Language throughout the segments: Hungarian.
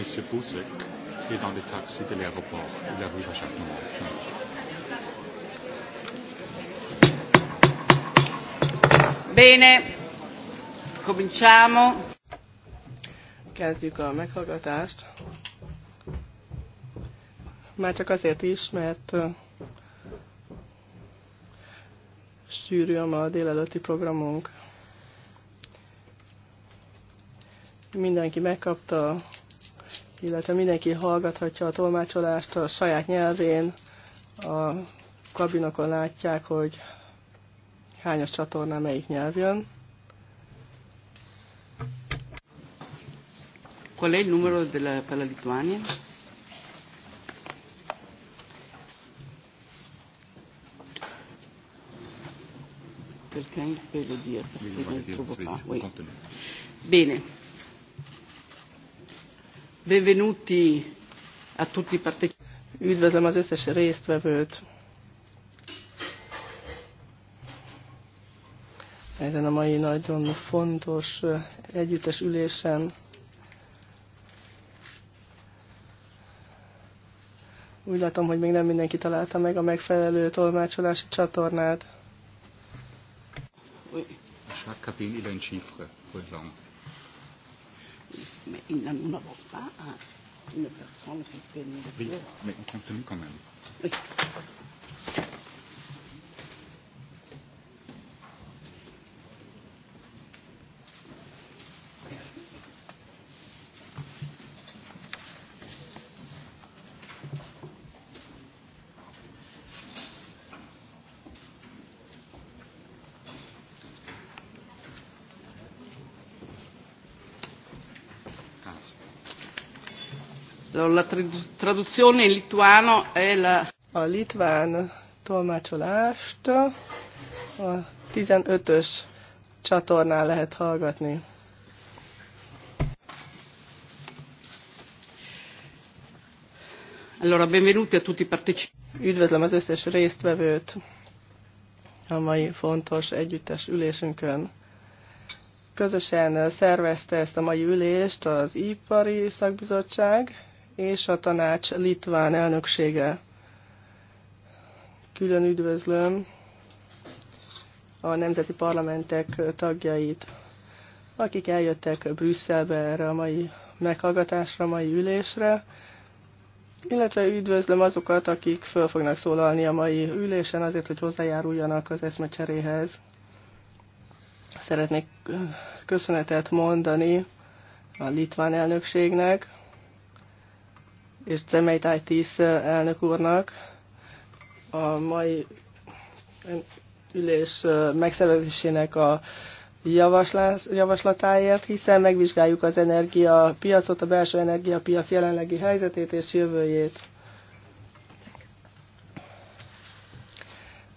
est dans le taxi de l'aéroport. Il arrive à chaque moment. Bene, cominciamo. Kezdjük a meghallgatást. Már csak azért is, mert sűrű a ma délelőtti programunk. Mindenki megkapta illetve mindenki hallgathatja a tolmácsolást a saját nyelvén. A kabinokon látják, hogy hányas csatorna melyik nyelv jön. è il numero della de la, para Lituania? Quelqu'un peut dire parce Bene. Benvenuti a tutti partecipanti. Üdvözlöm az összes résztvevőt ezen a mai nagyon fontos eh, együttes ülésen. Úgy látom, hogy még nem mindenki találta meg a megfelelő tolmácsolási csatornát. Oui. Chaque cabine, il Mais il, nous n'avons pas à une personne qui fait une. Oui, mais on continue quand même. Oui. la traduzione in lituano è la... A litván tolmácsolást a 15-ös csatornán lehet hallgatni. Allora, benvenuti a tutti partecipanti. Üdvözlöm az összes résztvevőt a mai fontos együttes ülésünkön. Közösen szervezte ezt a mai ülést az Ipari Szakbizottság, és a tanács litván elnöksége. Külön üdvözlöm a nemzeti parlamentek tagjait, akik eljöttek Brüsszelbe erre a mai meghallgatásra, mai ülésre, illetve üdvözlöm azokat, akik föl fognak szólalni a mai ülésen azért, hogy hozzájáruljanak az eszmecseréhez. Szeretnék köszönetet mondani a litván elnökségnek, és Zemeit Ajtis elnök úrnak a mai ülés megszervezésének a javaslatáért, hiszen megvizsgáljuk az energiapiacot, a belső energiapiac jelenlegi helyzetét és jövőjét.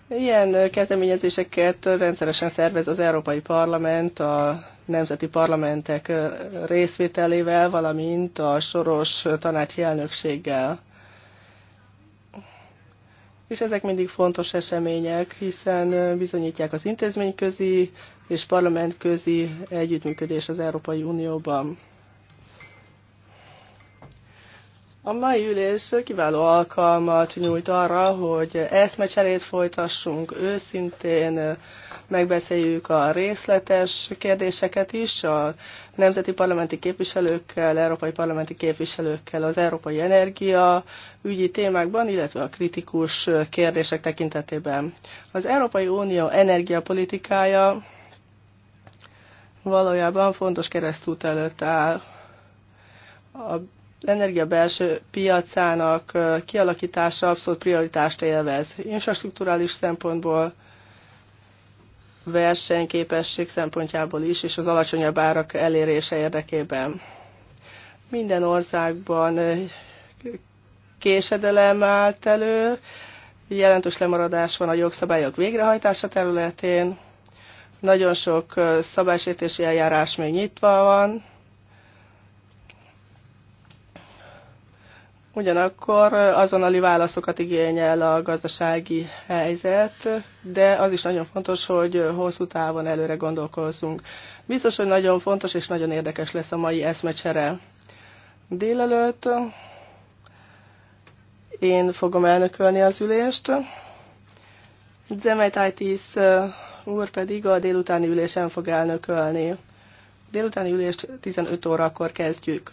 Ilyen kezdeményezéseket rendszeresen szervez az Európai Parlament a nemzeti parlamentek részvételével, valamint a soros tanácsi elnökséggel. És ezek mindig fontos események, hiszen bizonyítják az intézményközi és parlamentközi együttműködés az Európai Unióban. A mai ülés kiváló alkalmat nyújt arra, hogy eszmecserét folytassunk őszintén, megbeszéljük a részletes kérdéseket is a nemzeti parlamenti képviselőkkel, európai parlamenti képviselőkkel az európai energia ügyi témákban, illetve a kritikus kérdések tekintetében. Az Európai Unió energiapolitikája valójában fontos keresztút előtt áll. A energia belső piacának kialakítása abszolút prioritást élvez. Infrastruktúrális szempontból, versenyképesség szempontjából is, és az alacsonyabb árak elérése érdekében. Minden országban késedelem állt elő, jelentős lemaradás van a jogszabályok végrehajtása területén, nagyon sok szabálysértési eljárás még nyitva van, Ugyanakkor azonnali válaszokat igényel a gazdasági helyzet, de az is nagyon fontos, hogy hosszú távon előre gondolkozzunk. Biztos, hogy nagyon fontos és nagyon érdekes lesz a mai eszmecsere. Délelőtt én fogom elnökölni az ülést, Zemetaitis uh, úr pedig a délutáni ülésen fog elnökölni. Délutáni ülést 15 órakor kezdjük.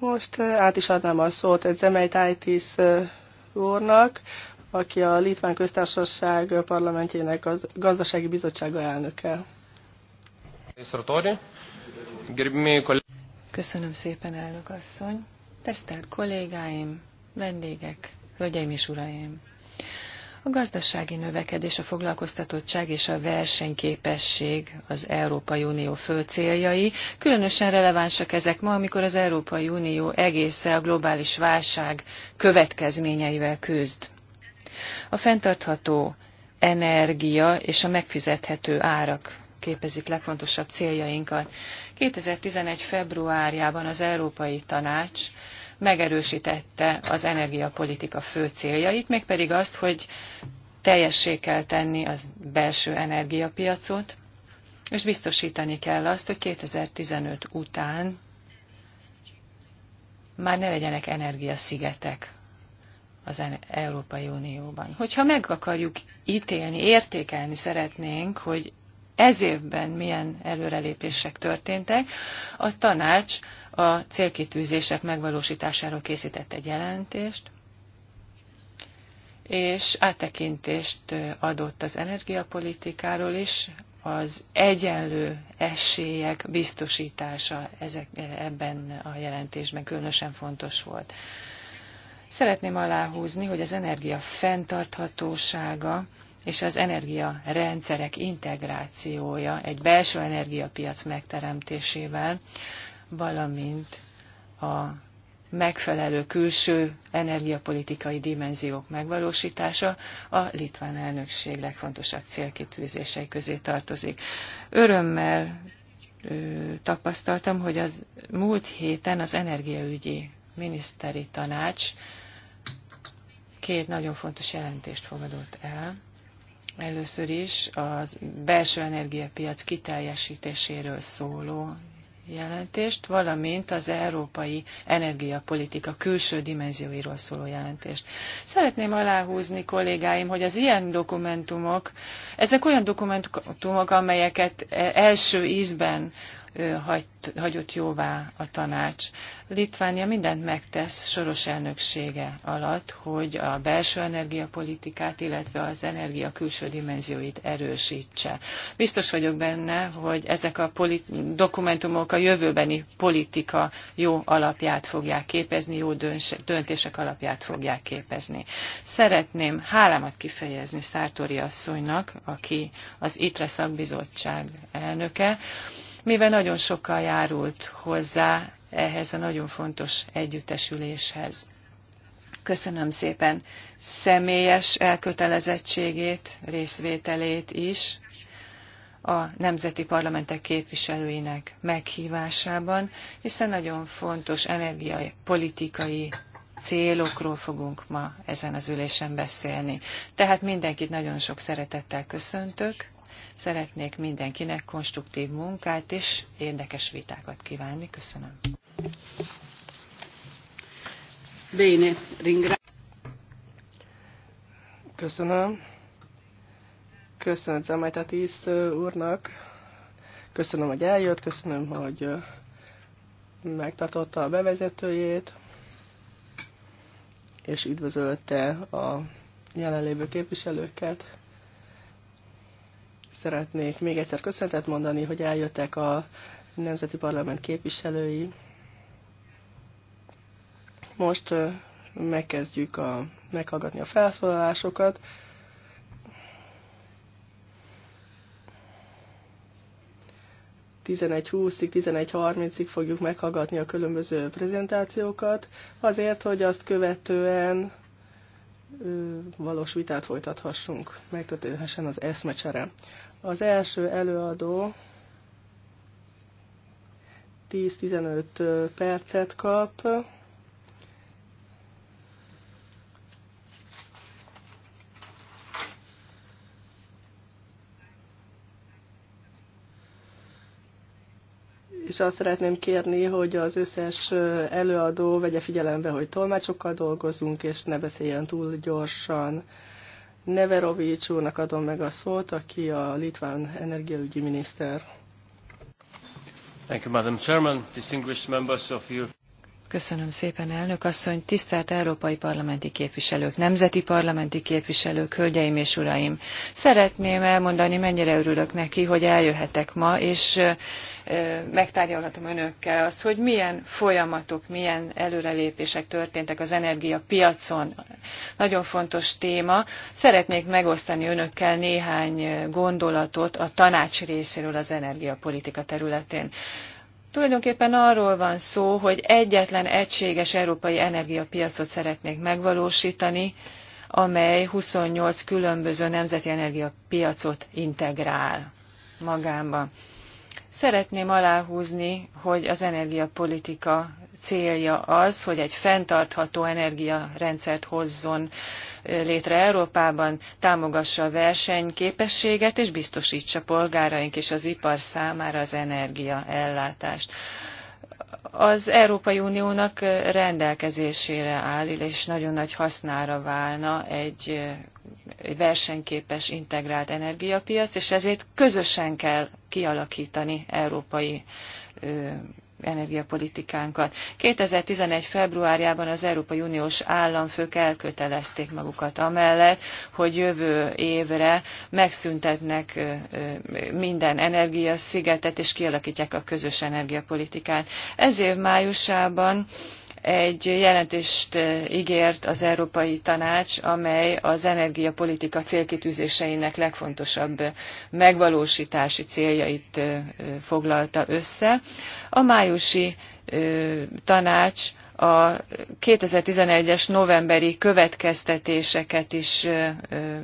Most át is adnám a szót egy Zemeitájtis úrnak, aki a Litván Köztársaság parlamentjének a gazdasági bizottsága elnöke. Köszönöm szépen, elnök asszony. Tesztelt kollégáim, vendégek, hölgyeim és uraim! A gazdasági növekedés, a foglalkoztatottság és a versenyképesség az Európai Unió fő céljai. Különösen relevánsak ezek ma, amikor az Európai Unió egésze a globális válság következményeivel küzd. A fenntartható energia és a megfizethető árak képezik legfontosabb céljainkat. 2011. februárjában az Európai Tanács megerősítette az energiapolitika fő céljait, mégpedig azt, hogy teljessé kell tenni az belső energiapiacot, és biztosítani kell azt, hogy 2015 után már ne legyenek energiaszigetek az Európai Unióban. Hogyha meg akarjuk ítélni, értékelni szeretnénk, hogy ez évben milyen előrelépések történtek. A tanács a célkitűzések megvalósításáról készített egy jelentést, és áttekintést adott az energiapolitikáról is, az egyenlő esélyek biztosítása ezek, ebben a jelentésben különösen fontos volt. Szeretném aláhúzni, hogy az energia fenntarthatósága és az energiarendszerek integrációja egy belső energiapiac megteremtésével, valamint a megfelelő külső energiapolitikai dimenziók megvalósítása a litván elnökség legfontosabb célkitűzései közé tartozik. Örömmel ö, tapasztaltam, hogy az múlt héten az energiaügyi miniszteri tanács két nagyon fontos jelentést fogadott el. Először is az belső energiapiac kiteljesítéséről szóló jelentést, valamint az európai energiapolitika külső dimenzióiról szóló jelentést. Szeretném aláhúzni kollégáim, hogy az ilyen dokumentumok, ezek olyan dokumentumok, amelyeket e- első ízben hagyt, hagyott jóvá a tanács. Litvánia mindent megtesz soros elnöksége alatt, hogy a belső energiapolitikát, illetve az energia külső dimenzióit erősítse. Biztos vagyok benne, hogy ezek a dokumentumok a jövőbeni politika jó alapját fogják képezni, jó döntések alapját fogják képezni. Szeretném hálámat kifejezni Szártori asszonynak, aki az ITRE szakbizottság elnöke, mivel nagyon sokkal járult hozzá ehhez a nagyon fontos együttesüléshez. Köszönöm szépen személyes elkötelezettségét, részvételét is a nemzeti parlamentek képviselőinek meghívásában, hiszen nagyon fontos politikai célokról fogunk ma ezen az ülésen beszélni. Tehát mindenkit nagyon sok szeretettel köszöntök, Szeretnék mindenkinek konstruktív munkát és érdekes vitákat kívánni. Köszönöm. Bene, ringra. Köszönöm. Köszönöm Zamajtatis úrnak. Köszönöm, hogy eljött, köszönöm, hogy megtartotta a bevezetőjét, és üdvözölte a jelenlévő képviselőket. Szeretnék még egyszer köszöntet mondani, hogy eljöttek a Nemzeti Parlament képviselői. Most megkezdjük a, meghallgatni a felszólalásokat. Tizenegy húszig, tizenegy harmincig fogjuk meghallgatni a különböző prezentációkat, azért, hogy azt követően valós vitát folytathassunk, megtörténhessen az eszmecsere. Az első előadó 10-15 percet kap. és azt szeretném kérni, hogy az összes előadó vegye figyelembe, hogy tolmácsokkal dolgozunk, és ne beszéljen túl gyorsan. Neverovics úrnak adom meg a szót, aki a litván energiaügyi miniszter. Thank you, Madam Chairman, distinguished members of your... Köszönöm szépen, elnök asszony. Tisztelt európai parlamenti képviselők, nemzeti parlamenti képviselők, hölgyeim és uraim! Szeretném elmondani, mennyire örülök neki, hogy eljöhetek ma, és megtárgyalhatom önökkel azt, hogy milyen folyamatok, milyen előrelépések történtek az energiapiacon. Nagyon fontos téma. Szeretnék megosztani önökkel néhány gondolatot a tanács részéről az energiapolitika területén. Tulajdonképpen arról van szó, hogy egyetlen egységes európai energiapiacot szeretnék megvalósítani, amely 28 különböző nemzeti energiapiacot integrál magába. Szeretném aláhúzni, hogy az energiapolitika célja az, hogy egy fenntartható energiarendszert hozzon létre Európában, támogassa a versenyképességet és biztosítsa polgáraink és az ipar számára az energiaellátást az Európai Uniónak rendelkezésére áll, és nagyon nagy hasznára válna egy versenyképes integrált energiapiac, és ezért közösen kell kialakítani európai energiapolitikánkat. 2011. februárjában az Európai Uniós államfők elkötelezték magukat amellett, hogy jövő évre megszüntetnek minden energiaszigetet, és kialakítják a közös energiapolitikát. Ez év májusában egy jelentést eh, ígért az Európai Tanács, amely az energiapolitika célkitűzéseinek legfontosabb eh, megvalósítási céljait eh, foglalta össze. A májusi tanács a 2011-es novemberi következtetéseket is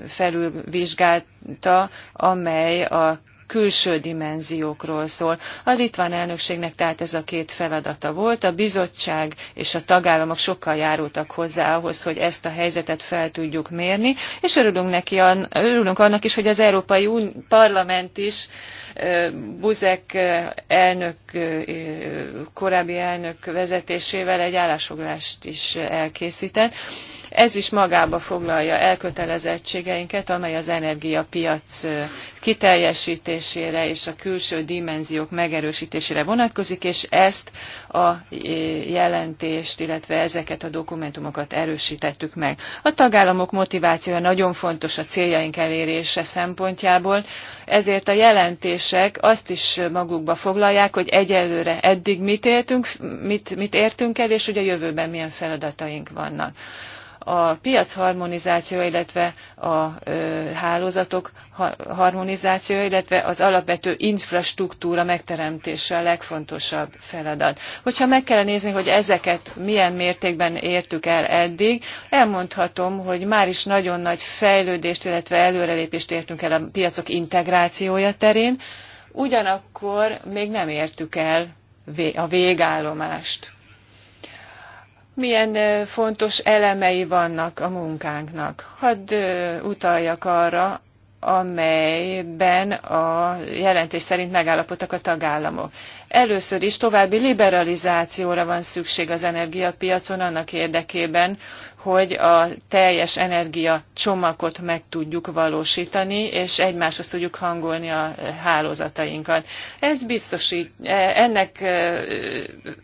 felülvizsgálta, amely a külső dimenziókról szól. A litván elnökségnek tehát ez a két feladata volt. A bizottság és a tagállamok sokkal járultak hozzá ahhoz, hogy ezt a helyzetet fel tudjuk mérni, és örülünk, neki, örülünk annak is, hogy az Európai Parlament is Buzek eh, elnök, eh, korábbi elnök vezetésével egy állásfoglást is elkészített. Ez is magába foglalja elkötelezettségeinket, amely az energiapiac eh, kiteljesítésére és a külső dimenziók megerősítésére vonatkozik, és ezt a jelentést, illetve ezeket a dokumentumokat erősítettük meg. A tagállamok motivációja nagyon fontos a céljaink elérése szempontjából, ezért a jelentések azt is magukba foglalják, hogy egyelőre eddig mit, éltünk, mit, mit értünk el, és hogy a jövőben milyen feladataink vannak a piac illetve a hálózatok harmonizációja, illetve az alapvető infrastruktúra megteremtése a legfontosabb feladat. Hogyha meg kell nézni, hogy ezeket milyen mértékben értük el eddig, elmondhatom, hogy már is nagyon nagy fejlődést, illetve előrelépést értünk el a piacok integrációja terén, ugyanakkor még nem értük el a végállomást milyen fontos elemei vannak a munkánknak. Hadd utaljak arra, amelyben a jelentés szerint megállapodtak a tagállamok. Először is további liberalizációra van szükség az energiapiacon annak érdekében, hogy a teljes energia csomagot meg tudjuk valósítani, és egymáshoz tudjuk hangolni a hálózatainkat. Ez biztosít, e, ennek e,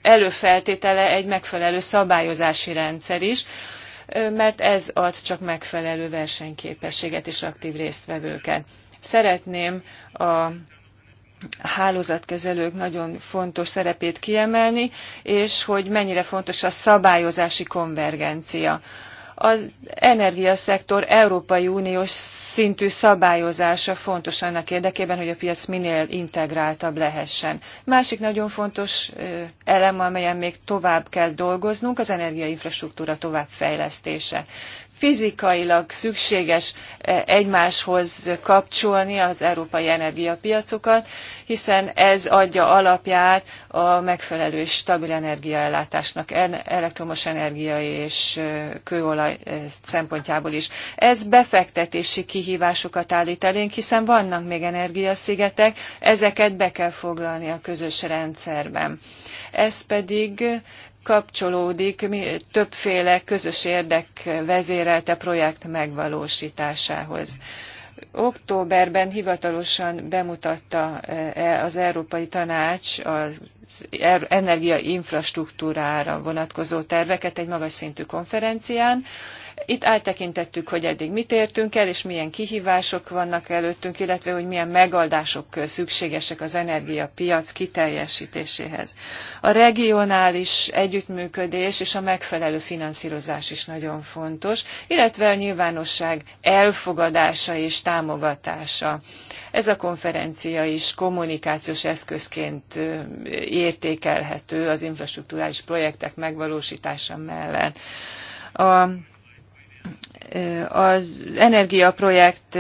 előfeltétele egy megfelelő szabályozási rendszer is, mert ez ad csak megfelelő versenyképességet és aktív résztvevőket. Szeretném a hálózatkezelők nagyon fontos szerepét kiemelni, és hogy mennyire fontos a szabályozási konvergencia az energiaszektor Európai Uniós szintű szabályozása fontos annak érdekében, hogy a piac minél integráltabb lehessen. Másik nagyon fontos elem, amelyen még tovább kell dolgoznunk, az energiainfrastruktúra továbbfejlesztése fizikailag szükséges e, egymáshoz kapcsolni az európai energiapiacokat, hiszen ez adja alapját a megfelelő stabil energiaellátásnak, elektromos energia és e, kőolaj e, szempontjából is. Ez befektetési kihívásokat állít elénk, hiszen vannak még energiaszigetek, ezeket be kell foglalni a közös rendszerben. Ez pedig kapcsolódik többféle közös érdek vezérelte projekt megvalósításához. Októberben hivatalosan bemutatta e, az Európai Tanács az er-, energiainfrastruktúrára vonatkozó terveket egy magas szintű konferencián, itt áttekintettük, hogy eddig mit értünk el, és milyen kihívások vannak előttünk, illetve hogy milyen megoldások szükségesek az energiapiac kiteljesítéséhez. A regionális együttműködés és a megfelelő finanszírozás is nagyon fontos, illetve a nyilvánosság elfogadása és támogatása. Ez a konferencia is kommunikációs eszközként értékelhető az infrastruktúrális projektek megvalósítása mellett. A az energiaprojekt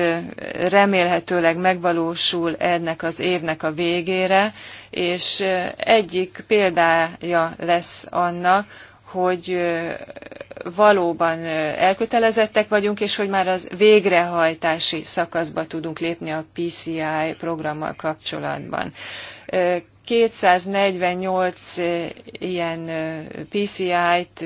remélhetőleg megvalósul ennek az évnek a végére, és egyik példája lesz annak, hogy valóban elkötelezettek vagyunk, és hogy már az végrehajtási szakaszba tudunk lépni a PCI programmal kapcsolatban. 248 ilyen PCI-t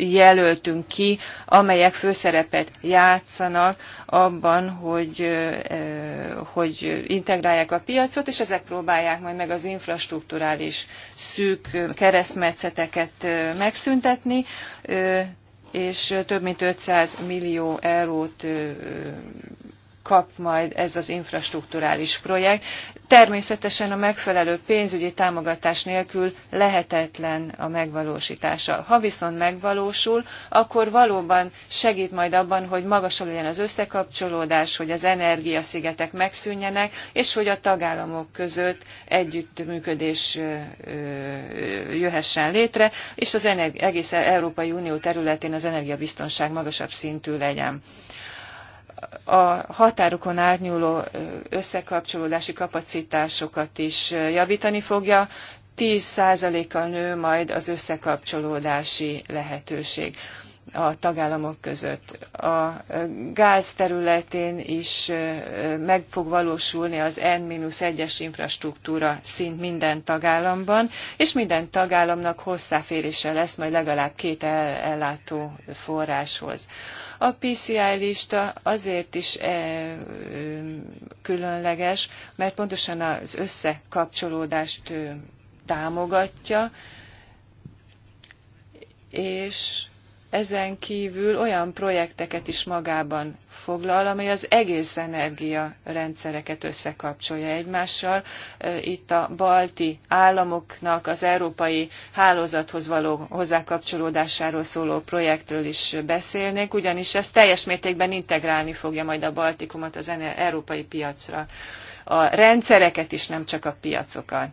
jelöltünk ki, amelyek főszerepet játszanak abban, hogy, hogy integrálják a piacot, és ezek próbálják majd meg az infrastruktúrális szűk keresztmetszeteket megszüntetni, és több mint 500 millió eurót kap majd ez az infrastruktúrális projekt. Természetesen a megfelelő pénzügyi támogatás nélkül lehetetlen a megvalósítása. Ha viszont megvalósul, akkor valóban segít majd abban, hogy magas legyen az összekapcsolódás, hogy az energiaszigetek megszűnjenek, és hogy a tagállamok között együttműködés jöhessen létre, és az egész Európai Unió területén az energiabiztonság magasabb szintű legyen a határokon átnyúló összekapcsolódási kapacitásokat is javítani fogja, 10%-kal nő majd az összekapcsolódási lehetőség a tagállamok között. A gáz területén is meg fog valósulni az N-1-es infrastruktúra szint minden tagállamban, és minden tagállamnak hozzáférése lesz majd legalább két ellátó forráshoz. A PCI lista azért is különleges, mert pontosan az összekapcsolódást támogatja, és ezen kívül olyan projekteket is magában foglal, amely az egész energiarendszereket összekapcsolja egymással. Itt a balti államoknak az európai hálózathoz való hozzákapcsolódásáról szóló projektről is beszélnék, ugyanis ez teljes mértékben integrálni fogja majd a Baltikumot az európai piacra. A rendszereket is, nem csak a piacokat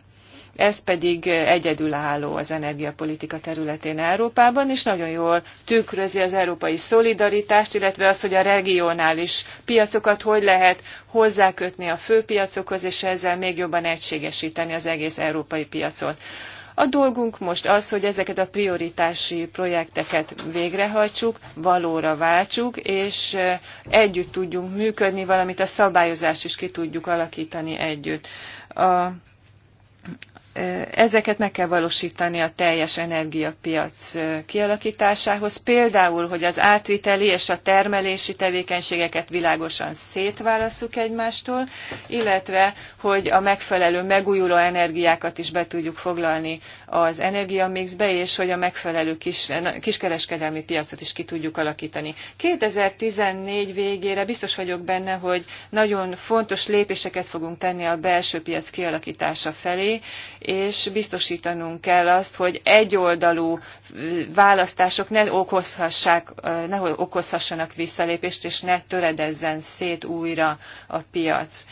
ez pedig egyedülálló az energiapolitika területén Európában, és nagyon jól tükrözi az európai szolidaritást, illetve az, hogy a regionális piacokat hogy lehet hozzákötni a főpiacokhoz, és ezzel még jobban egységesíteni az egész európai piacot. A dolgunk most az, hogy ezeket a prioritási projekteket végrehajtsuk, valóra váltsuk, és együtt tudjunk működni, valamint a szabályozást is ki tudjuk alakítani együtt. A ezeket meg kell valósítani a teljes energiapiac kialakításához, például, hogy az átviteli és a termelési tevékenységeket világosan szétválasszuk egymástól, illetve, hogy a megfelelő megújuló energiákat is be tudjuk foglalni az energiamixbe, és hogy a megfelelő kis, kiskereskedelmi piacot is ki tudjuk alakítani. 2014 végére biztos vagyok benne, hogy nagyon fontos lépéseket fogunk tenni a belső piac kialakítása felé, és biztosítanunk kell azt, hogy egyoldalú választások ne, okozhassák, ne okozhassanak visszalépést, és ne töredezzen szét újra a piac.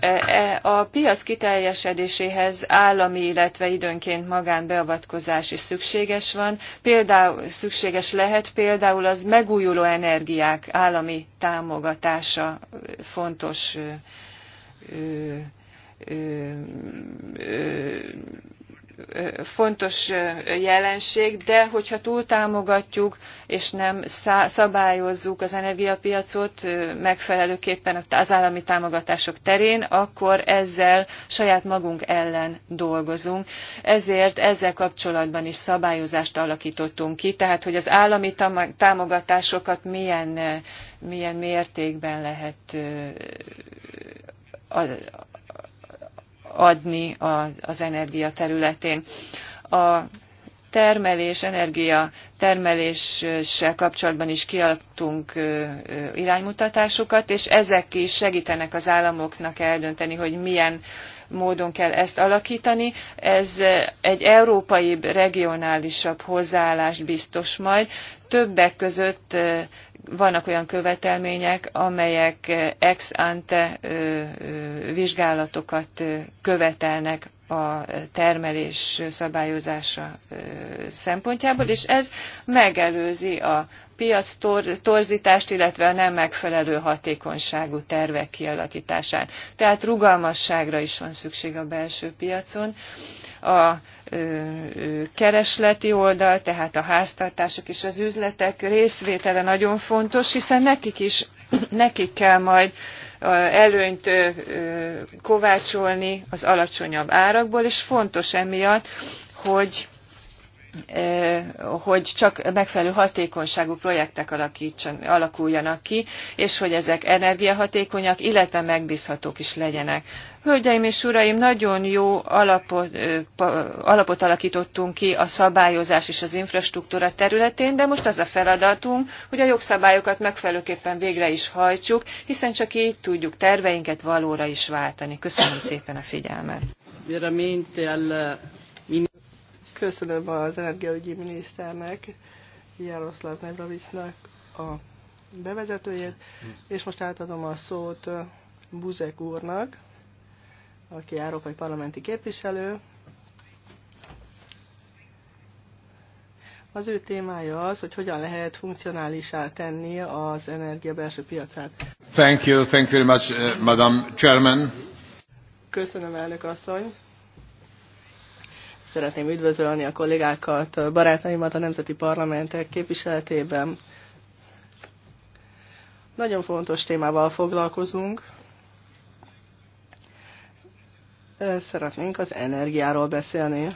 E, a piac kiteljesedéséhez állami, illetve időnként magánbeavatkozás is szükséges van. Például szükséges lehet például az megújuló energiák állami támogatása fontos fontos jelenség, de hogyha túl támogatjuk és nem szabályozzuk az energiapiacot megfelelőképpen az állami támogatások terén, akkor ezzel saját magunk ellen dolgozunk. Ezért ezzel kapcsolatban is szabályozást alakítottunk ki, tehát hogy az állami támogatásokat milyen, milyen mértékben lehet adni az energia területén. A termelés, energia termeléssel kapcsolatban is kiadtunk iránymutatásokat, és ezek is segítenek az államoknak eldönteni, hogy milyen módon kell ezt alakítani. Ez egy európai regionálisabb hozzáállást biztos majd, Többek között vannak olyan követelmények, amelyek ex ante vizsgálatokat követelnek a termelés szabályozása szempontjából, és ez megelőzi a piac tor torzítást, illetve a nem megfelelő hatékonyságú tervek kialakítását. Tehát rugalmasságra is van szükség a belső piacon. A keresleti oldal, tehát a háztartások és az üzletek részvétele nagyon fontos, hiszen nekik is, nekik kell majd előnyt kovácsolni az alacsonyabb árakból, és fontos emiatt, hogy Eh, hogy csak megfelelő hatékonyságú projektek alakuljanak ki, és hogy ezek energiahatékonyak, illetve megbízhatók is legyenek. Hölgyeim és uraim, nagyon jó alapot, eh, alapot alakítottunk ki a szabályozás és az infrastruktúra területén, de most az a feladatunk, hogy a jogszabályokat megfelelőképpen végre is hajtsuk, hiszen csak így tudjuk terveinket valóra is váltani. Köszönöm szépen a figyelmet. Köszönöm az energiaügyi miniszternek, Jaroszláv Nebravicnak a bevezetőjét, és most átadom a szót Buzek úrnak, aki Európai Parlamenti képviselő. Az ő témája az, hogy hogyan lehet funkcionálisá tenni az energia belső piacát. Thank you, thank you very much, uh, Madam Chairman. Köszönöm, elnök asszony. Szeretném üdvözölni a kollégákat, barátaimat a nemzeti parlamentek képviseletében. Nagyon fontos témával foglalkozunk. Szeretnénk az energiáról beszélni.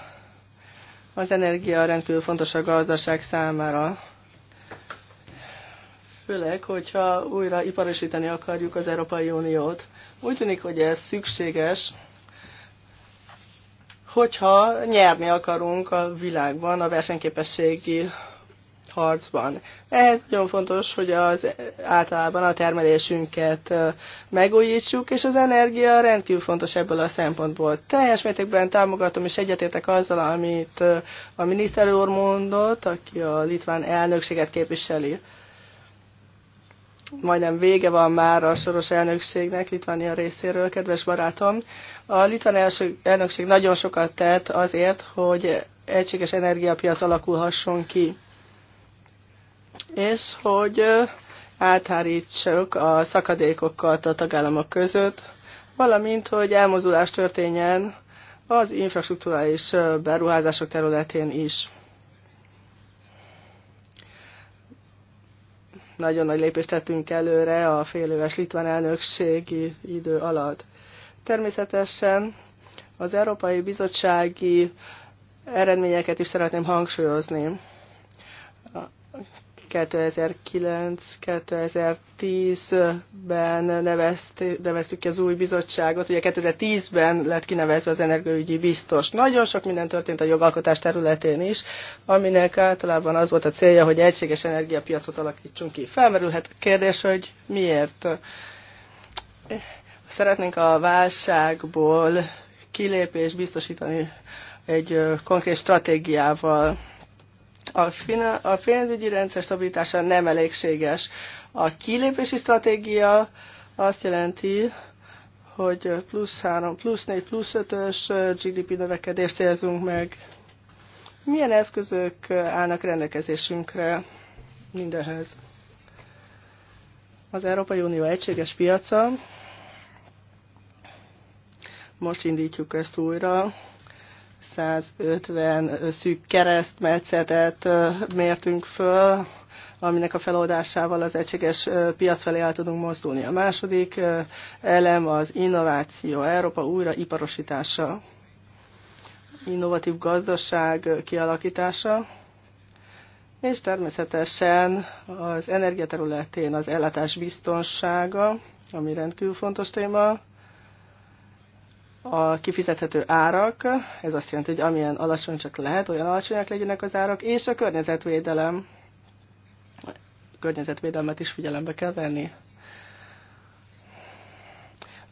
Az energia rendkívül fontos a gazdaság számára, főleg, hogyha újra iparosítani akarjuk az Európai Uniót. Úgy tűnik, hogy ez szükséges, hogyha nyerni akarunk a világban, a versenyképességi harcban. Ehhez nagyon fontos, hogy az általában a termelésünket megújítsuk, és az energia rendkívül fontos ebből a szempontból. Teljes mértékben támogatom és egyetértek azzal, amit a miniszter úr mondott, aki a litván elnökséget képviseli. Majdnem vége van már a soros elnökségnek Litvánia részéről, kedves barátom. A litván első elnökség nagyon sokat tett azért, hogy egységes energiapiac alakulhasson ki, és hogy áthárítsuk a szakadékokat a tagállamok között, valamint, hogy elmozdulás történjen az infrastruktúrális beruházások területén is. Nagyon nagy lépést tettünk előre a félőves litván elnökségi idő alatt. Természetesen az Európai Bizottsági eredményeket is szeretném hangsúlyozni. 2009-2010-ben neveztük ki az új bizottságot, ugye 2010-ben lett kinevezve az energiaügyi biztos. Nagyon sok minden történt a jogalkotás területén is, aminek általában az volt a célja, hogy egységes energiapiacot alakítsunk ki. Felmerülhet a kérdés, hogy miért Szeretnénk a válságból kilépés biztosítani egy konkrét stratégiával. A, a pénzügyi rendszer stabilitása nem elégséges. A kilépési stratégia azt jelenti, hogy plusz 3, plusz 4, plusz 5-ös GDP növekedést célzunk meg. Milyen eszközök állnak rendelkezésünkre mindehez? Az Európai Unió egységes piaca, most indítjuk ezt újra. 150 szűk keresztmetszetet mértünk föl, aminek a feloldásával az egységes piac felé el tudunk mozdulni. A második elem az innováció, Európa újraiparosítása, innovatív gazdaság kialakítása, és természetesen az energiaterületén az ellátás biztonsága, ami rendkívül fontos téma, a kifizethető árak, ez azt jelenti, hogy amilyen alacsony csak lehet, olyan alacsonyak legyenek az árak, és a környezetvédelem, a környezetvédelmet is figyelembe kell venni.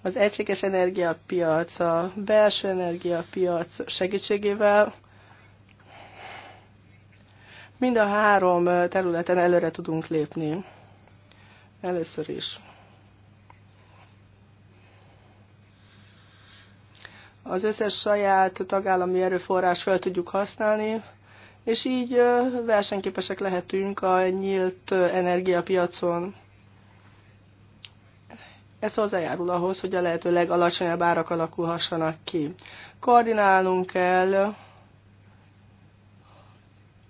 Az egységes energiapiac, a belső energiapiac segítségével mind a három területen előre tudunk lépni. Először is. az összes saját tagállami erőforrás fel tudjuk használni, és így versenyképesek lehetünk a nyílt energiapiacon. Ez hozzájárul ahhoz, hogy a lehető legalacsonyabb árak alakulhassanak ki. Koordinálnunk kell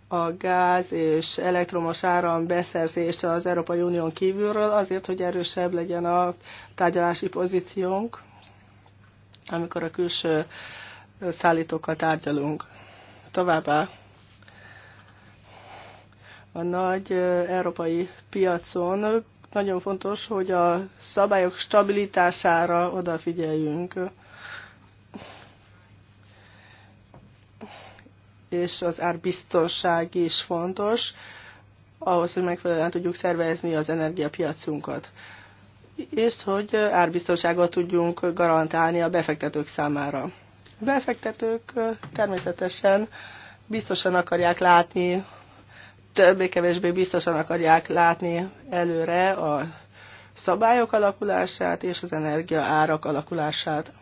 a gáz és elektromos áram beszerzést az Európai Unión kívülről azért, hogy erősebb legyen a tárgyalási pozíciónk amikor a külső szállítókkal tárgyalunk. Továbbá a nagy európai piacon nagyon fontos, hogy a szabályok stabilitására odafigyeljünk. És az árbiztonság is fontos, ahhoz, hogy megfelelően tudjuk szervezni az energiapiacunkat és hogy árbiztonságot tudjunk garantálni a befektetők számára. A befektetők természetesen biztosan akarják látni, többé-kevésbé biztosan akarják látni előre a szabályok alakulását és az energia árak alakulását.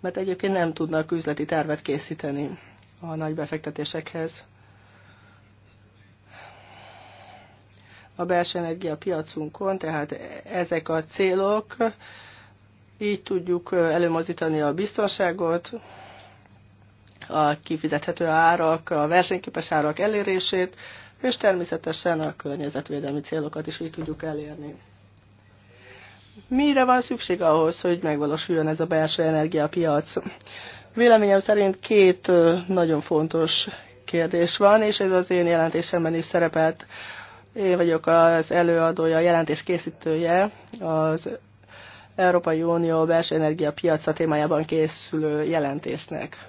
Mert egyébként nem tudnak üzleti tervet készíteni a nagy befektetésekhez. a belső energia piacunkon, tehát ezek a célok, így tudjuk előmozdítani a biztonságot, a kifizethető árak, a versenyképes árak elérését, és természetesen a környezetvédelmi célokat is így tudjuk elérni. Mire van szükség ahhoz, hogy megvalósuljon ez a belső energiapiac? Véleményem szerint két nagyon fontos kérdés van, és ez az én jelentésemben is szerepelt. Én vagyok az előadója, a jelentés készítője az Európai Unió belső energia piaca témájában készülő jelentésnek.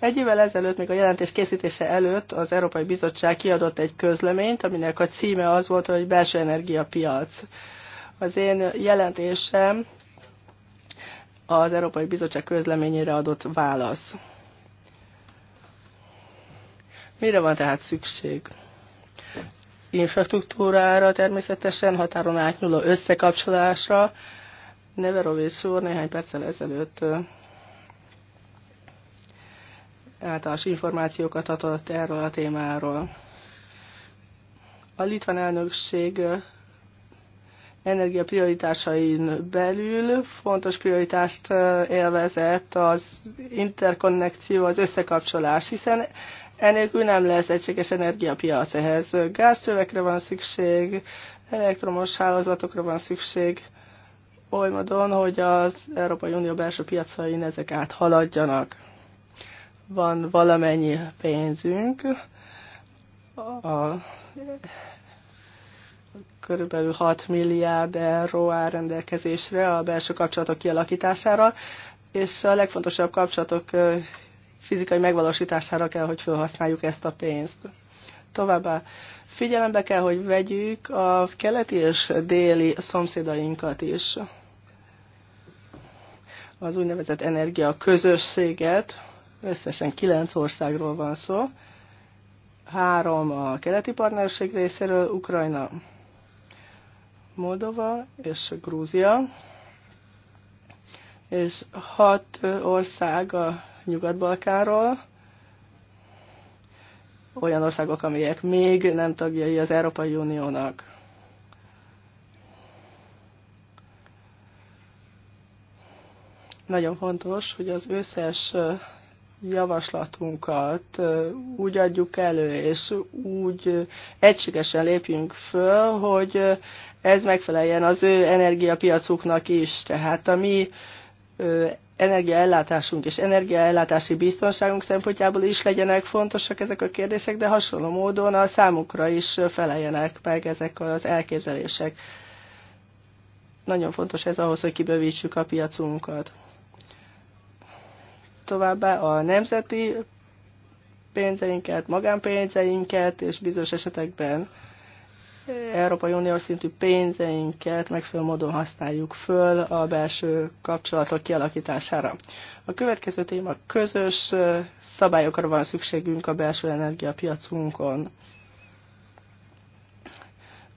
Egy évvel ezelőtt, még a jelentés készítése előtt az Európai Bizottság kiadott egy közleményt, aminek a címe az volt, hogy belső energia piac. Az én jelentésem az Európai Bizottság közleményére adott válasz. Mire van tehát szükség? infrastruktúrára természetesen, határon átnyúló összekapcsolásra. Neverovics úr néhány perccel ezelőtt általános információkat adott erről a témáról. A litván elnökség prioritásain belül fontos prioritást élvezett az interkonnekció, az összekapcsolás, hiszen Enélkül nem lesz egységes energiapiac ehhez. Gázcsövekre van szükség, elektromos hálózatokra van szükség, oly módon, hogy az Európai Unió belső piacain ezek áthaladjanak. Van valamennyi pénzünk, a, körülbelül 6 milliárd euró áll rendelkezésre a belső kapcsolatok kialakítására, és a legfontosabb kapcsolatok fizikai megvalósítására kell, hogy felhasználjuk ezt a pénzt. Továbbá figyelembe kell, hogy vegyük a keleti és déli szomszédainkat is. Az úgynevezett energia közösséget, összesen kilenc országról van szó, három a keleti partnerség részéről, Ukrajna, Moldova és Grúzia, és hat ország a Nyugat-Balkáról, olyan országok, amelyek még nem tagjai az Európai Uniónak. Nagyon fontos, hogy az összes javaslatunkat úgy adjuk elő, és úgy egységesen lépjünk föl, hogy ez megfeleljen az ő energiapiacuknak is. Tehát a mi energiaellátásunk és energiaellátási biztonságunk szempontjából is legyenek fontosak ezek a kérdések, de hasonló módon a számukra is feleljenek meg ezek az elképzelések. Nagyon fontos ez ahhoz, hogy kibővítsük a piacunkat. Továbbá a nemzeti pénzeinket, magánpénzeinket és bizonyos esetekben Európai Uniós szintű pénzeinket megfelelő módon használjuk föl a belső kapcsolatok kialakítására. A következő téma közös szabályokra van szükségünk a belső energiapiacunkon.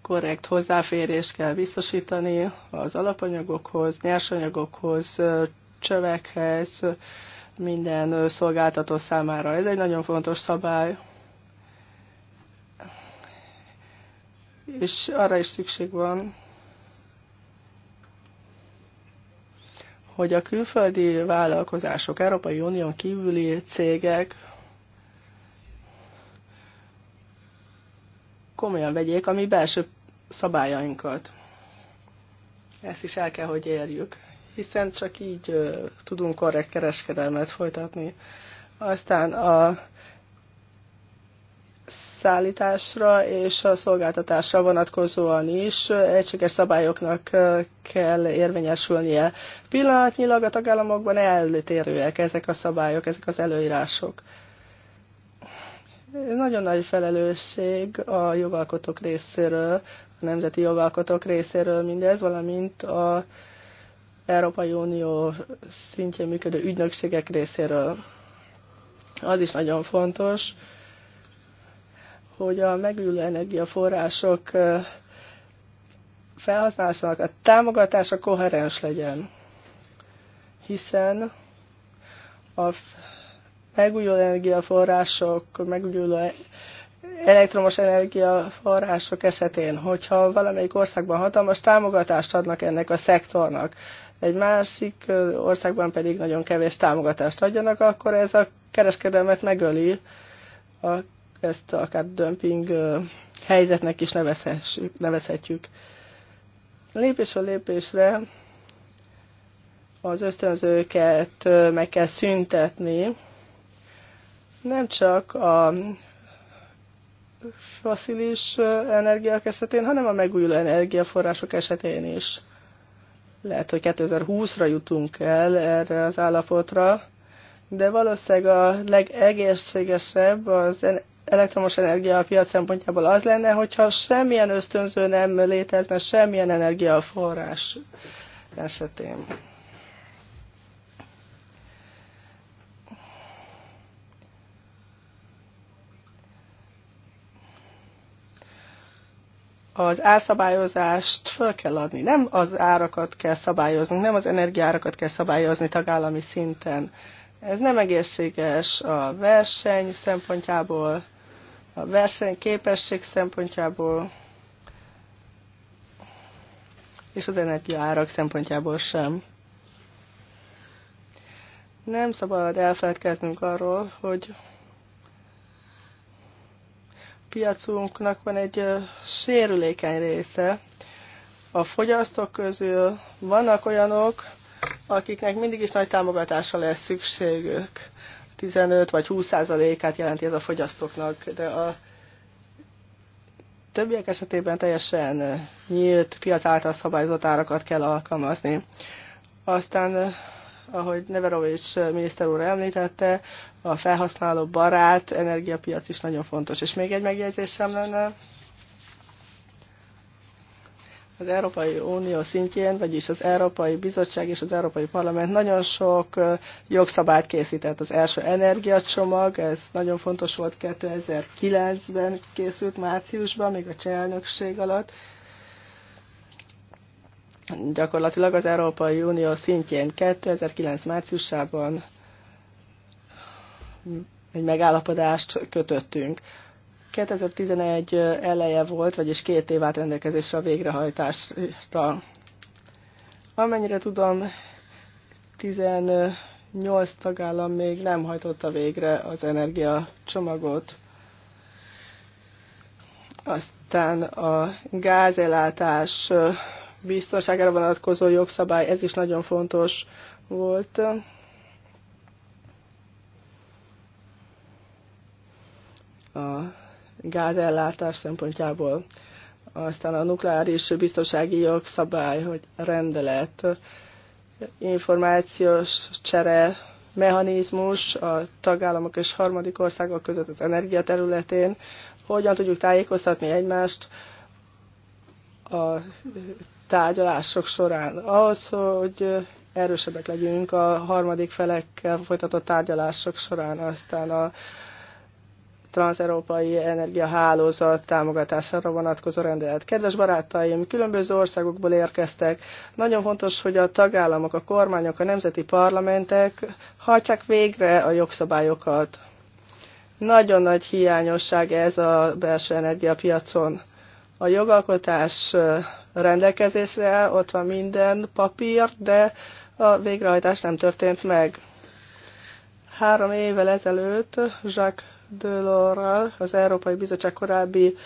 Korrekt hozzáférés kell biztosítani az alapanyagokhoz, nyersanyagokhoz, csövekhez, minden szolgáltató számára. Ez egy nagyon fontos szabály, és arra is szükség van, hogy a külföldi vállalkozások, Európai Unión kívüli cégek komolyan vegyék a mi belső szabályainkat. Ezt is el kell, hogy érjük, hiszen csak így tudunk korrekt kereskedelmet folytatni. Aztán a szállításra és a szolgáltatásra vonatkozóan is egységes szabályoknak kell érvényesülnie. Pillanatnyilag a tagállamokban eltérőek ezek a szabályok, ezek az előírások. Nagyon nagy felelősség a jogalkotók részéről, a nemzeti jogalkotók részéről mindez, valamint a Európai Unió szintjén működő ügynökségek részéről. Az is nagyon fontos, hogy a megülő energiaforrások felhasználásának a támogatása koherens legyen. Hiszen a megújuló energiaforrások, megújuló e- elektromos energiaforrások esetén, hogyha valamelyik országban hatalmas támogatást adnak ennek a szektornak, egy másik országban pedig nagyon kevés támogatást adjanak, akkor ez a kereskedelmet megöli. A ezt akár dömping helyzetnek is nevezhetjük. Lépésről lépésre az ösztönzőket meg kell szüntetni, nem csak a faszilis energiák esetén, hanem a megújuló energiaforrások esetén is. Lehet, hogy 2020-ra jutunk el erre az állapotra, de valószínűleg a legegészségesebb az elektromos energia a piac szempontjából az lenne, hogyha semmilyen ösztönző nem létezne, semmilyen energiaforrás esetén. az árszabályozást föl kell adni. Nem az árakat kell szabályozni, nem az energiárakat kell szabályozni tagállami szinten. Ez nem egészséges a verseny szempontjából, a versenyképesség szempontjából, és az árak szempontjából sem. Nem szabad elfelelkeznünk arról, hogy piacunknak van egy sérülékeny része. A fogyasztók közül vannak olyanok, akiknek mindig is nagy támogatásra lesz szükségük. 15 vagy 20 százalékát jelenti ez a fogyasztóknak, de a többiek esetében teljesen eh, nyílt, piac által szabályozott árakat kell alkalmazni. Aztán, eh, ahogy Neverovics eh, miniszter úr említette, a felhasználó barát energiapiac is nagyon fontos. És még egy megjegyzésem lenne, az Európai Unió szintjén, vagyis az Európai Bizottság és az Európai Parlament nagyon sok jogszabályt készített. Az első energiacsomag, ez nagyon fontos volt 2009-ben készült márciusban, még a cseh alatt. Gyakorlatilag az Európai Unió szintjén 2009 márciusában egy megállapodást kötöttünk. 2011 eleje volt, vagyis két év át rendelkezésre a végrehajtásra. Amennyire tudom, 18 tagállam még nem hajtotta végre az energiacsomagot. Aztán a gázellátás biztonságára vonatkozó jogszabály, ez is nagyon fontos volt. A gázellátás szempontjából. Aztán a nukleáris biztonsági jogszabály, hogy rendelet, információs csere, mechanizmus a tagállamok és harmadik országok között az energia területén, hogyan tudjuk tájékoztatni egymást a tárgyalások során. Ahhoz, hogy erősebbek legyünk a harmadik felekkel folytatott tárgyalások során, aztán a transeurópai energiahálózat támogatására vonatkozó rendelet. Kedves barátaim, különböző országokból érkeztek. Nagyon fontos, hogy a tagállamok, a kormányok, a nemzeti parlamentek hajtsák végre a jogszabályokat. Nagyon nagy hiányosság ez a belső energiapiacon. A jogalkotás rendelkezésre ott van minden papír, de a végrehajtás nem történt meg három évvel ezelőtt Jacques Delorral, az Európai Bizottság korábbi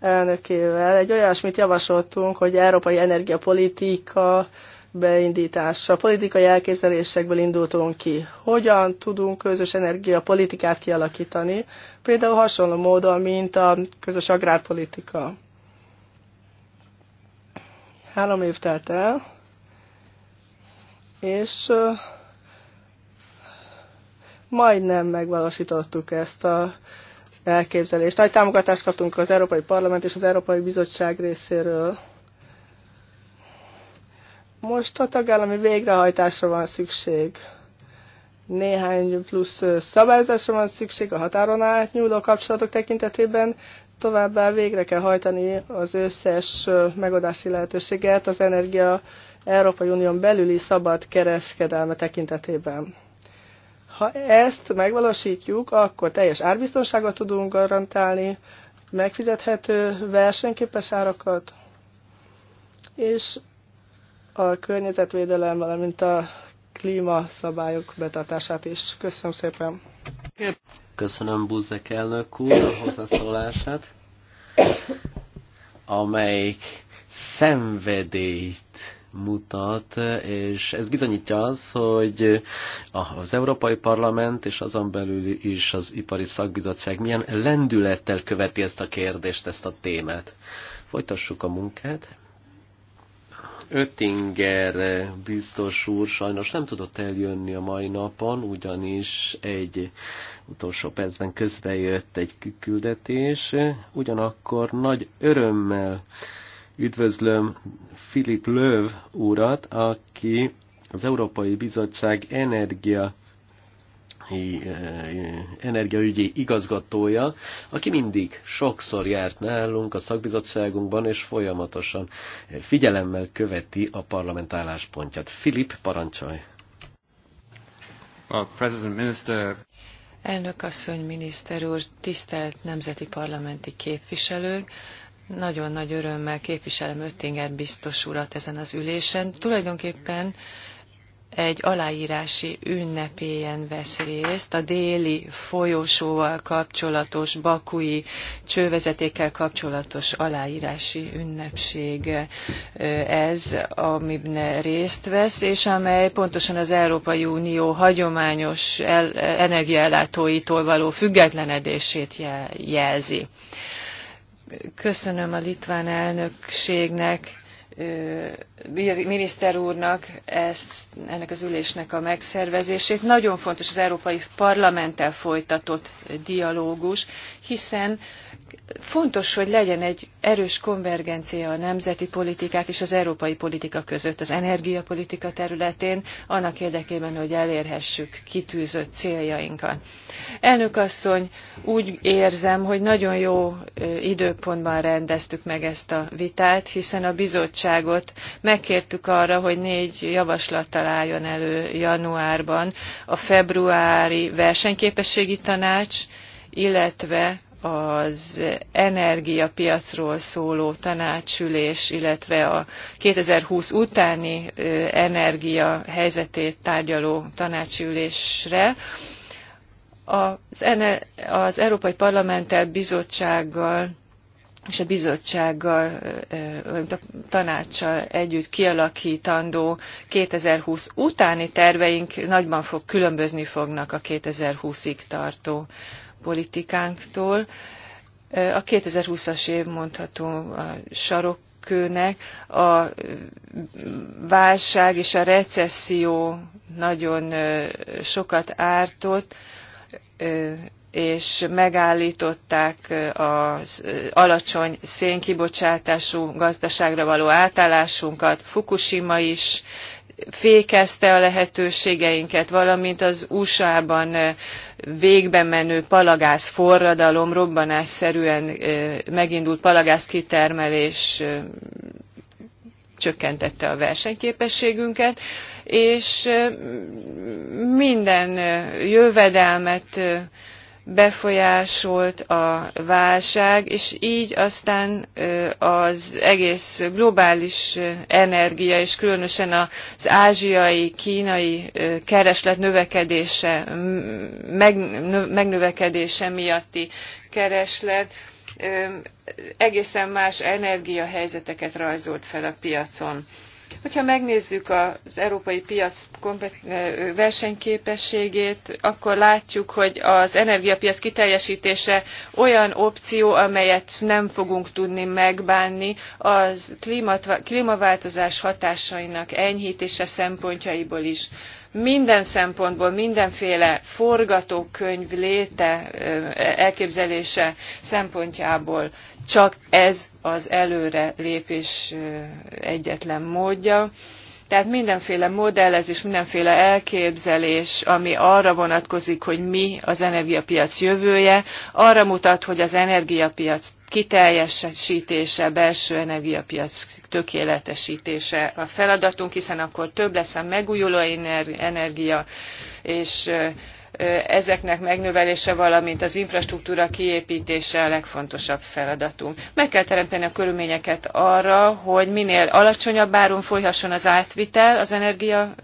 elnökével egy olyasmit javasoltunk, hogy európai energiapolitika beindítása. Politikai elképzelésekből indultunk ki. Hogyan tudunk közös energiapolitikát kialakítani? Például hasonló módon, mint a közös agrárpolitika. Három év telt el, és majdnem megvalósítottuk ezt a elképzelést. Nagy támogatást kaptunk az Európai Parlament és az Európai Bizottság részéről. Most a tagállami végrehajtásra van szükség. Néhány plusz szabályozásra van szükség a határon átnyúló kapcsolatok tekintetében, továbbá végre kell hajtani az összes megoldási lehetőséget az energia Európai Unión belüli szabad kereskedelme tekintetében. Ha ezt megvalósítjuk, akkor teljes árbiztonságot tudunk garantálni, megfizethető versenyképes árakat, és a környezetvédelem, valamint a klímaszabályok betartását is. Köszönöm szépen! Köszönöm Buzek elnök úr a hozzászólását, amelyik szenvedélyt mutat, és ez bizonyítja az, hogy az Európai Parlament és azon belül is az Ipari Szakbizottság milyen lendülettel követi ezt a kérdést, ezt a témát. Folytassuk a munkát. Öttinger biztos úr sajnos nem tudott eljönni a mai napon, ugyanis egy utolsó percben közbejött egy küldetés, ugyanakkor nagy örömmel Üdvözlöm Philip Löv urat, aki az Európai Bizottság energia e, energiaügyi igazgatója, aki mindig sokszor járt nálunk a szakbizottságunkban, és folyamatosan figyelemmel követi a parlament álláspontját. Filip, parancsolj! Elnök asszony, miniszter úr, tisztelt nemzeti parlamenti képviselők! Nagyon nagy örömmel képviselem Öttinger biztos urat ezen az ülésen. Tulajdonképpen egy aláírási ünnepélyen vesz részt a déli folyosóval kapcsolatos, bakui csővezetékkel kapcsolatos aláírási ünnepség ez, amiben részt vesz, és amely pontosan az Európai Unió hagyományos energiaellátóitól való függetlenedését jelzi köszönöm a litván elnökségnek, miniszter úrnak ezt, ennek az ülésnek a megszervezését. Nagyon fontos az Európai Parlamenttel folytatott dialógus, hiszen fontos, hogy legyen egy erős konvergencia a nemzeti politikák és az európai politika között az energiapolitika területén, annak érdekében, hogy elérhessük kitűzött céljainkat. Elnök asszony, úgy érzem, hogy nagyon jó időpontban rendeztük meg ezt a vitát, hiszen a bizottságot megkértük arra, hogy négy javaslattal álljon elő januárban a februári versenyképességi tanács, illetve az energiapiacról szóló tanácsülés, illetve a 2020 utáni energia helyzetét tárgyaló tanácsülésre. Az, az Európai Parlamenttel, bizottsággal és a bizottsággal, a tanácssal együtt kialakítandó 2020 utáni terveink nagyban fog, különbözni fognak a 2020-ig tartó politikánktól. A 2020-as év mondható a sarok kőnek, a válság és a recesszió nagyon sokat ártott, és megállították az alacsony szénkibocsátású gazdaságra való átállásunkat. Fukushima is fékezte a lehetőségeinket, valamint az USA-ban végbe menő palagász forradalom, robbanásszerűen megindult palagász kitermelés csökkentette a versenyképességünket, és minden jövedelmet befolyásolt a válság, és így aztán az egész globális energia, és különösen az ázsiai, kínai kereslet növekedése, megnövekedése miatti kereslet egészen más energiahelyzeteket rajzolt fel a piacon Hogyha megnézzük az európai piac versenyképességét, akkor látjuk, hogy az energiapiac kiteljesítése olyan opció, amelyet nem fogunk tudni megbánni az klímaváltozás hatásainak enyhítése szempontjaiból is minden szempontból mindenféle forgatókönyv léte elképzelése szempontjából csak ez az előre lépés egyetlen módja. Tehát mindenféle modellezés, mindenféle elképzelés, ami arra vonatkozik, hogy mi az energiapiac jövője, arra mutat, hogy az energiapiac kiteljesítése, belső energiapiac tökéletesítése a feladatunk, hiszen akkor több lesz a megújuló energia, és ezeknek megnövelése, valamint az infrastruktúra kiéptése a legfontosabb feladatunk. Meg kell teremteni a körülményeket arra, hogy minél alacsonyabb áron folyhasson az átvitel, az energia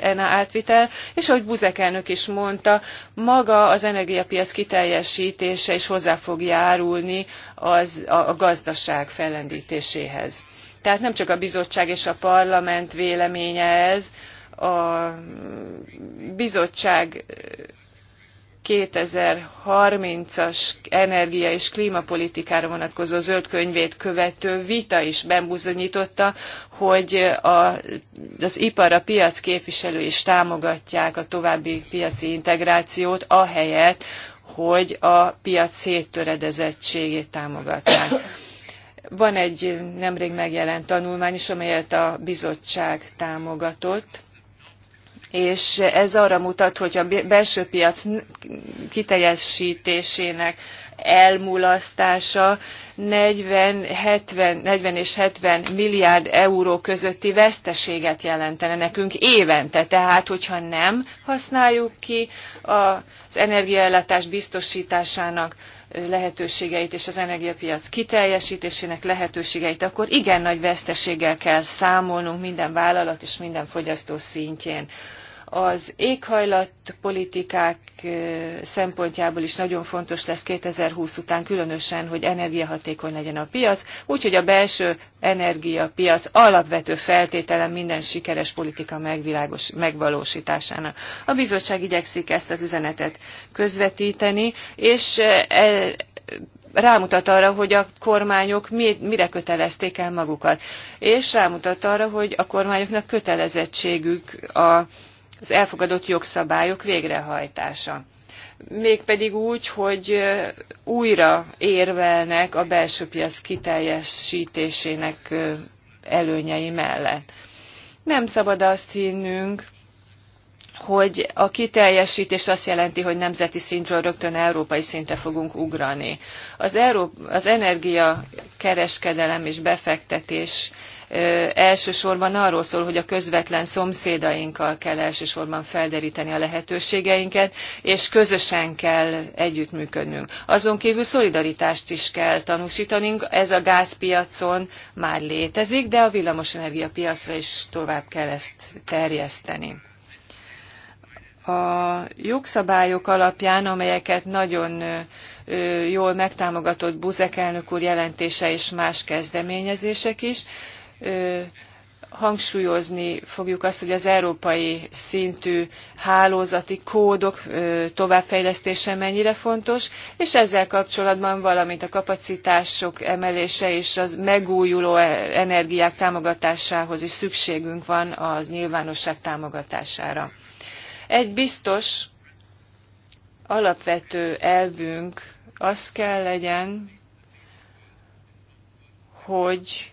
ENA átvitel, és ahogy Buzek elnök is mondta, maga az energiapiac kiteljesítése is hozzá fog járulni az, a, a gazdaság fellendítéséhez. Tehát nem csak a bizottság és a parlament véleménye ez, a bizottság 2030-as energia és klímapolitikára vonatkozó zöld könyvét követő vita is bebizonyította, hogy a, az ipar, a piac képviselői is támogatják a további piaci integrációt, ahelyett, hogy a piac széttöredezettségét támogatják. Van egy nemrég megjelent tanulmány is, amelyet a bizottság támogatott, és ez arra mutat, hogy a belső piac kiteljesítésének elmulasztása 40, 70, 40 és 70 milliárd euró közötti veszteséget jelentene nekünk évente. Tehát, hogyha nem használjuk ki az energiaellátás biztosításának lehetőségeit és az energiapiac kiteljesítésének lehetőségeit, akkor igen nagy veszteséggel kell számolnunk minden vállalat és minden fogyasztó szintjén az éghajlatpolitikák szempontjából is nagyon fontos lesz 2020 után, különösen, hogy energiahatékony legyen a piac, úgyhogy a belső energiapiac alapvető feltétele minden sikeres politika megvalóstásának. megvalósításának. A bizottság igyekszik ezt az üzenetet közvetíteni, és e, rámutat arra, hogy a kormányok mire kötelezték el magukat, és rámutat arra, hogy a kormányoknak kötelezettségük a az elfogadott jogszabályok végrehajtása. Mégpedig úgy, hogy újra érvelnek a belső piac kiteljesítésének előnyei mellett. Nem szabad azt hinnünk, hogy a kiteljesítés azt jelenti, hogy nemzeti szintről rögtön európai szintre fogunk ugrani. Az, Európa, az energiakereskedelem és befektetés elsősorban arról szól, hogy a közvetlen szomszédainkkal kell elsősorban felderíteni a lehetőségeinket, és közösen kell együttműködnünk. Azon kívül szolidaritást is kell tanúsítanunk, ez a gázpiacon már létezik, de a villamosenergia piacra is tovább kell ezt terjeszteni a jogszabályok alapján, amelyeket nagyon jól megtámogatott Buzek elnök úr jelentése és más kezdeményezések is, hangsúlyozni fogjuk azt, hogy az európai szintű hálózati kódok továbbfejlesztése mennyire fontos, és ezzel kapcsolatban valamint a kapacitások emelése és az megújuló e, energiák támogatásához is szükségünk van az nyilvánosság támogatására. Egy biztos alapvető elvünk az kell legyen, hogy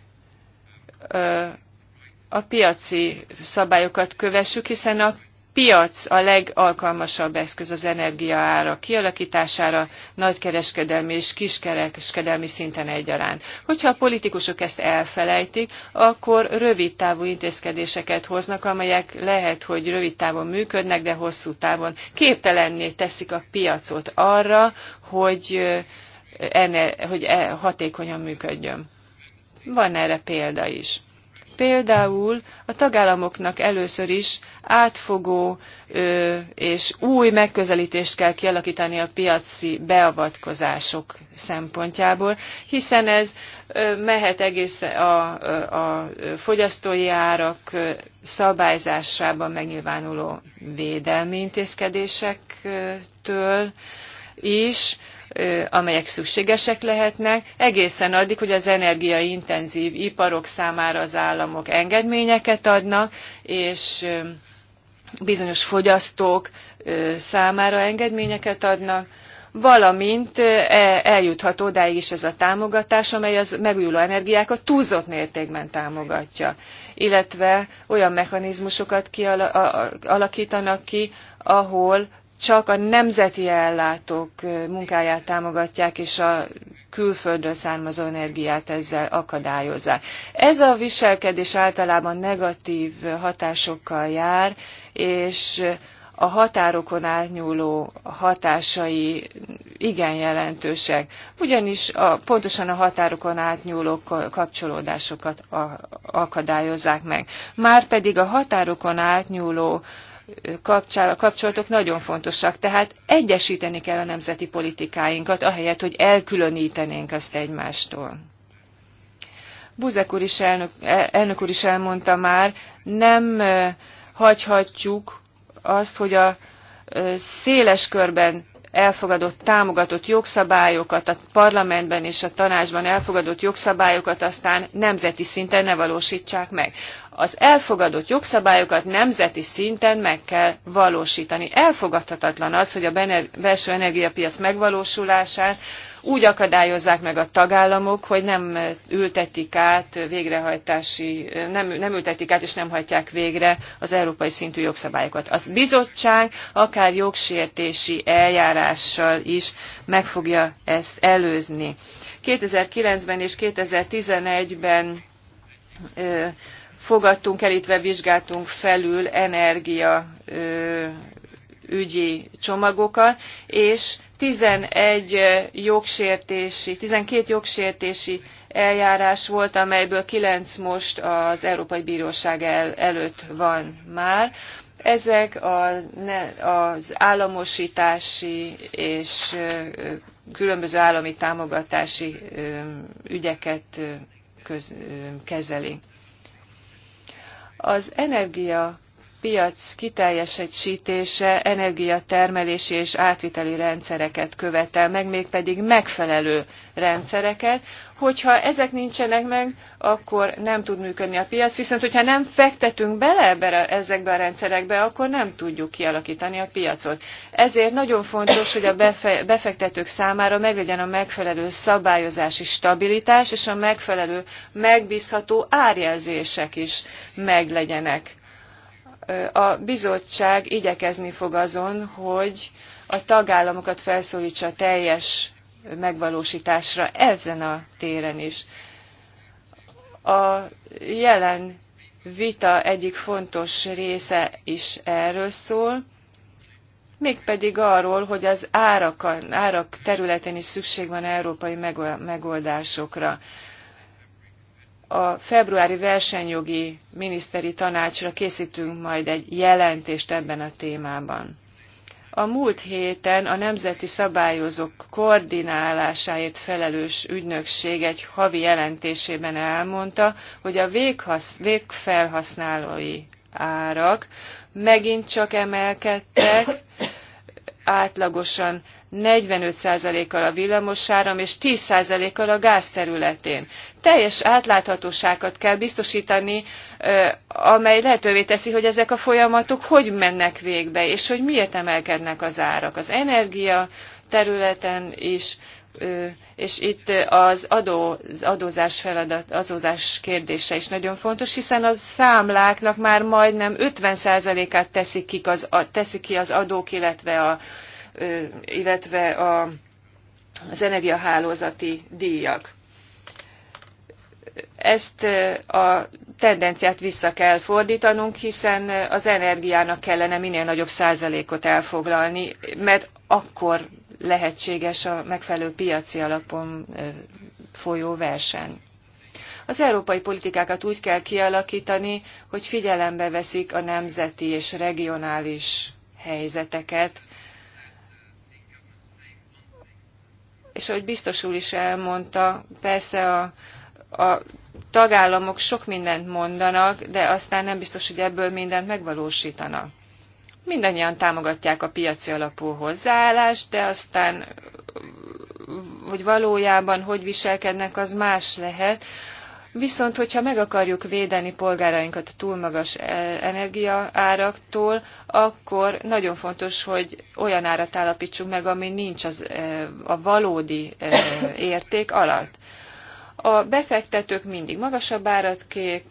a piaci szabályokat kövessük, hiszen a piac a legalkalmasabb eszköz az energiaára kialakítására nagykereskedelmi és kiskereskedelmi szinten egyaránt. Hogyha a politikusok ezt elfelejtik, akkor rövid távú intézkedéseket hoznak, amelyek lehet, hogy rövid távon működnek, de hosszú távon képtelenné teszik a piacot arra, hogy, enne, hogy e, hatékonyan működjön. Van erre példa is. Például a tagállamoknak először is átfogó ö, és új megközelítést kell kialakítani a piaci beavatkozások szempontjából, hiszen ez ö, mehet egész a, a fogyasztói árak szabályzásában megnyilvánuló védelmi intézkedésektől is, amelyek szükségesek lehetnek, egészen addig, hogy az energiaintenzív iparok számára az államok engedményeket adnak, és bizonyos fogyasztók számára engedményeket adnak, valamint e, eljuthat odáig is ez a támogatás, amely az megújuló energiákat túlzott mértékben támogatja, illetve olyan mechanizmusokat kialakítanak ki, ahol csak a nemzeti ellátók munkáját támogatják, és a külföldről származó energiát ezzel akadályozzák. Ez a viselkedés általában negatív hatásokkal jár, és a határokon átnyúló hatásai igen jelentősek, ugyanis a, pontosan a határokon átnyúló kapcsolódásokat akadályozzák meg. Márpedig a határokon átnyúló kapcsolatok nagyon fontosak. Tehát egyesíteni kell a nemzeti politikáinkat, ahelyett, hogy elkülönítenénk azt egymástól. Buzek úr is elnök, elnök úr is elmondta már, nem hagyhatjuk azt, hogy a széles körben elfogadott, támogatott jogszabályokat, a parlamentben és a tanácsban elfogadott jogszabályokat aztán nemzeti szinten ne valósítsák meg az elfogadott jogszabályokat nemzeti szinten meg kell valósítani. Elfogadhatatlan az, hogy a belső energiapiac megvalósulását úgy akadályozzák meg a tagállamok, hogy nem ültetik át végrehajtási, nem, nem ültetik át és nem hajtják végre az európai szintű jogszabályokat. A bizottság akár jogsértési eljárással is meg fogja ezt előzni. 2009-ben és 2011-ben fogadtunk el, illetve vizsgáltunk felül energia ügyi csomagokat, és 11 jogsértési, 12 jogsértési eljárás volt, amelyből 9 most az Európai Bíróság el, előtt van már. Ezek a, az államosítási és különböző állami támogatási ügyeket köz, kezeli. Az energia piac kiteljesítése energiatermelési és átviteli rendszereket követel meg, mégpedig megfelelő rendszereket, hogyha ezek nincsenek meg, akkor nem tud működni a piac, viszont hogyha nem fektetünk bele ebbe, ezekbe a rendszerekbe, akkor nem tudjuk kialakítani a piacot. Ezért nagyon fontos, hogy a befektetők számára meglegyen a megfelelő szabályozási stabilitás, és a megfelelő megbízható árjelzések is meglegyenek. A bizottság igyekezni fog azon, hogy a tagállamokat felszólítsa teljes megvalósításra ezen a téren is. A jelen vita egyik fontos része is erről szól, mégpedig arról, hogy az árak, árak területén is szükség van európai megoldásokra. A februári versenyjogi miniszteri tanácsra készítünk majd egy jelentést ebben a témában. A múlt héten a nemzeti szabályozók koordinálásáért felelős ügynökség egy havi jelentésében elmondta, hogy a véghasz, végfelhasználói árak megint csak emelkedtek, átlagosan 45%-kal a villamosáram és 10%-kal a gáz területén. Teljes átláthatóságot kell biztosítani, amely lehetővé teszi, hogy ezek a folyamatok hogy mennek végbe, és hogy miért emelkednek az árak. Az energia területen is, és itt az, adó, az adózás feladat, adózás kérdése is nagyon fontos, hiszen a számláknak már majdnem 50%-át teszik, teszik ki az adók, illetve a illetve a, az energiahálózati díjak. Ezt a tendenciát vissza kell fordítanunk, hiszen az energiának kellene minél nagyobb százalékot elfoglalni, mert akkor lehetséges a megfelelő piaci alapon folyó verseny. Az európai politikákat úgy kell kialakítani, hogy figyelembe veszik a nemzeti és regionális helyzeteket, és ahogy biztos úr is elmondta, persze a, a tagállamok sok mindent mondanak, de aztán nem biztos, hogy ebből mindent megvalósítanak. Mindannyian támogatják a piaci alapú hozzáállást, de aztán, hogy valójában hogy viselkednek, az más lehet. Viszont, hogyha meg akarjuk védeni polgárainkat a túl magas e, energiaáraktól, akkor nagyon fontos, hogy olyan árat állapítsunk meg, ami nincs az, e, a valódi e, érték alatt. A befektetők mindig magasabb árat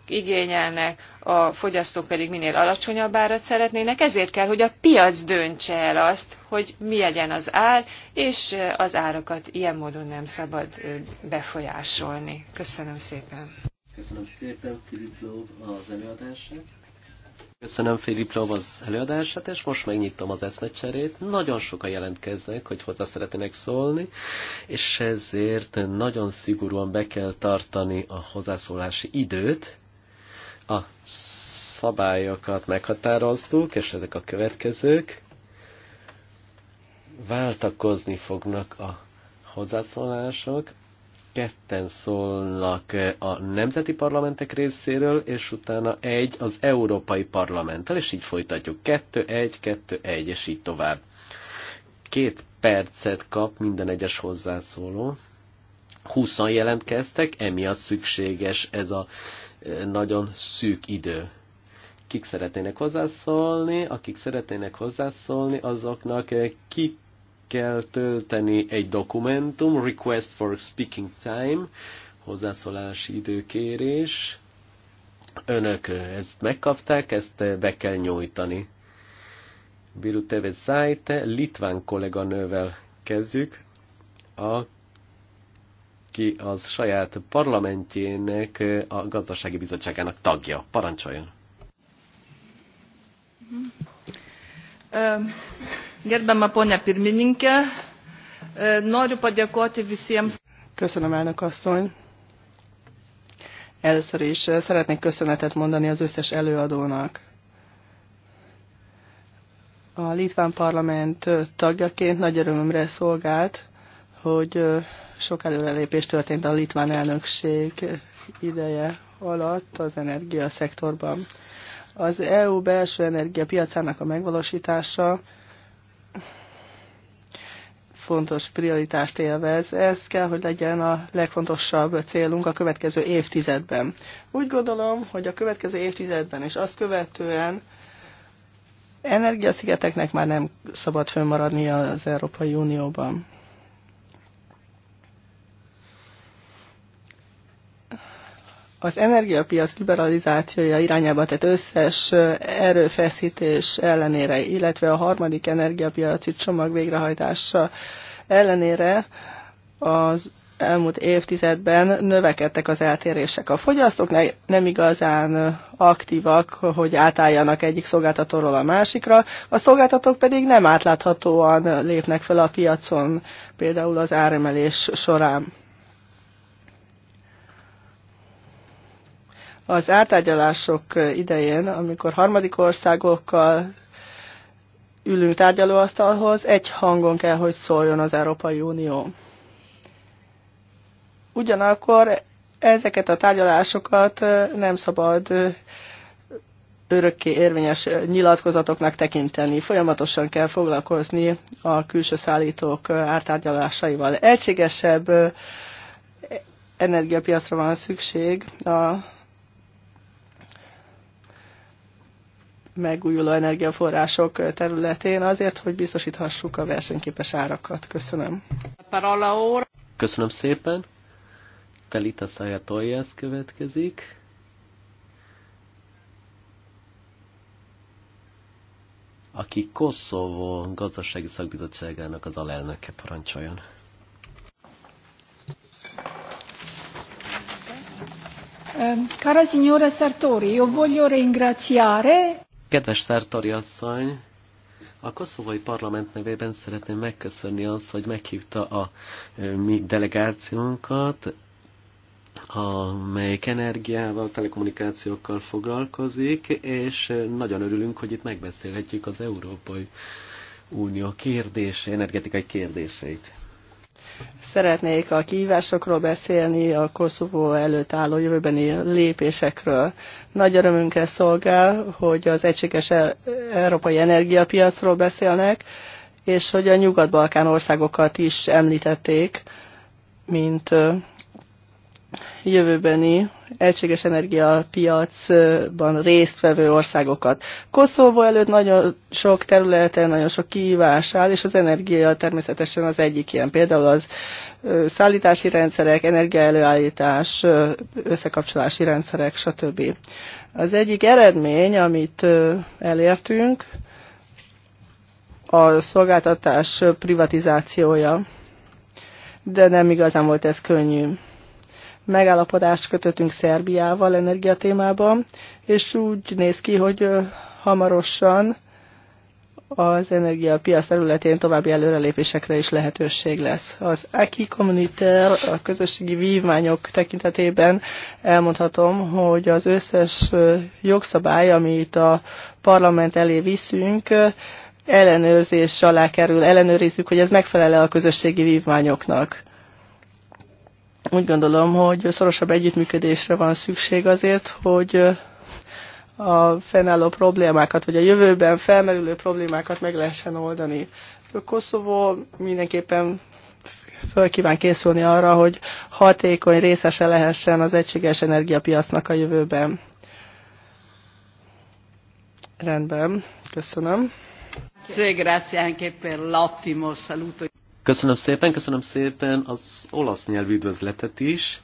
igényelnek, a fogyasztók pedig minél alacsonyabb árat szeretnének, ezért kell, hogy a piac döntse el azt, hogy mi legyen az ár, és az árakat ilyen módon nem szabad befolyásolni. Köszönöm szépen. Köszönöm szépen Filip Lóv az előadását. Köszönöm Filip az előadását, és most megnyitom az eszmecserét. Nagyon sokan jelentkeznek, hogy hozzá szeretnének szólni, és ezért nagyon szigorúan be kell tartani a hozzászólási időt. A szabályokat meghatároztuk, és ezek a következők. Váltakozni fognak a hozzászólások ketten szólnak a nemzeti parlamentek részéről, és utána egy az Európai Parlamenttel, és így folytatjuk. Kettő, egy, kettő, egy, és így tovább. Két percet kap minden egyes hozzászóló. 20 jelentkeztek, emiatt szükséges ez a nagyon szűk idő. Kik szeretnének hozzászólni? Akik szeretnének hozzászólni, azoknak kik kell tölteni egy dokumentum, request for speaking time, hozzászólási időkérés. Önök ezt megkapták, ezt be kell nyújtani. Biru Teve Zájte, litván kolléganővel kezdjük, aki az saját parlamentjének, a gazdasági bizottságának tagja. Parancsoljon! Um. Gerbiama ponia pirmininkė, e, noriu padėkoti visiems. Köszönöm, elnök asszony. Először is e, szeretnék köszönetet mondani az összes előadónak. A Litván Parlament e, tagjaként nagy örömömre szolgált, hogy sok előrelépés történt a litván elnökség ideje alatt az energiaszektorban. Az EU belső energiapiacának a megvalósítása fontos prioritást élvez. Ez kell, hogy legyen a legfontosabb célunk a következő évtizedben. Úgy gondolom, hogy a következő évtizedben és azt követően energiaszigeteknek már nem szabad fönnmaradni az Európai Unióban. az energiapiac liberalizációja irányába tett összes erőfeszítés ellenére, illetve a harmadik energiapiaci csomag végrehajtása ellenére az elmúlt évtizedben növekedtek az eltérések. A fogyasztók ne, nem igazán aktívak, hogy átálljanak egyik szolgáltatóról a másikra, a szolgáltatók pedig nem átláthatóan lépnek fel a piacon, például az áremelés során. az ártárgyalások idején, amikor harmadik országokkal ülünk tárgyalóasztalhoz, egy hangon kell, hogy szóljon az Európai Unió. Ugyanakkor ezeket a tárgyalásokat nem szabad örökké érvényes nyilatkozatoknak tekinteni. Folyamatosan kell foglalkozni a külső szállítók ártárgyalásaival. Egységesebb energiapiacra van szükség a megújuló energiaforrások területén azért, hogy biztosíthassuk a versenyképes árakat. Köszönöm. Köszönöm szépen. Telita Szájatoljász következik. aki Koszovó gazdasági szakbizottságának az alelnöke parancsoljon. Ehm, cara signora Sartori, io voglio ringraziare. Kedves Szertari asszony, a koszovói parlament nevében szeretném megköszönni azt, hogy meghívta a mi delegációnkat, amelyik energiával, telekommunikációkkal foglalkozik, és nagyon örülünk, hogy itt megbeszélhetjük az Európai Unió kérdése, energetikai kérdéseit. Szeretnék a kihívásokról beszélni, a Koszovó előtt álló jövőbeni lépésekről. Nagy örömünkre szolgál, hogy az egységes e- európai energiapiacról beszélnek, és hogy a nyugat-balkán országokat is említették, mint jövőbeni egységes energiapiacban résztvevő országokat. Koszovó előtt nagyon sok területen, nagyon sok kihívás áll, és az energia természetesen az egyik ilyen. Például az szállítási rendszerek, energiaelőállítás, összekapcsolási rendszerek, stb. Az egyik eredmény, amit elértünk, a szolgáltatás privatizációja, de nem igazán volt ez könnyű megállapodást kötöttünk Szerbiával energiatémában, és úgy néz ki, hogy hamarosan az energiapiac területén további előrelépésekre is lehetőség lesz. Az AKI Communiter a közösségi vívmányok tekintetében elmondhatom, hogy az összes jogszabály, amit a parlament elé viszünk, ellenőrzés alá kerül, ellenőrizzük, hogy ez megfelel a közösségi vívmányoknak. Úgy gondolom, hogy szorosabb együttműködésre van szükség azért, hogy a fennálló problémákat, vagy a jövőben felmerülő problémákat meg lehessen oldani. A Koszovó mindenképpen föl kíván készülni arra, hogy hatékony részese lehessen az egységes energiapiacnak a jövőben. Rendben, köszönöm. Grazie anche per l'ottimo saluto. Köszönöm szépen, köszönöm szépen az olasz nyelvű üdvözletet is,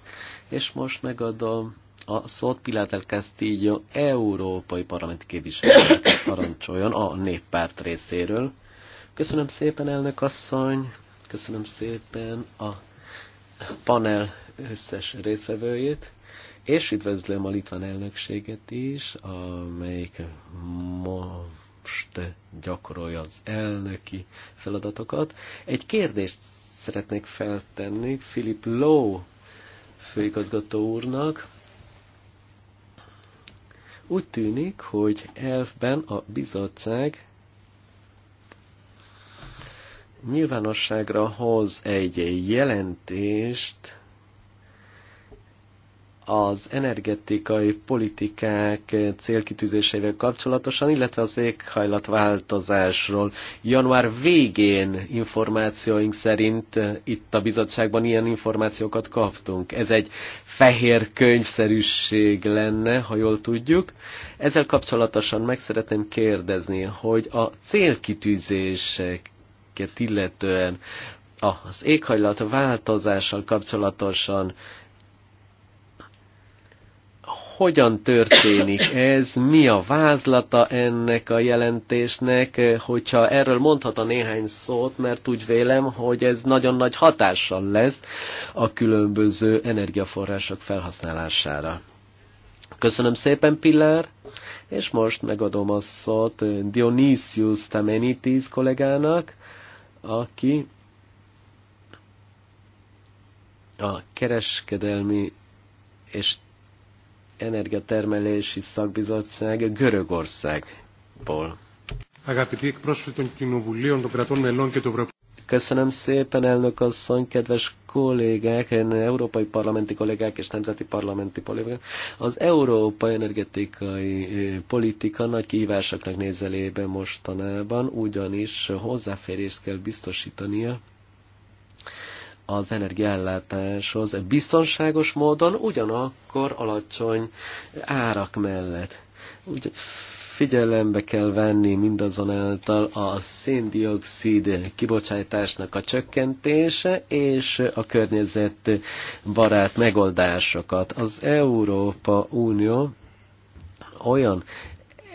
és most megadom a szót Pilar del Castillo európai parlamenti képviselőnek parancsoljon a néppárt részéről. Köszönöm szépen, elnök asszony, köszönöm szépen a panel összes részvevőjét, és üdvözlöm a litván elnökséget is, amelyik ma most gyakorolja az elnöki feladatokat. Egy kérdést szeretnék feltenni Philip Lowe főigazgató úrnak. Úgy tűnik, hogy elfben a bizottság nyilvánosságra hoz egy jelentést az energetikai politikák célkitűzéseivel kapcsolatosan, illetve az éghajlatváltozásról. Január végén információink szerint itt a bizottságban ilyen információkat kaptunk. Ez egy fehér könyvszerűség lenne, ha jól tudjuk. Ezzel kapcsolatosan meg szeretném kérdezni, hogy a célkitűzéseket illetően az éghajlatváltozással kapcsolatosan hogyan történik ez? Mi a vázlata ennek a jelentésnek? Hogyha erről mondhatna néhány szót, mert úgy vélem, hogy ez nagyon nagy hatással lesz a különböző energiaforrások felhasználására. Köszönöm szépen, Pillár, és most megadom a szót Dionysius Tamenitis kollégának, aki a kereskedelmi és Energiatermelési Szakbizottság Görögországból. Köszönöm szépen, elnök asszony, kedves kollégák, európai parlamenti kollégák és nemzeti parlamenti kollégák. Az európai energetikai politika nagy kihívásoknak nézelében mostanában, ugyanis hozzáférést kell biztosítania az energiállátáshoz biztonságos módon, ugyanakkor alacsony árak mellett. Úgy figyelembe kell venni mindazonáltal a széndiokszid kibocsátásnak a csökkentése és a barát megoldásokat. Az Európa Unió olyan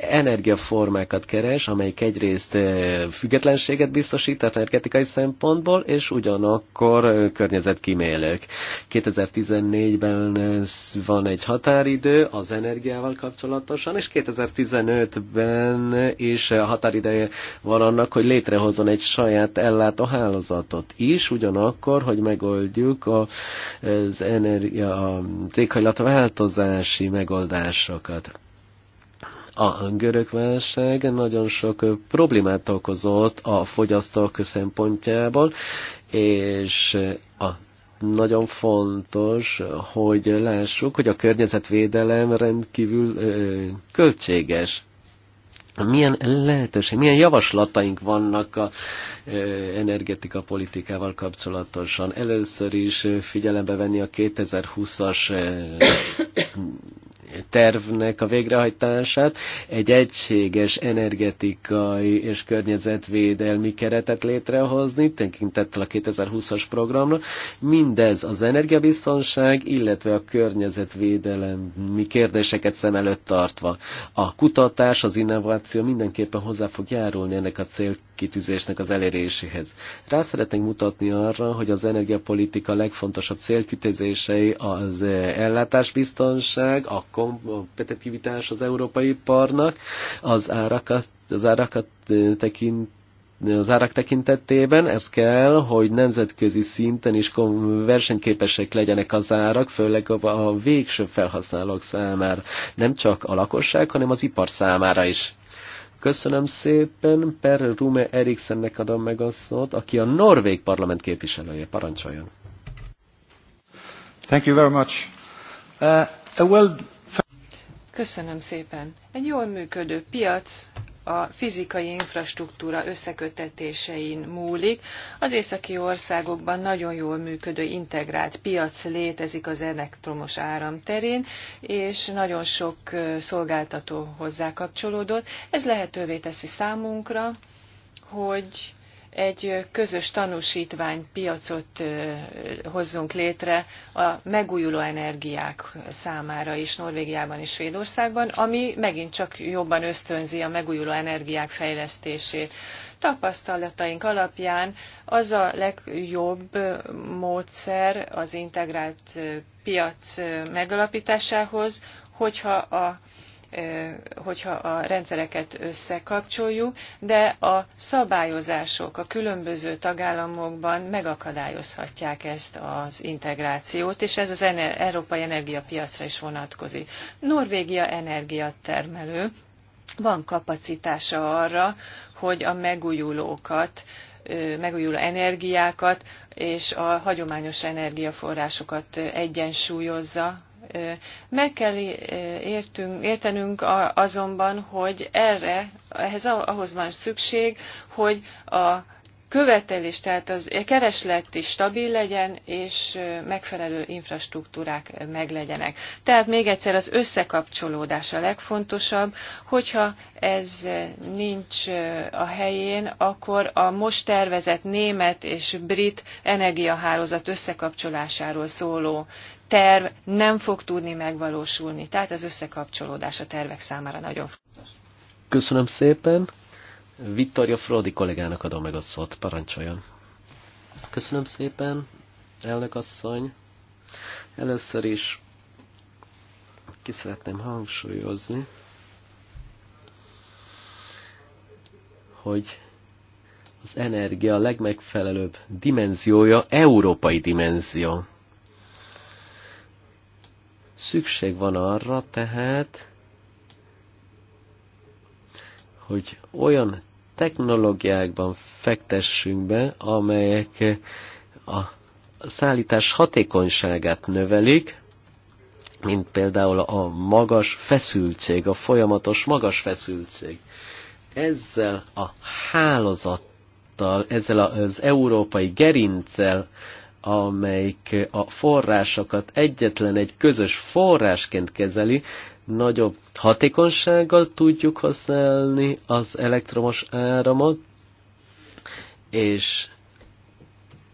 energiaformákat keres, amelyik egyrészt függetlenséget biztosít energetikai szempontból, és ugyanakkor környezetkímélők. 2014-ben van egy határidő az energiával kapcsolatosan, és 2015-ben is a határideje van annak, hogy létrehozon egy saját ellátóhálózatot is, ugyanakkor, hogy megoldjuk az energia, a változási megoldásokat a görög válság nagyon sok problémát okozott a fogyasztók szempontjából, és a nagyon fontos, hogy lássuk, hogy a környezetvédelem rendkívül költséges. Milyen lehetőség, milyen javaslataink vannak a ö, energetika politikával kapcsolatosan? Először is figyelembe venni a 2020-as tervnek a végrehajtását, egy egységes energetikai és környezetvédelmi keretet létrehozni, tekintettel a 2020-as programra. Mindez az energiabiztonság, illetve a környezetvédelmi kérdéseket szem előtt tartva. A kutatás, az innováció mindenképpen hozzá fog járulni ennek a cél célkitűzésnek az eléréséhez. Rá szeretnénk mutatni arra, hogy az energiapolitika legfontosabb célkitűzései az eh, ellátásbiztonság, a kompetitivitás az európai iparnak, az árakat, az árakat eh, tekint az árak tekintetében ez kell, hogy nemzetközi szinten is versenyképesek legyenek az árak, főleg a végső felhasználók számára. Nem csak a lakosság, hanem az ipar számára is. Köszönöm szépen, Per Rume Eriksennek adom meg a szót, aki a Norvég parlament képviselője. Parancsoljon. Thank you very much. Uh, a world... Köszönöm szépen. Egy jól működő piac a fizikai infrastruktúra összekötetésein múlik. Az északi országokban nagyon jól működő integrált piac létezik az elektromos áram terén, és nagyon sok szolgáltató hozzá kapcsolódott. Ez lehetővé teszi számunkra, hogy egy közös tanúsítványpiacot hozzunk létre a megújuló energiák számára is Norvégiában és Svédországban, ami megint csak jobban ösztönzi a megújuló energiák fejlesztését. Tapasztalataink alapján az a legjobb módszer az integrált piac megalapításához, hogyha a hogyha a rendszereket összekapcsoljuk, de a szabályozások a különböző tagállamokban megakadályozhatják ezt az integrációt, és ez az ener európai energiapiacra is vonatkozik. Norvégia energiatermelő, van kapacitása arra, hogy a megújulókat, megújuló energiákat és a hagyományos energiaforrásokat egyensúlyozza meg kell értünk, értenünk azonban, hogy erre, ehhez ahhoz van szükség, hogy a követelés, tehát az kereslet is stabil legyen, és megfelelő infrastruktúrák meglegyenek. Tehát még egyszer az összekapcsolódás a legfontosabb, hogyha ez nincs a helyén, akkor a most tervezett német és brit energiahálózat összekapcsolásáról szóló terv nem fog tudni megvalósulni. Tehát az összekapcsolódás a tervek számára nagyon fontos. Köszönöm szépen. Vittoria Frodi kollégának adom meg a szót. Parancsoljon. Köszönöm szépen, elnök asszony. Először is ki szeretném hangsúlyozni, hogy az energia legmegfelelőbb dimenziója európai dimenzió. Szükség van arra tehát, hogy olyan technológiákban fektessünk be, amelyek a szállítás hatékonyságát növelik, mint például a magas feszültség, a folyamatos magas feszültség. Ezzel a hálózattal, ezzel az európai gerinccel, amelyik a forrásokat egyetlen egy közös forrásként kezeli, nagyobb hatékonysággal tudjuk használni az elektromos áramot, és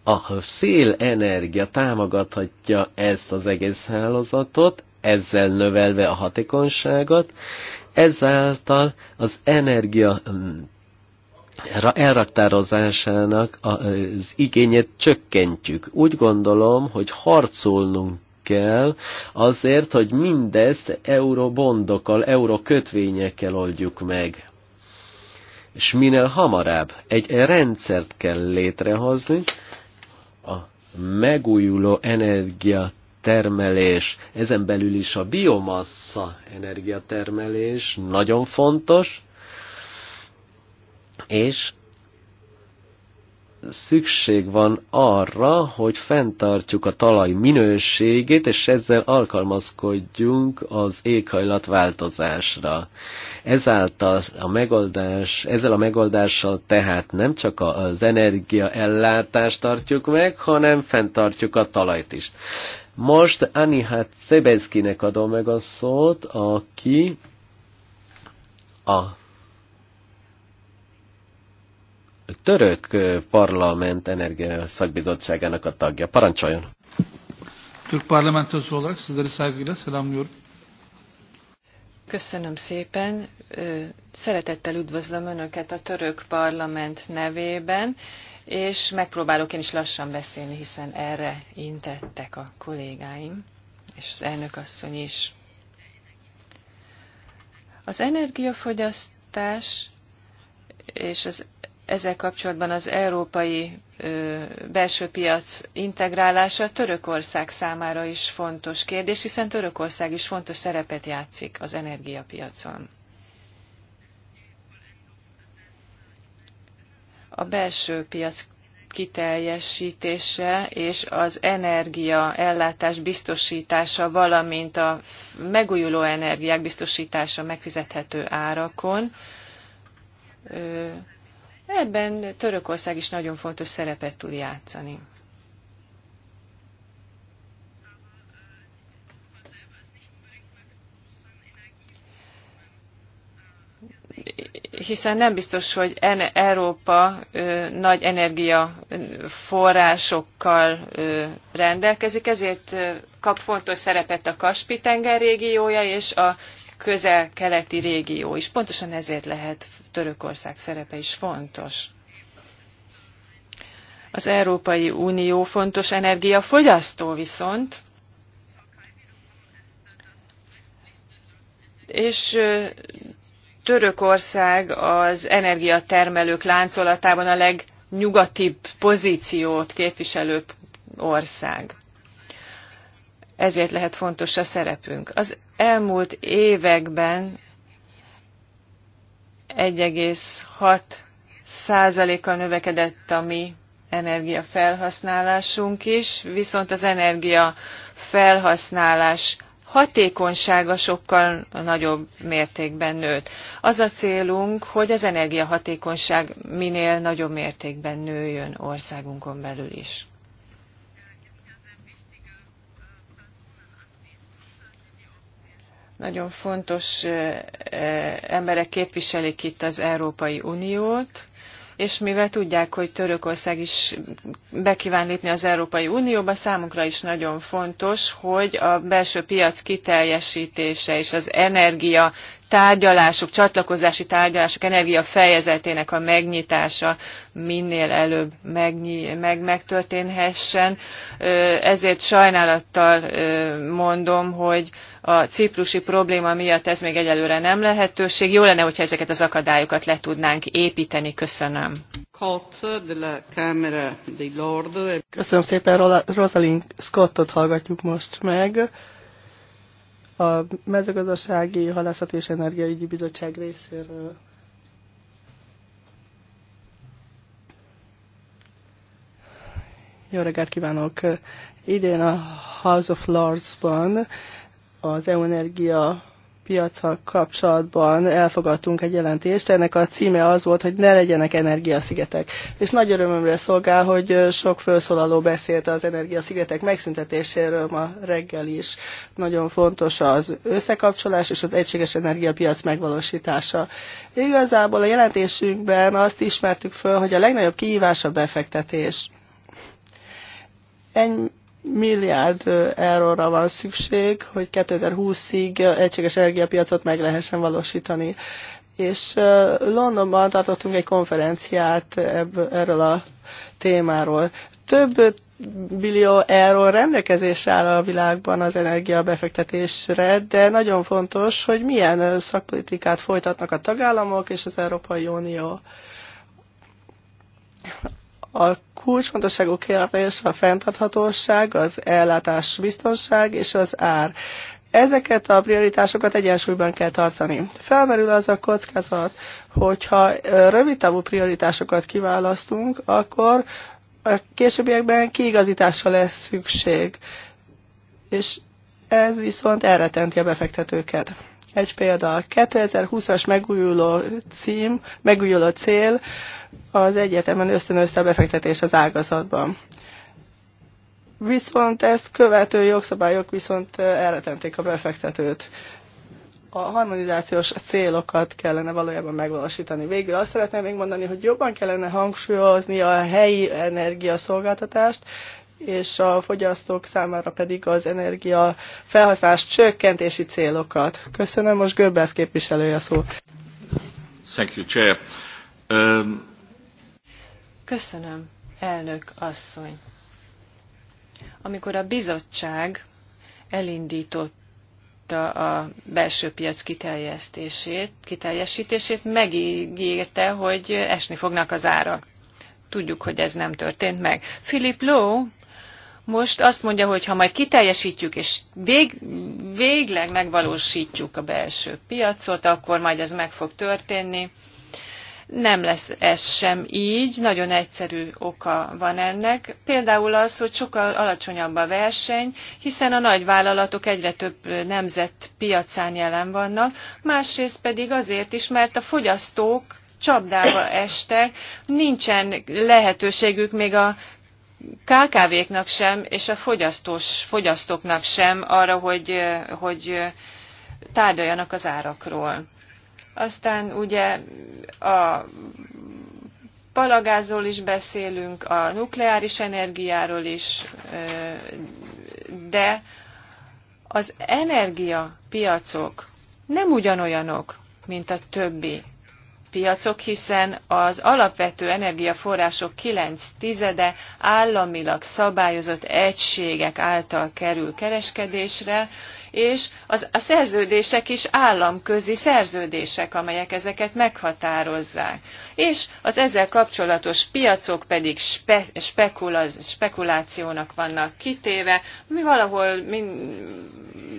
a szélenergia támogathatja ezt az egész hálózatot, ezzel növelve a hatékonyságot, ezáltal az energia elraktározásának az igényét csökkentjük. Úgy gondolom, hogy harcolnunk kell azért, hogy mindezt eurobondokkal, eurokötvényekkel oldjuk meg. És minél hamarabb egy rendszert kell létrehozni, a megújuló energia termelés, ezen belül is a biomassa energiatermelés nagyon fontos, és szükség van arra, hogy fenntartjuk a talaj minőségét, és ezzel alkalmazkodjunk az változásra. Ezáltal a megoldás, ezzel a megoldással tehát nem csak az energiaellátást tartjuk meg, hanem fenntartjuk a talajt is. Most Anihát Szebezkinek adom meg a szót, aki a török parlament energia szakbizottságának a tagja. Parancsoljon! Türk parlamentos olarak sizleri saygıyla selamlıyorum. Köszönöm szépen. Szeretettel üdvözlöm Önöket a török parlament nevében, és megpróbálok én is lassan beszélni, hiszen erre intettek a kollégáim, és az asszony is. Az energiafogyasztás és az ezzel kapcsolatban az európai belső piac integrálása Törökország számára is fontos kérdés, hiszen Törökország is fontos szerepet játszik az energiapiacon. A belső piac kiteljesítése és az energia ellátás biztosítása, valamint a megújuló energiák biztosítása megfizethető árakon Ebben Törökország is nagyon fontos szerepet tud játszani. hiszen nem biztos, hogy Európa ö, nagy energiaforrásokkal rendelkezik, ezért ö, kap fontos szerepet a Kaspi-tenger régiója és a közel-keleti régió is. Pontosan ezért lehet Törökország szerepe is fontos. Az Európai Unió fontos energiafogyasztó viszont, és Törökország az energiatermelők láncolatában a legnyugatibb pozíciót képviselő ország ezért lehet fontos a szerepünk. Az elmúlt években 1,6 százaléka növekedett a mi energiafelhasználásunk is, viszont az energia felhasználás hatékonysága sokkal nagyobb mértékben nőtt. Az a célunk, hogy az energiahatékonyság minél nagyobb mértékben nőjön országunkon belül is. Nagyon fontos emberek képviselik itt az Európai Uniót, és mivel tudják, hogy Törökország is bekíván lépni az Európai Unióba, számunkra is nagyon fontos, hogy a belső piac kiteljesítése és az energia tárgyalások, csatlakozási tárgyalások energia fejezetének a megnyitása minél előbb megnyi, meg, megtörténhessen. Ezért sajnálattal mondom, hogy a ciprusi probléma miatt ez még egyelőre nem lehetőség. Jó lenne, hogyha ezeket az akadályokat le tudnánk építeni. Köszönöm. Köszönöm szépen, Rosalind Scottot hallgatjuk most meg. A mezőgazdasági, halászat és energiaügyi bizottság részéről. Jó reggelt kívánok! Idén a House of Lords-ban az EU energia piacsal kapcsolatban elfogadtunk egy jelentést. Ennek a címe az volt, hogy ne legyenek energiaszigetek. És nagy örömömre szolgál, hogy sok felszólaló beszélt az energiaszigetek megszüntetéséről ma reggel is. Nagyon fontos az összekapcsolás és az egységes energiapiac megvalósítása. Igazából a jelentésünkben azt ismertük föl, hogy a legnagyobb kihívás a befektetés. Ennyi milliárd euróra van szükség, hogy 2020-ig egységes energiapiacot meg lehessen valósítani. És Londonban tartottunk egy konferenciát ebből, erről a témáról. Több billió euró rendelkezésre áll a világban az energia befektetésre, de nagyon fontos, hogy milyen szakpolitikát folytatnak a tagállamok és az Európai Unió. A kulcsfontosságú kérdés a fenntarthatóság, az ellátás biztonság és az ár. Ezeket a prioritásokat egyensúlyban kell tartani. Felmerül az a kockázat, hogyha rövid távú prioritásokat kiválasztunk, akkor a későbbiekben kiigazításra lesz szükség. És ez viszont elretenti a befektetőket. Egy példa, 2020-as megújuló cím, megújuló cél, az egyetemen ösztönözte a befektetés az ágazatban. Viszont ezt követő jogszabályok viszont elretenték a befektetőt. A harmonizációs célokat kellene valójában megvalósítani. Végül azt szeretném még mondani, hogy jobban kellene hangsúlyozni a helyi energiaszolgáltatást, és a fogyasztók számára pedig az energia felhasználás csökkentési célokat. Köszönöm, most Göbbelsz képviselője szót. Thank you, Chair. Um... Köszönöm, elnök asszony. Amikor a bizottság elindította a belső piac kiteljesítését, kiteljesítését, megígérte, hogy esni fognak az árak. Tudjuk, hogy ez nem történt meg. Philip Lowe most azt mondja, hogy ha majd kiteljesítjük és vég, végleg megvalósítjuk a belső piacot, akkor majd ez meg fog történni nem lesz ez sem így, nagyon egyszerű oka van ennek. Például az, hogy sokkal alacsonyabb a verseny, hiszen a nagyvállalatok egyre több nemzet piacán jelen vannak, másrészt pedig azért is, mert a fogyasztók csapdába estek, nincsen lehetőségük még a KKV-knak sem, és a fogyasztós, fogyasztóknak sem arra, hogy, hogy tárgyaljanak az árakról. Aztán ugye a palagázról is beszélünk, a nukleáris energiáról is, de az energiapiacok nem ugyanolyanok, mint a többi piacok, hiszen az alapvető energiaforrások 9 tizede államilag szabályozott egységek által kerül kereskedésre, és az, a szerződések is államközi szerződések, amelyek ezeket meghatározzák. És az ezzel kapcsolatos piacok pedig spe, spekula, spekulációnak vannak kitéve, mi valahol mi,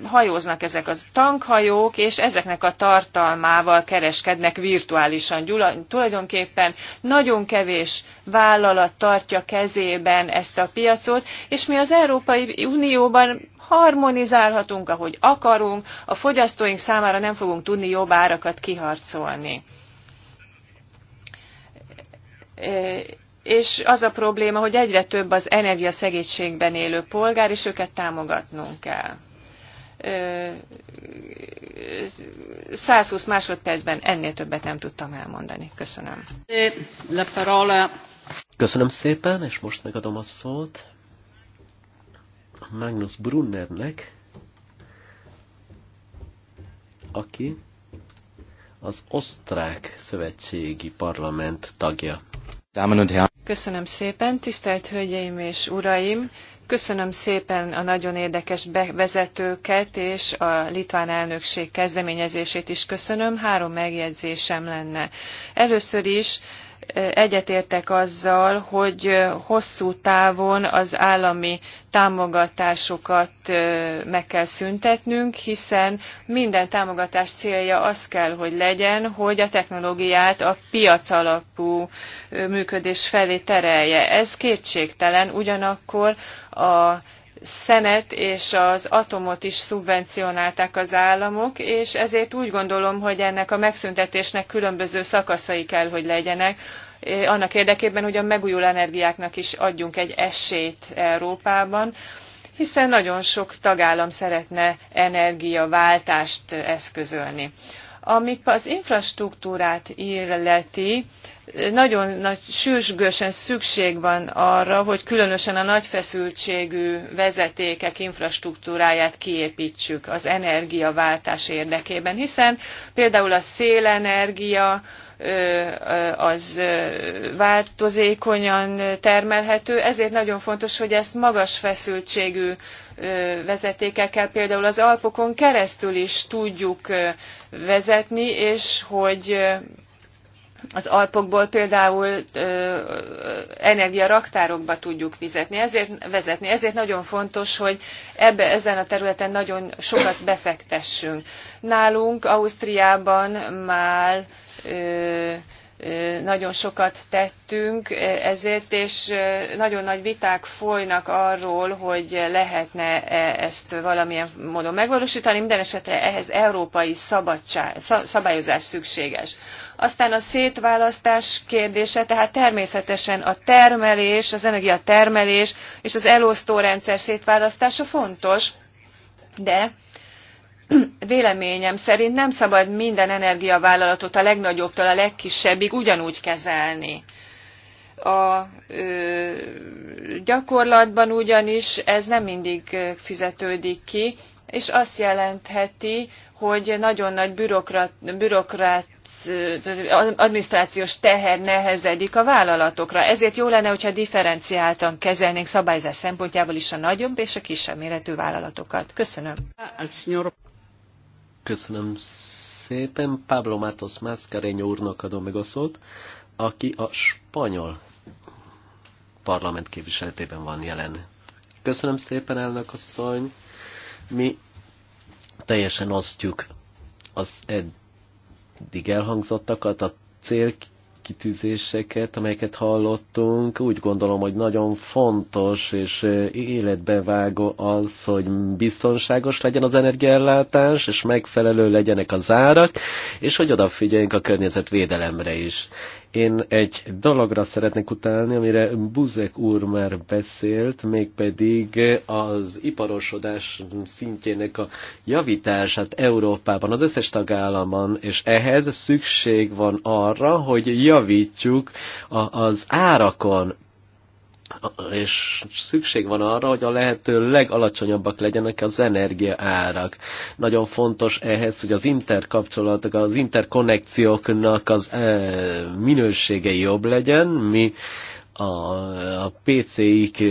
hajóznak ezek az tankhajók, és ezeknek a tartalmával kereskednek virtuálisan. Gyula, tulajdonképpen nagyon kevés vállalat tartja kezében ezt a piacot, és mi az Európai Unióban harmonizálhatunk, ahogy akarunk, a fogyasztóink számára nem fogunk tudni jobb árakat kiharcolni. És az a probléma, hogy egyre több az energiaszegénységben élő polgár, és őket támogatnunk kell. 120 másodpercben ennél többet nem tudtam elmondani. Köszönöm. Köszönöm szépen, és most megadom a szót Magnus Brunnernek, aki az osztrák szövetségi parlament tagja. Köszönöm szépen, tisztelt Hölgyeim és Uraim! Köszönöm szépen a nagyon érdekes bevezetőket, és a litván elnökség kezdeményezését is köszönöm. Három megjegyzésem lenne. Először is egyetértek azzal, hogy hosszú távon az állami támogatásokat meg kell szüntetnünk, hiszen minden támogatás célja az kell, hogy legyen, hogy a technológiát a piac alapú működés felé terelje. Ez kétségtelen, ugyanakkor a szenet és az atomot is szubvencionálták az államok, és ezért úgy gondolom, hogy ennek a megszüntetésnek különböző szakaszai kell, hogy legyenek, eh, annak érdekében, hogy a megújuló energiáknak is adjunk egy esélyt Európában, hiszen nagyon sok tagállam szeretne energiaváltást eszközölni. Ami az infrastruktúrát illeti, nagyon nagy sürgősen szükség van arra, hogy különösen a nagy feszültségű vezetékek infrastruktúráját kiéptsük az energiaváltás érdekében, hiszen például a szélenergia az változékonyan termelhető, ezért nagyon fontos, hogy ezt magas feszültségű vezetékekkel például az Alpokon keresztül is tudjuk vezetni, és hogy az Alpokból például energiaraktárokba tudjuk vizetni, ezért, vezetni. Ezért nagyon fontos, hogy ebbe, ezen a területen nagyon sokat befektessünk. Nálunk Ausztriában már ö, nagyon sokat tettünk ezért, és nagyon nagy viták folynak arról, hogy lehetne -e ezt valamilyen módon megvalósítani. Minden esetre ehhez európai szabadság, szabályozás szükséges. Aztán a szétválasztás kérdése, tehát természetesen a termelés, az energiatermelés és az elosztórendszer szétválasztása fontos, de véleményem szerint nem szabad minden energiavállalatot a legnagyobbtól a legkisebbig ugyanúgy kezelni. A ö, gyakorlatban ugyanis ez nem mindig fizetődik ki, és azt jelentheti, hogy nagyon nagy bürokrat, bürokrat adminisztrációs teher nehezedik a vállalatokra. Ezért jó lenne, hogyha differenciáltan kezelnénk szabályzás szempontjából is a nagyobb és a kisebb méretű vállalatokat. Köszönöm. Köszönöm szépen. Pablo Matos Mascareño úrnak adom meg a szót, aki a spanyol parlament képviseletében van jelen. Köszönöm szépen, elnök asszony. Mi teljesen osztjuk az eddig elhangzottakat, a cél kitűzéseket, amelyeket hallottunk, úgy gondolom, hogy nagyon fontos és vágó, az, hogy biztonságos legyen az energiállátás, és megfelelő legyenek az árak, és hogy odafigyeljünk a környezetvédelemre is. Én egy dologra szeretnék utálni, amire Buzek úr már beszélt, mégpedig az iparosodás szintjének a javítását Európában, az összes tagállamban, és ehhez szükség van arra, hogy javítjuk a, az árakon, és szükség van arra, hogy a lehető legalacsonyabbak legyenek az energia árak. Nagyon fontos ehhez, hogy az interkapcsolatok, az interkonnekcióknak az e, minősége jobb legyen, mi a, a PC-ik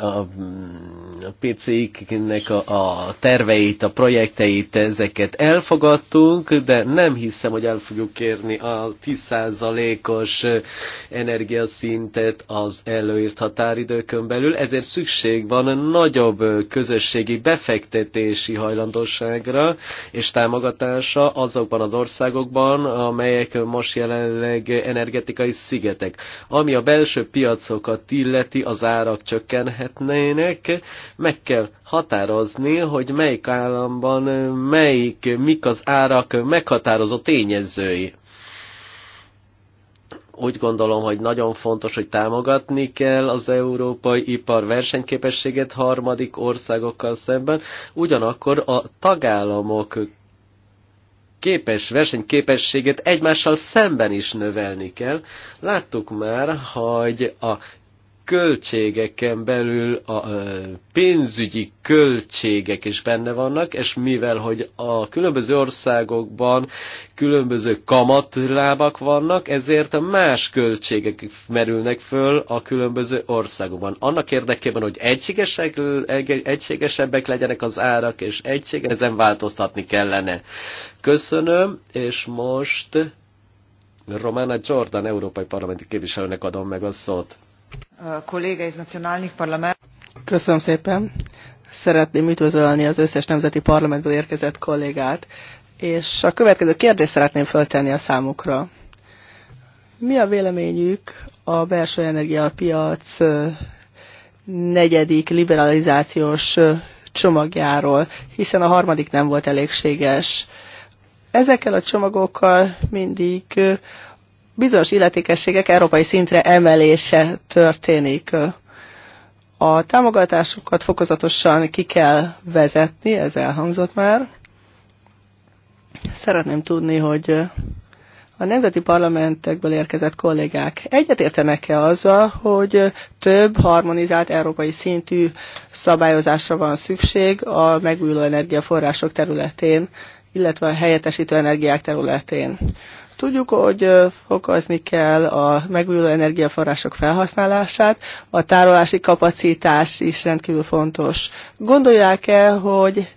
a, a pc a, a terveit, a projekteit, ezeket elfogadtunk, de nem hiszem, hogy el fogjuk kérni a 10%-os energiaszintet az előírt határidőkön belül, ezért szükség van nagyobb közösségi befektetési hajlandóságra és támogatása azokban az országokban, amelyek most jelenleg energetikai szigetek. Ami a belső piacokat illeti, az árak csak csökkenhetnének, meg kell határozni, hogy melyik államban melyik, mik az árak meghatározó tényezői. Úgy gondolom, hogy nagyon fontos, hogy támogatni kell az európai ipar versenyképességet harmadik országokkal szemben, ugyanakkor a tagállamok képes, versenyképességet egymással szemben is növelni kell. Láttuk már, hogy a költségeken belül a pénzügyi költségek is benne vannak, és mivel, hogy a különböző országokban különböző kamatlábak vannak, ezért a más költségek merülnek föl a különböző országokban. Annak érdekében, hogy egységesek, egységesebbek legyenek az árak, és egységes, ezen változtatni kellene. Köszönöm, és most Romana Jordan, Európai Parlamenti Képviselőnek adom meg a szót kolléga iz parlament. Köszönöm szépen. Szeretném üdvözölni az összes nemzeti parlamentből érkezett kollégát, és a következő kérdést szeretném föltenni a számukra. Mi a véleményük a belső energiapiac negyedik liberalizációs csomagjáról, hiszen a harmadik nem volt elégséges. Ezekkel a csomagokkal mindig bizonyos illetékességek európai szintre emelése történik. A támogatásukat fokozatosan ki kell vezetni, ez elhangzott már. Szeretném tudni, hogy a nemzeti parlamentekből érkezett kollégák egyetértenek-e azzal, hogy több harmonizált európai szintű szabályozásra van szükség a megújuló energiaforrások területén, illetve a helyettesítő energiák területén? Tudjuk, hogy fokozni kell a megújuló energiaforrások felhasználását, a tárolási kapacitás is rendkívül fontos. Gondolják el, hogy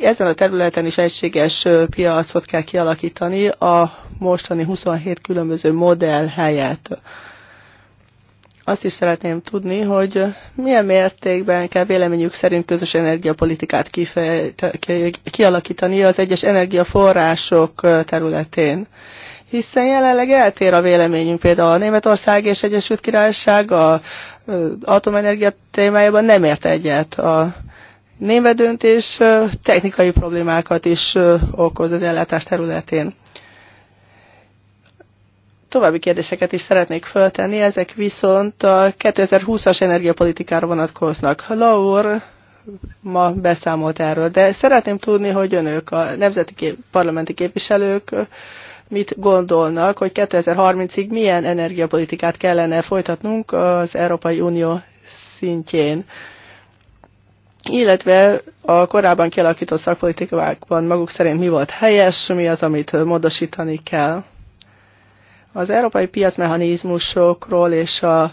ezen a területen is egységes piacot kell kialakítani a mostani 27 különböző modell helyett. Azt is szeretném tudni, hogy milyen mértékben kell véleményük szerint közös energiapolitikát kialakítani az egyes energiaforrások területén. Hiszen jelenleg eltér a véleményünk például a Németország és Egyesült Királyság a atomenergia témájában nem ért egyet. A német döntés technikai problémákat is okoz az ellátás területén további kérdéseket is szeretnék föltenni, ezek viszont a 2020-as energiapolitikára vonatkoznak. Laur ma beszámolt erről, de szeretném tudni, hogy önök, a nemzeti kép, parlamenti képviselők mit gondolnak, hogy 2030-ig milyen energiapolitikát kellene folytatnunk az Európai Unió szintjén illetve a korábban kialakított szakpolitikákban maguk szerint mi volt helyes, mi az, amit módosítani kell. Az európai piacmechanizmusokról és a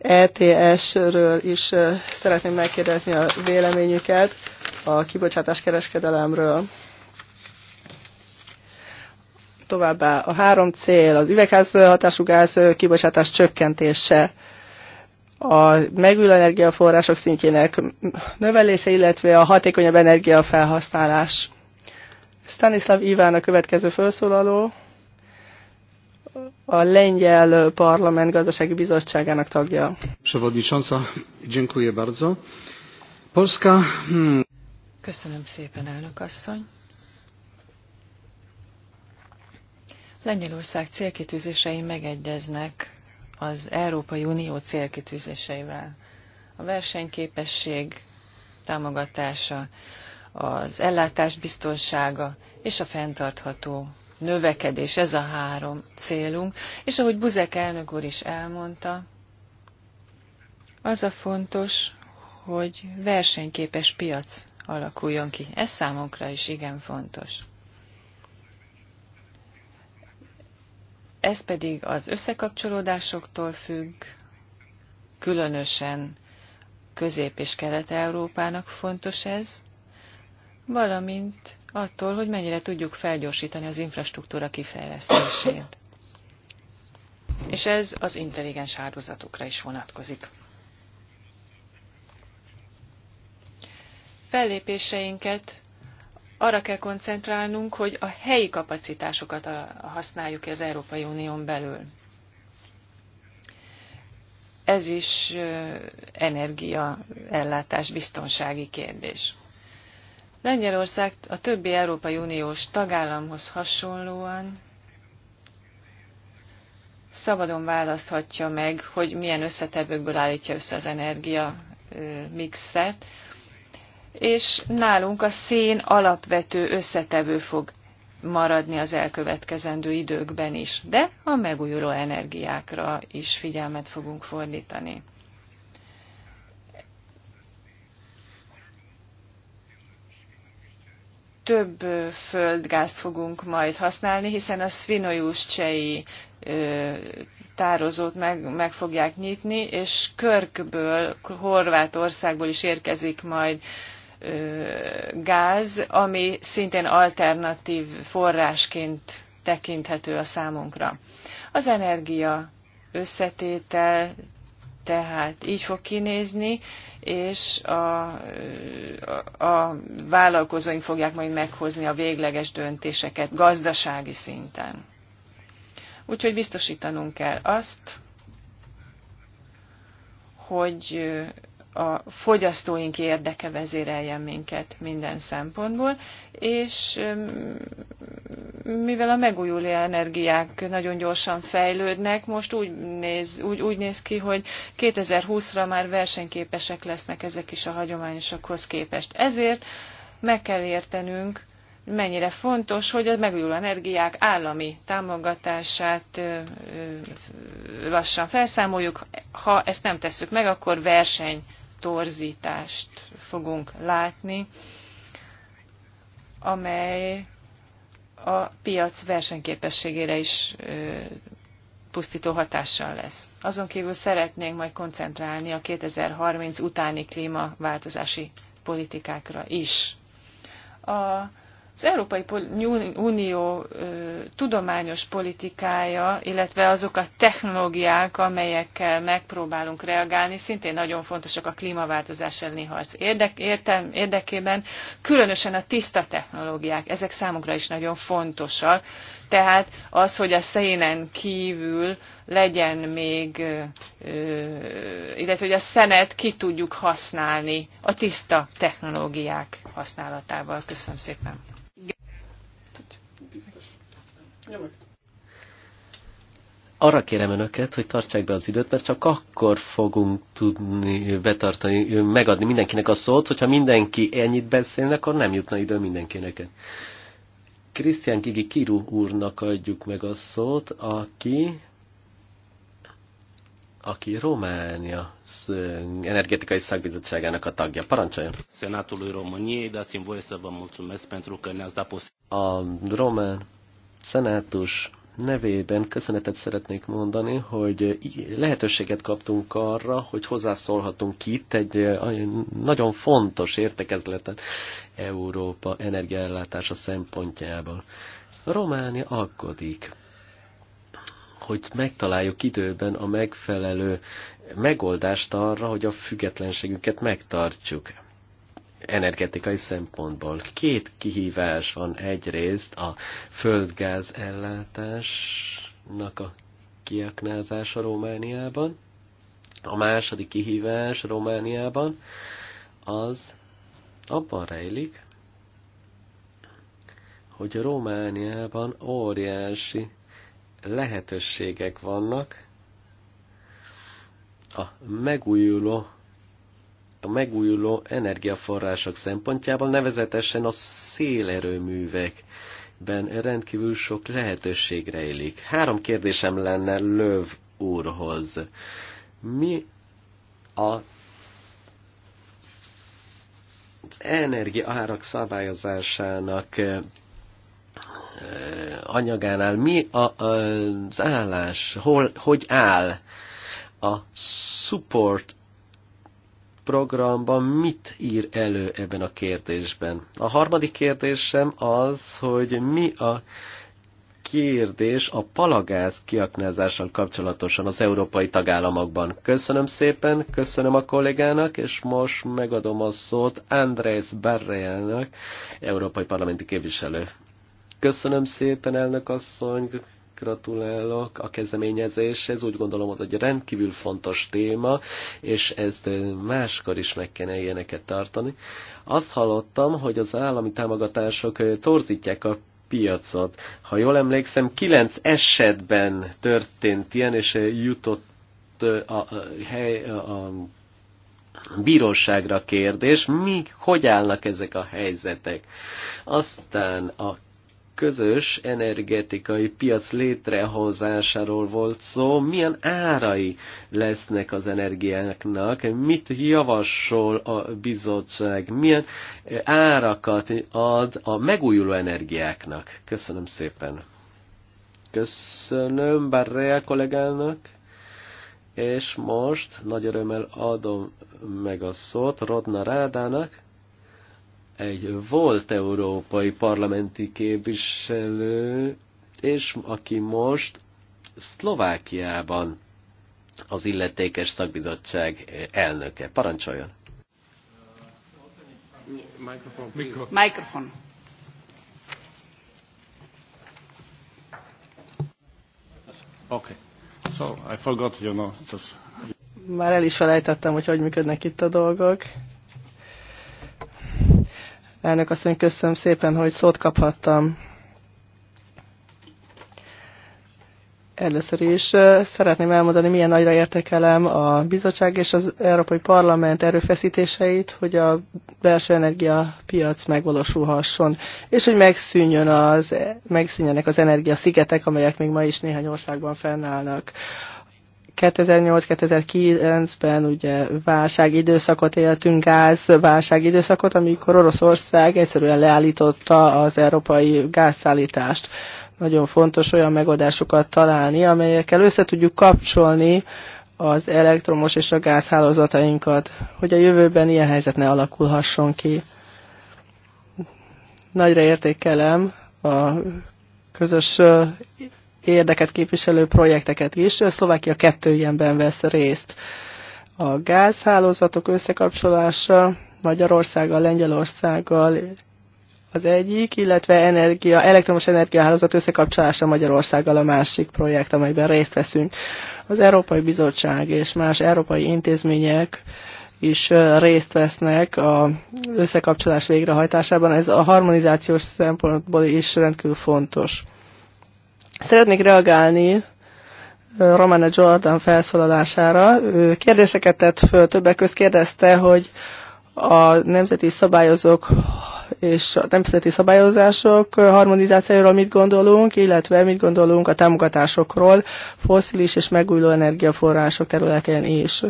ETS-ről is szeretném megkérdezni a véleményüket a kibocsátás kereskedelemről. Továbbá a három cél, az hatású gáz kibocsátás csökkentése, a megülő energiaforrások szintjének növelése, illetve a hatékonyabb energiafelhasználás. Stanislav Iván a következő felszólaló a Lengyel Parlament Gazdasági Bizottságának tagja. Przewodnicząca, dziękuję bardzo. Polska... Hmm. Köszönöm szépen, elnök asszony. Lengyelország célkitűzései megegyeznek az Európai Unió célkitűzéseivel. A versenyképesség támogatása, az ellátás biztonsága és a fenntartható növekedés, ez a három célunk. És ahogy Buzek elnök úr is elmondta, az a fontos, hogy versenyképes piac alakuljon ki. Ez számunkra is igen fontos. Ez pedig az összekapcsolódásoktól függ, különösen Közép- és Kelet-Európának fontos ez, valamint attól, hogy mennyire tudjuk felgyorsítani az infrastruktúra kifejlesztését. És ez az intelligens hálózatokra is vonatkozik. Fellépéseinket arra kell koncentrálnunk, hogy a helyi kapacitásokat használjuk az Európai Unión belül. Ez is energiaellátás biztonsági kérdés. Lengyelország a többi Európai Uniós tagállamhoz hasonlóan szabadon választhatja meg, hogy milyen összetevőkből állítja össze az energia mixet, és nálunk a szén alapvető összetevő fog maradni az elkövetkezendő időkben is, de a megújuló energiákra is figyelmet fogunk fordítani. több földgázt fogunk majd használni, hiszen a csei tározót meg, meg fogják nyitni, és Körkből, Horvátországból is érkezik majd gáz, ami szintén alternatív forrásként tekinthető a számunkra. Az energia összetétel tehát így fog kinézni, és a, a vállalkozóink fogják majd meghozni a végleges döntéseket gazdasági szinten. Úgyhogy biztosítanunk kell azt, hogy a fogyasztóink érdeke vezéreljen minket minden szempontból, és mm, mivel a megújuló energiák nagyon gyorsan fejlődnek, most úgy néz, úgy, úgy néz ki, hogy 2020-ra már versenyképesek lesznek ezek is a hagyományosakhoz képest. Ezért meg kell értenünk, mennyire fontos, hogy a megújuló energiák állami támogatását lassan felszámoljuk. Ha ezt nem tesszük meg, akkor verseny torzítást fogunk látni, amely a piac versenyképességére is pusztító hatással lesz. Azon kívül szeretnénk majd koncentrálni a 2030 utáni klímaváltozási politikákra is. A az Európai Unió tudományos politikája, illetve azok a technológiák, amelyekkel megpróbálunk reagálni, szintén nagyon fontosak a klímaváltozás elleni harc érdekében, különösen a tiszta technológiák, ezek számunkra is nagyon fontosak. Tehát az, hogy a szénen kívül legyen még, illetve hogy a szenet ki tudjuk használni a tiszta technológiák használatával. Köszönöm szépen! Arra kérem önöket, hogy tartsák be az időt, mert csak akkor fogunk tudni betartani, megadni mindenkinek a szót, hogyha mindenki ennyit beszélne, akkor nem jutna idő mindenkinek. Krisztián Gigi Kiru úrnak adjuk meg a szót, aki aki Románia energetikai szakbizottságának a tagja. Parancsoljon! Senatul României, de mi voie să vă mulțumesc pentru că ne-ați A román szenátus nevében köszönetet szeretnék mondani, hogy lehetőséget kaptunk arra, hogy hozzászólhatunk itt egy nagyon fontos értekezleten Európa energiaellátása szempontjából. Románia aggodik, hogy megtaláljuk időben a megfelelő megoldást arra, hogy a függetlenségünket megtartsuk energetikai szempontból. Két kihívás van egyrészt a földgáz ellátásnak a kiaknázása Romániában, a második kihívás Romániában az abban rejlik, hogy a Romániában óriási lehetőségek vannak a megújuló a megújuló energiaforrások szempontjából, nevezetesen a szélerőművekben rendkívül sok lehetőség rejlik. Három kérdésem lenne Löv úrhoz. Mi a energiaárak szabályozásának eh, anyagánál mi a, az állás, hol, hogy áll a support programban mit ír elő ebben a kérdésben? A harmadik kérdésem az, hogy mi a kérdés a palagáz kiaknázással kapcsolatosan az európai tagállamokban. Köszönöm szépen, köszönöm a kollégának, és most megadom a szót Andrés Barrejának, európai parlamenti képviselő. Köszönöm szépen, elnök asszony, gratulálok a kezdeményezéshez. Úgy gondolom, az egy rendkívül fontos téma, és ezt máskor is meg kellene ilyeneket tartani. Azt hallottam, hogy az állami támogatások torzítják a piacot. Ha jól emlékszem, kilenc esetben történt ilyen, és jutott a, a, a, a bíróságra kérdés, Mi hogy állnak ezek a helyzetek. Aztán a közös energetikai piac létrehozásáról volt szó, milyen árai lesznek az energiáknak, mit javasol a bizottság, milyen árakat ad a megújuló energiáknak. Köszönöm szépen. Köszönöm Barrea kollégának. És most nagy örömmel adom meg a szót Rodna Rádának, egy volt európai parlamenti képviselő, és aki most Szlovákiában az illetékes szakbizottság elnöke. Parancsoljon! Mikrofon. Oké. Okay. So I forgot, you know, just... Már el is felejtettem, hogy hogy működnek itt a dolgok. Elnök asszony, köszönöm szépen, hogy szót kaphattam. Először is szeretném elmondani, milyen nagyra értékelem a bizottság és az Európai Parlament erőfeszítéseit, hogy a belső energiapiac megvalósulhasson, és hogy megszűnjön az, megszűnjenek az energiaszigetek, amelyek még ma is néhány országban fennállnak. 2008-2009-ben ugye válságidőszakot éltünk, gáz válságidőszakot, amikor Oroszország egyszerűen leállította az európai gázszállítást. Nagyon fontos olyan megoldásokat találni, amelyekkel össze tudjuk kapcsolni az elektromos és a gázhálózatainkat, hogy a jövőben ilyen helyzet ne alakulhasson ki. Nagyra értékelem a közös érdeket képviselő projekteket is. Szlovákia kettő ilyenben vesz részt. A gázhálózatok összekapcsolása Magyarországgal, Lengyelországgal az egyik, illetve energia, elektromos energiahálózat összekapcsolása Magyarországgal a másik projekt, amelyben részt veszünk. Az Európai Bizottság és más európai intézmények is részt vesznek a összekapcsolás végrehajtásában. Ez a harmonizációs szempontból is rendkívül fontos. Szeretnék reagálni Romana Jordan felszólalására. Ő kérdéseket tett föl, többek közt kérdezte, hogy a nemzeti szabályozók és a nemzeti szabályozások harmonizációról mit gondolunk, illetve mit gondolunk a támogatásokról foszilis és megújuló energiaforrások területén is.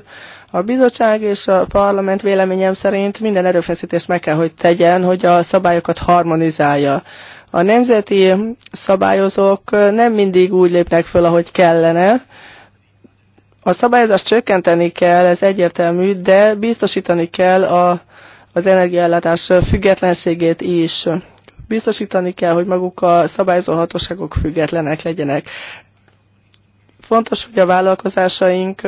A bizottság és a parlament véleményem szerint minden erőfeszítést meg kell, hogy tegyen, hogy a szabályokat harmonizálja. A nemzeti szabályozók nem mindig úgy lépnek föl, ahogy kellene. A szabályozást csökkenteni kell, ez egyértelmű, de biztosítani kell a, az energiállátás függetlenségét is. Biztosítani kell, hogy maguk a szabályozó hatóságok függetlenek legyenek. Fontos, hogy a vállalkozásaink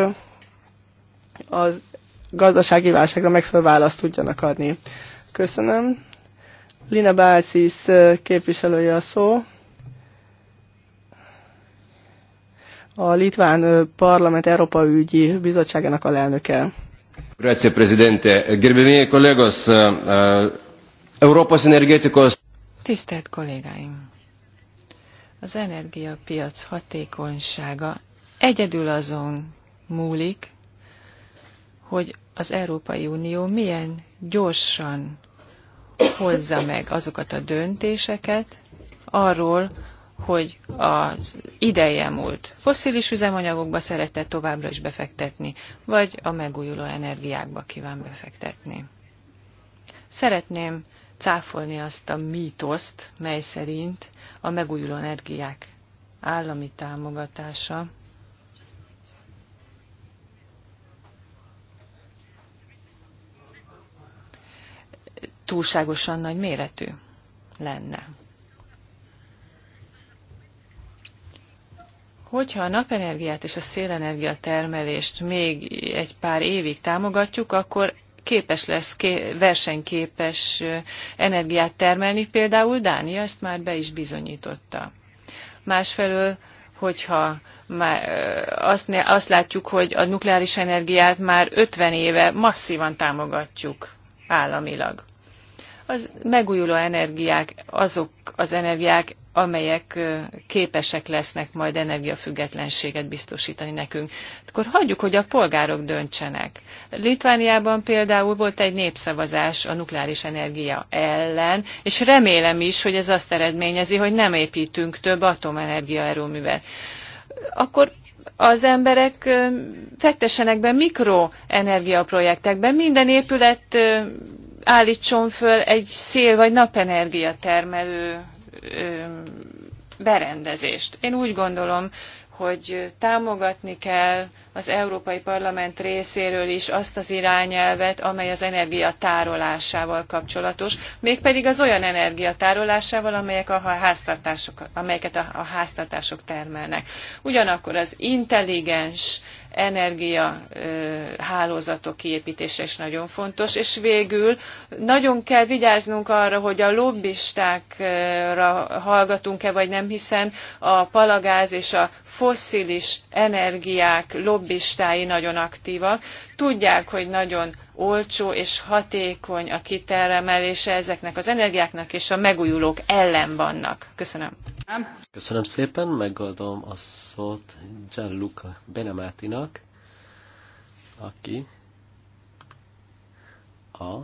az gazdasági válságra megfelelő választ tudjanak adni. Köszönöm. Lina Bálcis képviselője a szó. A Litván Parlament Európa Ügyi Bizottságának a lelnöke. Grazie, Presidente. Gerbemie kollégos, Európos energetikos... Tisztelt kollégáim! Az energiapiac hatékonysága egyedül azon múlik, hogy az Európai Unió milyen gyorsan hozza meg azokat a döntéseket arról, hogy az ideje múlt foszilis üzemanyagokba szeretett továbbra is befektetni, vagy a megújuló energiákba kíván befektetni. Szeretném cáfolni azt a mítoszt, mely szerint a megújuló energiák állami támogatása túlságosan nagy méretű lenne. Hogyha a napenergiát és a szélenergia termelést még egy pár évig támogatjuk, akkor képes lesz ké versenyképes energiát termelni, például Dánia ezt már be is bizonyította. Másfelől, hogyha már azt, azt látjuk, hogy a nukleáris energiát már 50 éve masszívan támogatjuk államilag az megújuló energiák azok az energiák, amelyek képesek lesznek majd energiafüggetlenséget biztosítani nekünk. Akkor hagyjuk, hogy a polgárok döntsenek. Litvániában például volt egy népszavazás a nukleáris energia ellen, és remélem is, hogy ez azt eredményezi, hogy nem építünk több atomenergia erőművet. Akkor az emberek fektessenek be mikroenergiaprojektekbe. Minden épület állítson föl egy szél- vagy napenergia termelő berendezést. Én úgy gondolom, hogy támogatni kell az Európai Parlament részéről is azt az irányelvet, amely az energia tárolásával kapcsolatos, mégpedig az olyan energia tárolásával, amelyek a háztartások, amelyeket a háztartások termelnek. Ugyanakkor az intelligens energia hálózatok kiépítése is nagyon fontos, és végül nagyon kell vigyáznunk arra, hogy a lobbistákra hallgatunk-e vagy nem, hiszen a palagáz és a fosszilis energiák lobbistái nagyon aktívak, tudják, hogy nagyon olcsó és hatékony a kitermelése ezeknek az energiáknak, és a megújulók ellen vannak. Köszönöm. Köszönöm szépen, megadom a szót Gianluca Benemátinak, aki a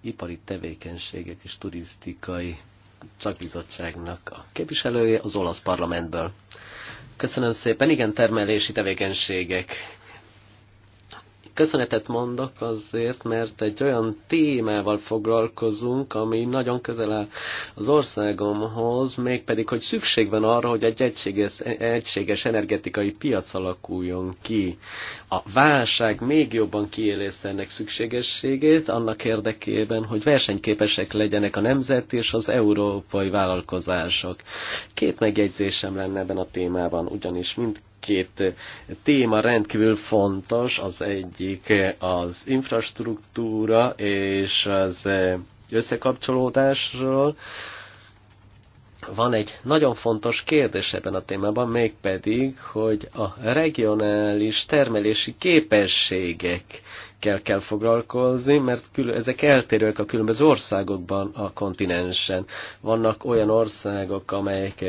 ipari tevékenységek és turisztikai szakbizottságnak a képviselője az olasz parlamentből. Köszönöm szépen, igen, termelési tevékenységek köszönetet mondok azért, mert egy olyan témával foglalkozunk, ami nagyon közel áll az országomhoz, mégpedig, hogy szükség van arra, hogy egy egységes, egységes energetikai piac alakuljon ki. A válság még jobban kiélezte ennek szükségességét, annak érdekében, hogy versenyképesek legyenek a nemzet és az európai vállalkozások. Két megjegyzésem lenne ebben a témában, ugyanis mind két téma rendkívül fontos, az egyik az infrastruktúra és az összekapcsolódásról, van egy nagyon fontos kérdés ebben a témában, mégpedig, hogy a regionális termelési képességek kell foglalkozni, mert kül- ezek eltérőek a különböző országokban a kontinensen. Vannak olyan országok, amelyek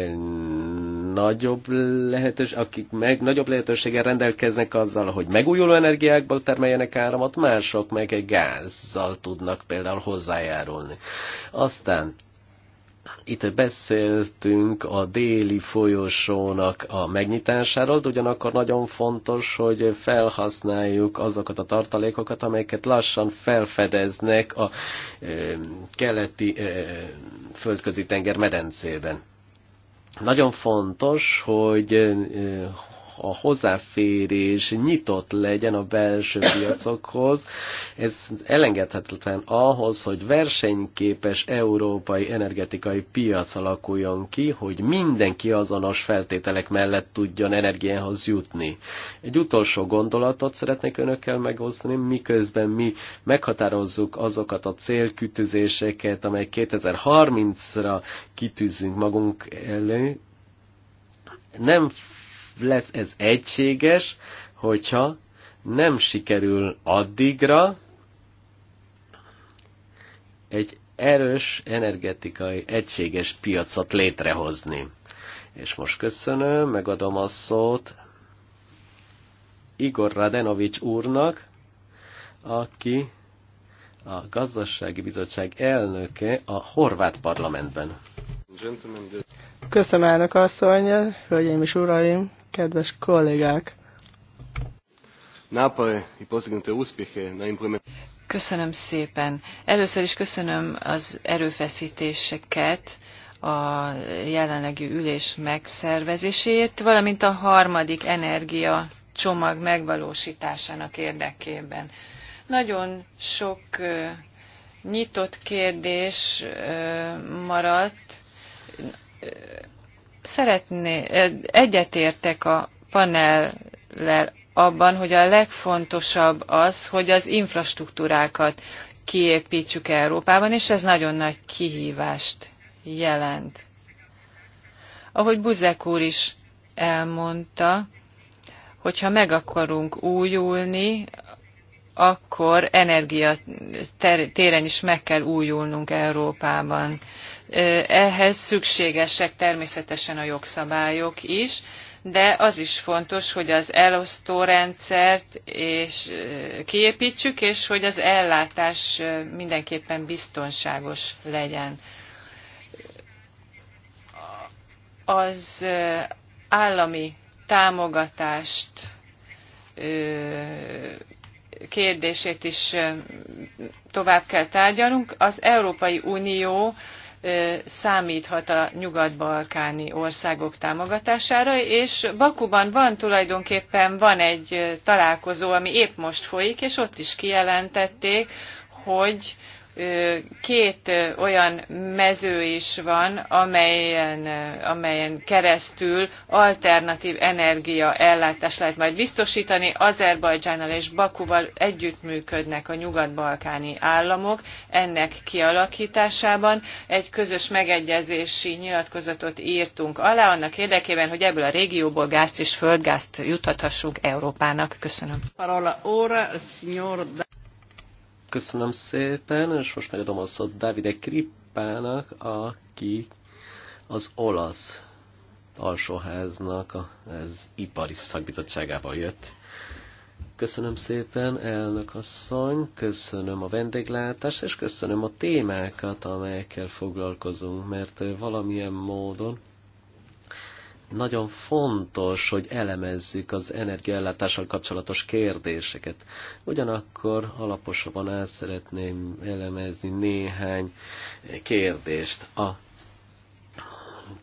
nagyobb lehetős, akik meg nagyobb lehetőséggel rendelkeznek azzal, hogy megújuló energiákból termeljenek áramot, mások meg gázzal tudnak például hozzájárulni. Aztán itt beszéltünk a déli folyosónak a megnyitásáról, de ugyanakkor nagyon fontos, hogy felhasználjuk azokat a tartalékokat, amelyeket lassan felfedeznek a ö, keleti ö, földközi tenger medencében. Nagyon fontos, hogy a hozzáférés nyitott legyen a belső piacokhoz. Ez elengedhetetlen ahhoz, hogy versenyképes európai energetikai piac alakuljon ki, hogy mindenki azonos feltételek mellett tudjon energiához jutni. Egy utolsó gondolatot szeretnék önökkel megosztani, miközben mi meghatározzuk azokat a célkütőzéseket, amely 2030-ra kitűzünk magunk elő, nem lesz ez egységes, hogyha nem sikerül addigra egy erős energetikai egységes piacot létrehozni. És most köszönöm, megadom a szót Igor Radenovics úrnak, aki a gazdasági bizottság elnöke a horvát parlamentben. Köszönöm elnök asszony, hölgyeim és uraim! kedves kollégák! Köszönöm szépen. Először is köszönöm az erőfeszítéseket a jelenlegi ülés megszervezéséért, valamint a harmadik energia csomag megvalósításának érdekében. Nagyon sok nyitott kérdés maradt szeretné, egyetértek a panellel abban, hogy a legfontosabb az, hogy az infrastruktúrákat kiépítsük Európában, és ez nagyon nagy kihívást jelent. Ahogy Buzek úr is elmondta, hogyha meg akarunk újulni, akkor energia téren is meg kell újulnunk Európában. Ehhez szükségesek természetesen a jogszabályok is, de az is fontos, hogy az elosztó rendszert és kiépítsük, és hogy az ellátás mindenképpen biztonságos legyen. Az állami támogatást kérdését is tovább kell tárgyalnunk. Az Európai Unió számíthat a nyugat-balkáni országok támogatására, és Bakuban van tulajdonképpen van egy találkozó, ami épp most folyik, és ott is kijelentették, hogy két olyan mező is van, amelyen, amelyen keresztül alternatív energia ellátást lehet majd biztosítani. Azerbajdzsánnal és Bakuval együttműködnek a nyugat-balkáni államok ennek kialakításában. Egy közös megegyezési nyilatkozatot írtunk alá annak érdekében, hogy ebből a régióból gázt és földgázt juthathassunk Európának. Köszönöm. Parola Köszönöm szépen, és most megadom a szót Davide Krippának, aki az olasz alsóháznak az ipari szakbizottságába jött. Köszönöm szépen, elnök asszony, köszönöm a vendéglátást, és köszönöm a témákat, amelyekkel foglalkozunk, mert valamilyen módon nagyon fontos, hogy elemezzük az energiaellátással kapcsolatos kérdéseket. Ugyanakkor alaposabban át szeretném elemezni néhány kérdést. A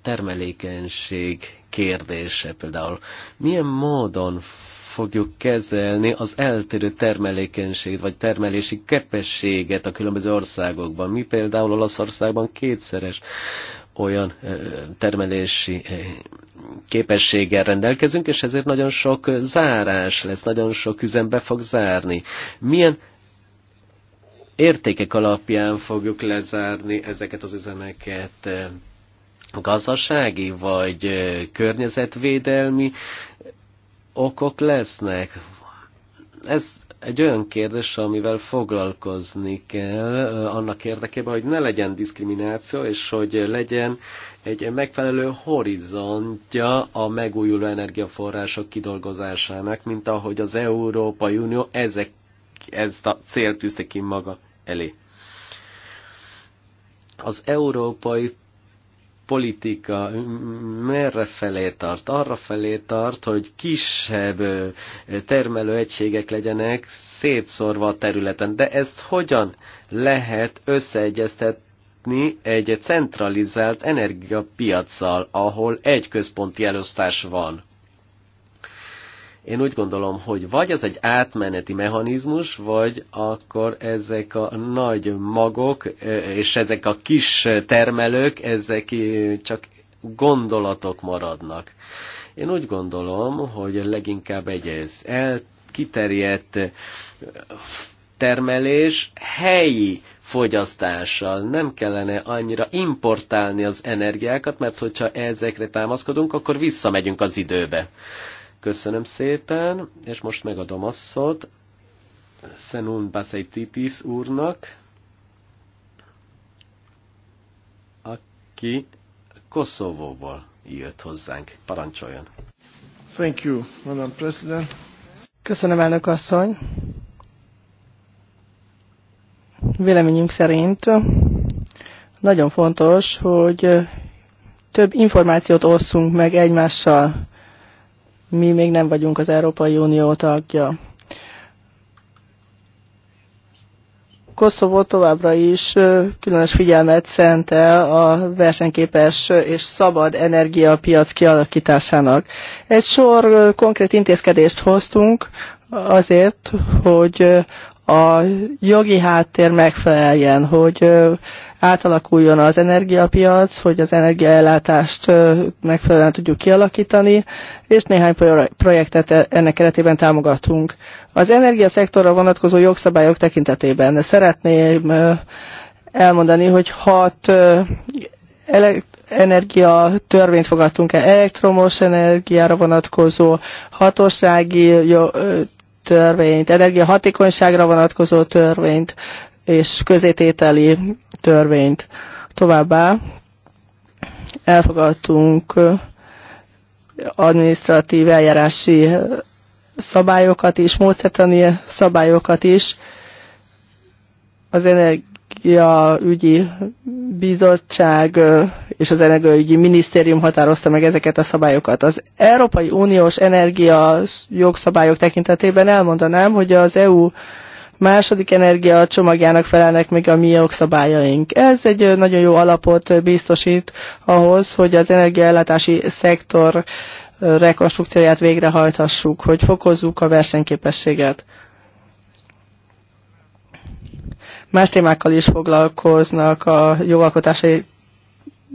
termelékenység kérdése például. Milyen módon fogjuk kezelni az eltérő termelékenységet, vagy termelési képességet a különböző országokban. Mi például Olaszországban kétszeres olyan termelési képességgel rendelkezünk, és ezért nagyon sok zárás lesz, nagyon sok üzembe fog zárni. Milyen értékek alapján fogjuk lezárni ezeket az üzemeket? Gazdasági vagy környezetvédelmi okok lesznek? Ez egy olyan kérdés, amivel foglalkozni kell eh, annak érdekében, hogy ne legyen diszkrimináció, és hogy legyen egy megfelelő horizontja a megújuló energiaforrások kidolgozásának, mint ahogy az Európai Unió ezek, ezt a célt tűzte ki maga elé. Az Európai politika merre felé tart? Arra felé tart, hogy kisebb termelőegységek legyenek szétszorva a területen. De ezt hogyan lehet összeegyeztetni? egy centralizált energiapiacsal, ahol egy központi elosztás van. Én úgy gondolom, hogy vagy ez egy átmeneti mechanizmus, vagy akkor ezek a nagy magok és ezek a kis termelők, ezek csak gondolatok maradnak. Én úgy gondolom, hogy leginkább egy ez el kiterjedt termelés helyi fogyasztással. Nem kellene annyira importálni az energiákat, mert hogyha ezekre támaszkodunk, akkor visszamegyünk az időbe. Köszönöm szépen, és most megadom a szót Szenun Basaititis úrnak, aki Koszovóból jött hozzánk. Parancsoljon! Thank you, Madam President. Köszönöm, elnök asszony! Véleményünk szerint nagyon fontos, hogy több információt osszunk meg egymással mi még nem vagyunk az Európai Unió tagja. Koszovó továbbra is különös figyelmet szentel a versenyképes és szabad energiapiac kialakításának. Egy sor konkrét intézkedést hoztunk azért, hogy a jogi háttér megfeleljen, hogy átalakuljon az energiapiac, hogy az energiaellátást megfelelően tudjuk kialakítani, és néhány projektet e, ennek keretében támogatunk. Az energiaszektorra vonatkozó jogszabályok tekintetében szeretném elmondani, hogy hat energia törvényt fogadtunk el, elektromos energiára vonatkozó hatósági törvényt, energiahatékonyságra vonatkozó törvényt, és közétételi törvényt. Továbbá elfogadtunk administratív eljárási szabályokat is, módszertani szabályokat is. Az Energiaügyi Bizottság és az Energiaügyi Minisztérium határozta meg ezeket a szabályokat. Az Európai Uniós Energia jogszabályok tekintetében elmondanám, hogy az EU második energia csomagjának felelnek meg a mi jogszabályaink. Ez egy nagyon jó alapot biztosít ahhoz, hogy az energiaellátási szektor rekonstrukcióját végrehajthassuk, hogy fokozzuk a versenyképességet. Más témákkal is foglalkoznak a jogalkotási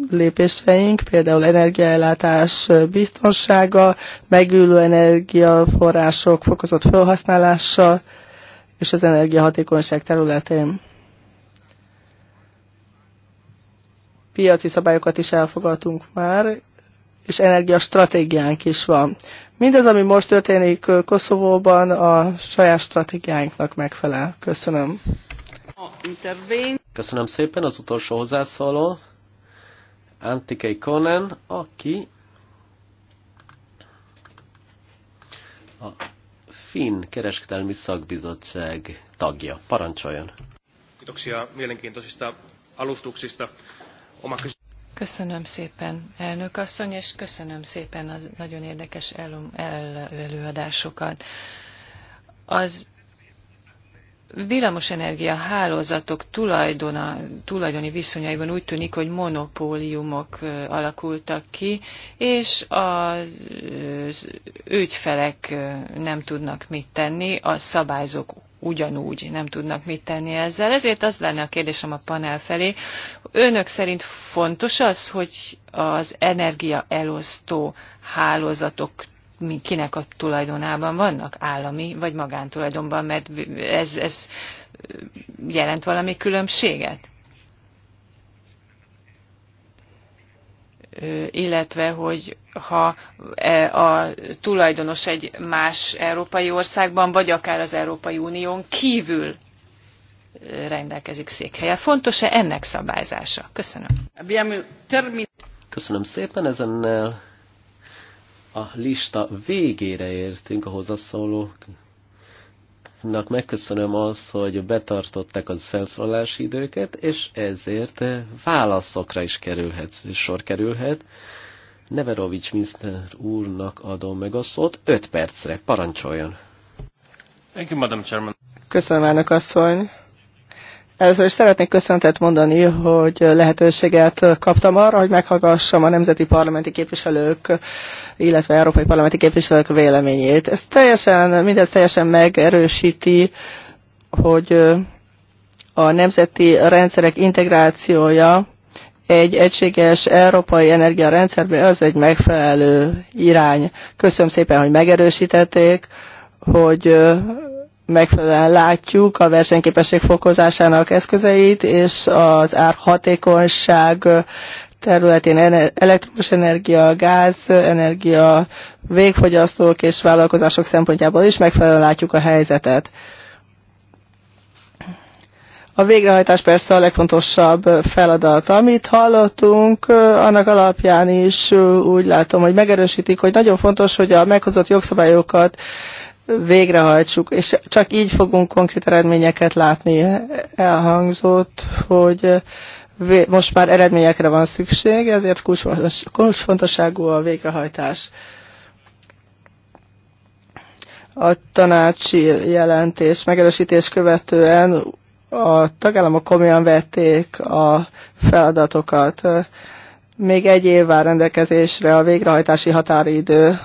lépéseink, például energiaellátás biztonsága, megülő energiaforrások fokozott felhasználása, és az energiahatékonyság területén. Piaci szabályokat is elfogadtunk már, és energiastratégiánk is van. Mindez, ami most történik Koszovóban, a saját stratégiánknak megfelel. Köszönöm. Köszönöm szépen az utolsó hozzászóló, Antikei Konen, aki Finn Kereskedelmi Szakbizottság tagja. Parancsoljon! Kiitoksia mielenkiintoisista alustuksista. Oma Köszönöm szépen, elnök asszony, és köszönöm szépen a nagyon érdekes el, el, előadásokat. Az villamosenergia hálózatok tulajdona, tulajdoni viszonyaiban úgy tűnik, hogy monopóliumok alakultak ki, és az ügyfelek nem tudnak mit tenni, a szabályzók ugyanúgy nem tudnak mit tenni ezzel. Ezért az lenne a kérdésem a panel felé. Önök szerint fontos az, hogy az energia elosztó hálózatok kinek a tulajdonában vannak, állami vagy magántulajdonban, mert ez, ez jelent valami különbséget? illetve hogy ha e, a tulajdonos egy más európai országban, vagy akár az Európai Unión kívül rendelkezik székhelye. Fontos-e ennek szabályzása? Köszönöm. Köszönöm szépen, ezennel a lista végére értünk a hozzászólóknak. Megköszönöm azt, hogy betartották az felszólalási időket, és ezért válaszokra is kerülhet, sor kerülhet. Neverovics Mr. úrnak adom meg a szót 5 percre. Parancsoljon! Thank you, Madam Chairman. Köszönöm, elnök asszony! Először is szeretnék köszöntet mondani, hogy lehetőséget kaptam arra, hogy meghallgassam a nemzeti parlamenti képviselők, illetve európai parlamenti képviselők véleményét. Ez teljesen, mindez teljesen megerősíti, hogy a nemzeti rendszerek integrációja egy egységes európai energiarendszerbe az egy megfelelő irány. Köszönöm szépen, hogy megerősítették, hogy megfelelően látjuk a versenyképesség fokozásának eszközeit, és az árhatékonyság területén elektromos energia, gáz, energia, végfogyasztók és vállalkozások szempontjából is megfelelően látjuk a helyzetet. A végrehajtás persze a legfontosabb feladat. Amit hallottunk, annak alapján is úgy látom, hogy megerősítik, hogy nagyon fontos, hogy a meghozott jogszabályokat végrehajtsuk, és csak így fogunk konkrét eredményeket látni. Elhangzott, hogy most már eredményekre van szükség, ezért kulcsfontosságú a végrehajtás. A tanácsi jelentés megerősítés követően a tagállamok komolyan vették a feladatokat. Még egy év áll rendelkezésre a végrehajtási határidő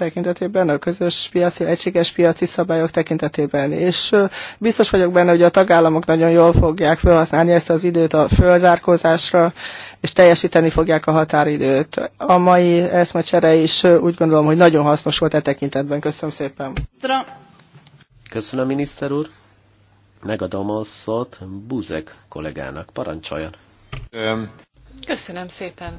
tekintetében, a közös piaci, egységes piaci szabályok tekintetében. És biztos vagyok benne, hogy a tagállamok nagyon jól fogják felhasználni ezt az időt a fölzárkózásra, és teljesíteni fogják a határidőt. A mai eszmecsere is úgy gondolom, hogy nagyon hasznos volt e tekintetben. Köszönöm szépen. Köszönöm, miniszter úr. Megadom a szót Buzek kollégának. Parancsoljon. Köszönöm szépen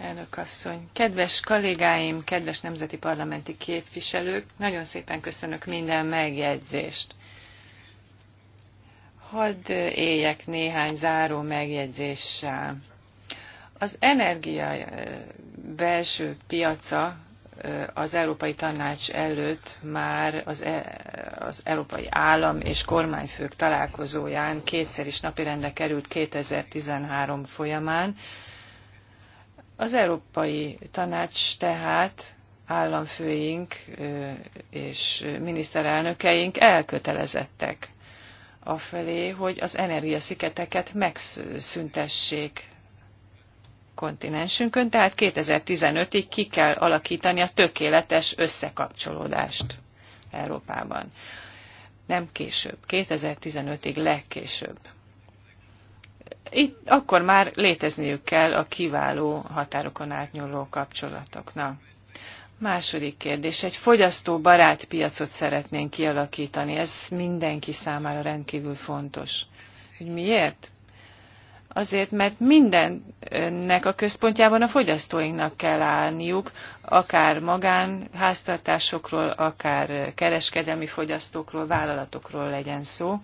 elnök asszony. Kedves kollégáim, kedves nemzeti parlamenti képviselők, nagyon szépen köszönök minden megjegyzést. Hadd éljek néhány záró megjegyzéssel. Az energia belső piaca az Európai Tanács előtt már az, e, az Európai Állam és Kormányfők találkozóján kétszer is napirendre került 2013 folyamán. Az Európai Tanács tehát államfőink és miniszterelnökeink elkötelezettek afelé, hogy az energiasziketeket megszüntessék kontinensünkön, tehát 2015-ig ki kell alakítani a tökéletes összekapcsolódást Európában. Nem később, 2015-ig legkésőbb itt akkor már létezniük kell a kiváló határokon átnyúló kapcsolatoknak. Második kérdés. Egy fogyasztóbarát piacot szeretnénk kialakítani. Ez mindenki számára rendkívül fontos. Hogy miért? Azért, mert mindennek a központjában a fogyasztóinknak kell állniuk, akár magánháztartásokról, akár kereskedelmi fogyasztókról, vállalatokról legyen szó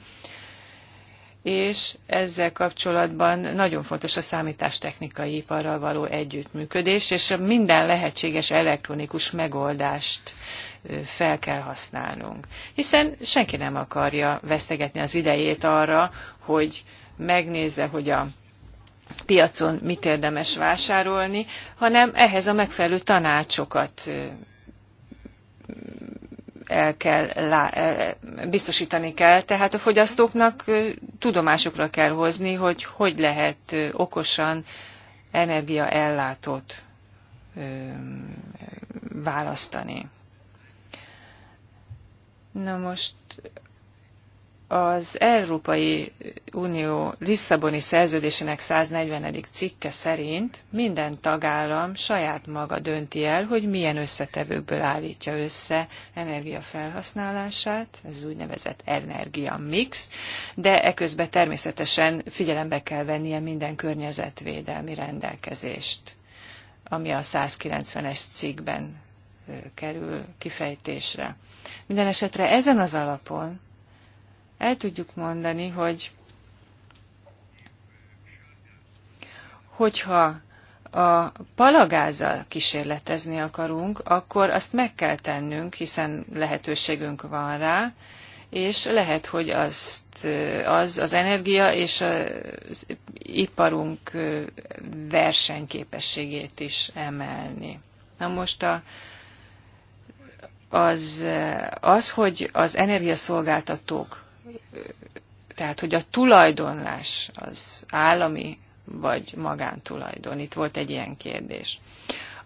és ezzel kapcsolatban nagyon fontos a számítástechnikai iparral való együttműködés, és minden lehetséges elektronikus megoldást fel kell használnunk. Hiszen senki nem akarja vesztegetni az idejét arra, hogy megnézze, hogy a piacon mit érdemes vásárolni, hanem ehhez a megfelelő tanácsokat el kell, biztosítani kell. Tehát a fogyasztóknak tudomásukra kell hozni, hogy hogy lehet okosan energiaellátót választani. Na most az Európai Unió Lisszaboni szerződésének 140. cikke szerint minden tagállam saját maga dönti el, hogy milyen összetevőkből állítja össze energiafelhasználását, ez az úgynevezett energiamix, de eközben természetesen figyelembe kell vennie minden környezetvédelmi rendelkezést, ami a 190-es cikkben kerül kifejtésre. Minden esetre ezen az alapon el tudjuk mondani, hogy hogyha a palagázzal kísérletezni akarunk, akkor azt meg kell tennünk, hiszen lehetőségünk van rá, és lehet, hogy azt, az az energia és az iparunk versenyképességét is emelni. Na most a, az, az, hogy az energiaszolgáltatók tehát hogy a tulajdonlás az állami vagy magántulajdon. Itt volt egy ilyen kérdés.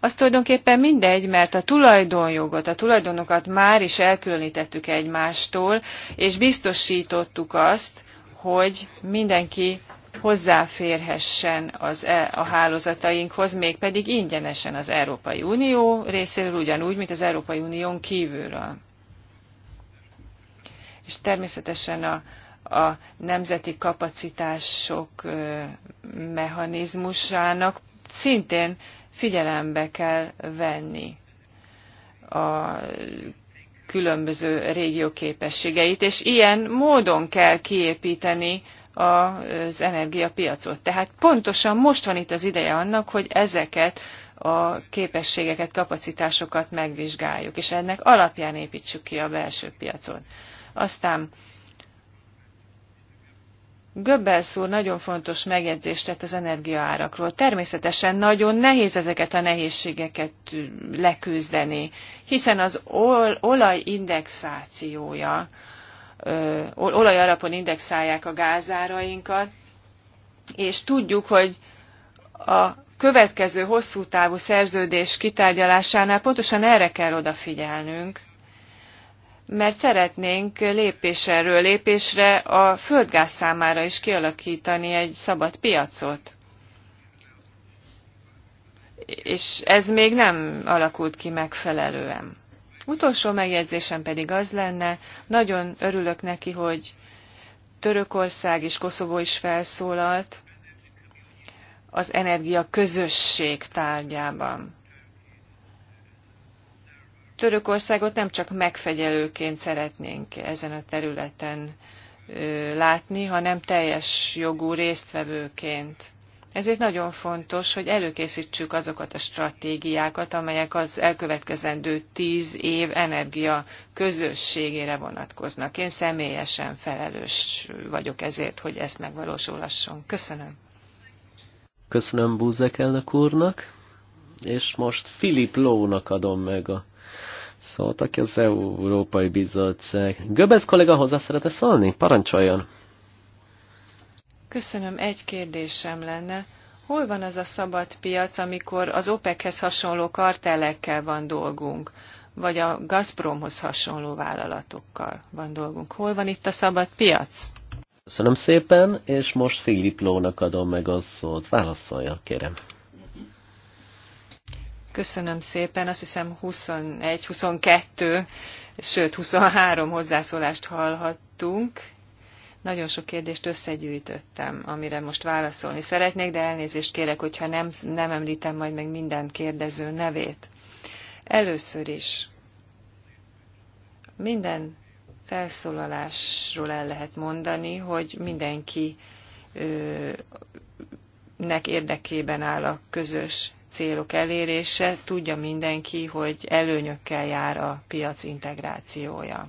Az tulajdonképpen mindegy, mert a tulajdonjogot, a tulajdonokat már is elkülönítettük egymástól, és biztosítottuk azt, hogy mindenki hozzáférhessen az, e a hálózatainkhoz, mégpedig ingyenesen az Európai Unió részéről, ugyanúgy, mint az Európai Unión kívülről és természetesen a, a nemzeti kapacitások mechanizmusának szintén figyelembe kell venni a különböző régió képességeit, és ilyen módon kell kiépíteni az energiapiacot. Tehát pontosan most van itt az ideje annak, hogy ezeket a képességeket, kapacitásokat megvizsgáljuk, és ennek alapján építsük ki a belső piacot. Aztán Göbbelsz úr nagyon fontos megjegyzést tett az energiaárakról. Természetesen nagyon nehéz ezeket a nehézségeket leküzdeni, hiszen az olaj indexációja, olaj alapon indexálják a gázárainkat, és tudjuk, hogy a következő hosszú távú szerződés kitárgyalásánál pontosan erre kell odafigyelnünk, mert szeretnénk lépésről lépésre a földgáz számára is kialakítani egy szabad piacot. És ez még nem alakult ki megfelelően. Utolsó megjegyzésem pedig az lenne, nagyon örülök neki, hogy Törökország és Koszovó is felszólalt az energia közösség tárgyában. Törökországot nem csak megfegyelőként szeretnénk ezen a területen látni, hanem teljes jogú résztvevőként. Ezért nagyon fontos, hogy előkészítsük azokat a stratégiákat, amelyek az elkövetkezendő tíz év energia közösségére vonatkoznak. Én személyesen felelős vagyok ezért, hogy ezt megvalósulhasson. Köszönöm. Köszönöm Búzek elnök úrnak, és most Philip Lónak adom meg a szólt, aki az Európai Bizottság. Göbez kollega hozzá szeretne szólni? Parancsoljon! Köszönöm, egy kérdésem lenne. Hol van az a szabad piac, amikor az OPEC-hez hasonló kartellekkel van dolgunk, vagy a Gazpromhoz hasonló vállalatokkal van dolgunk? Hol van itt a szabad piac? Köszönöm szépen, és most Filip Lónak adom meg a szót. Válaszolja, kérem. Köszönöm szépen, azt hiszem 21-22, sőt 23 hozzászólást hallhattunk. Nagyon sok kérdést összegyűjtöttem, amire most válaszolni szeretnék, de elnézést kérek, hogyha nem, nem említem majd meg minden kérdező nevét. Először is minden felszólalásról el lehet mondani, hogy mindenki nek érdekében áll a közös célok elérése, tudja mindenki, hogy előnyökkel jár a piac integrációja.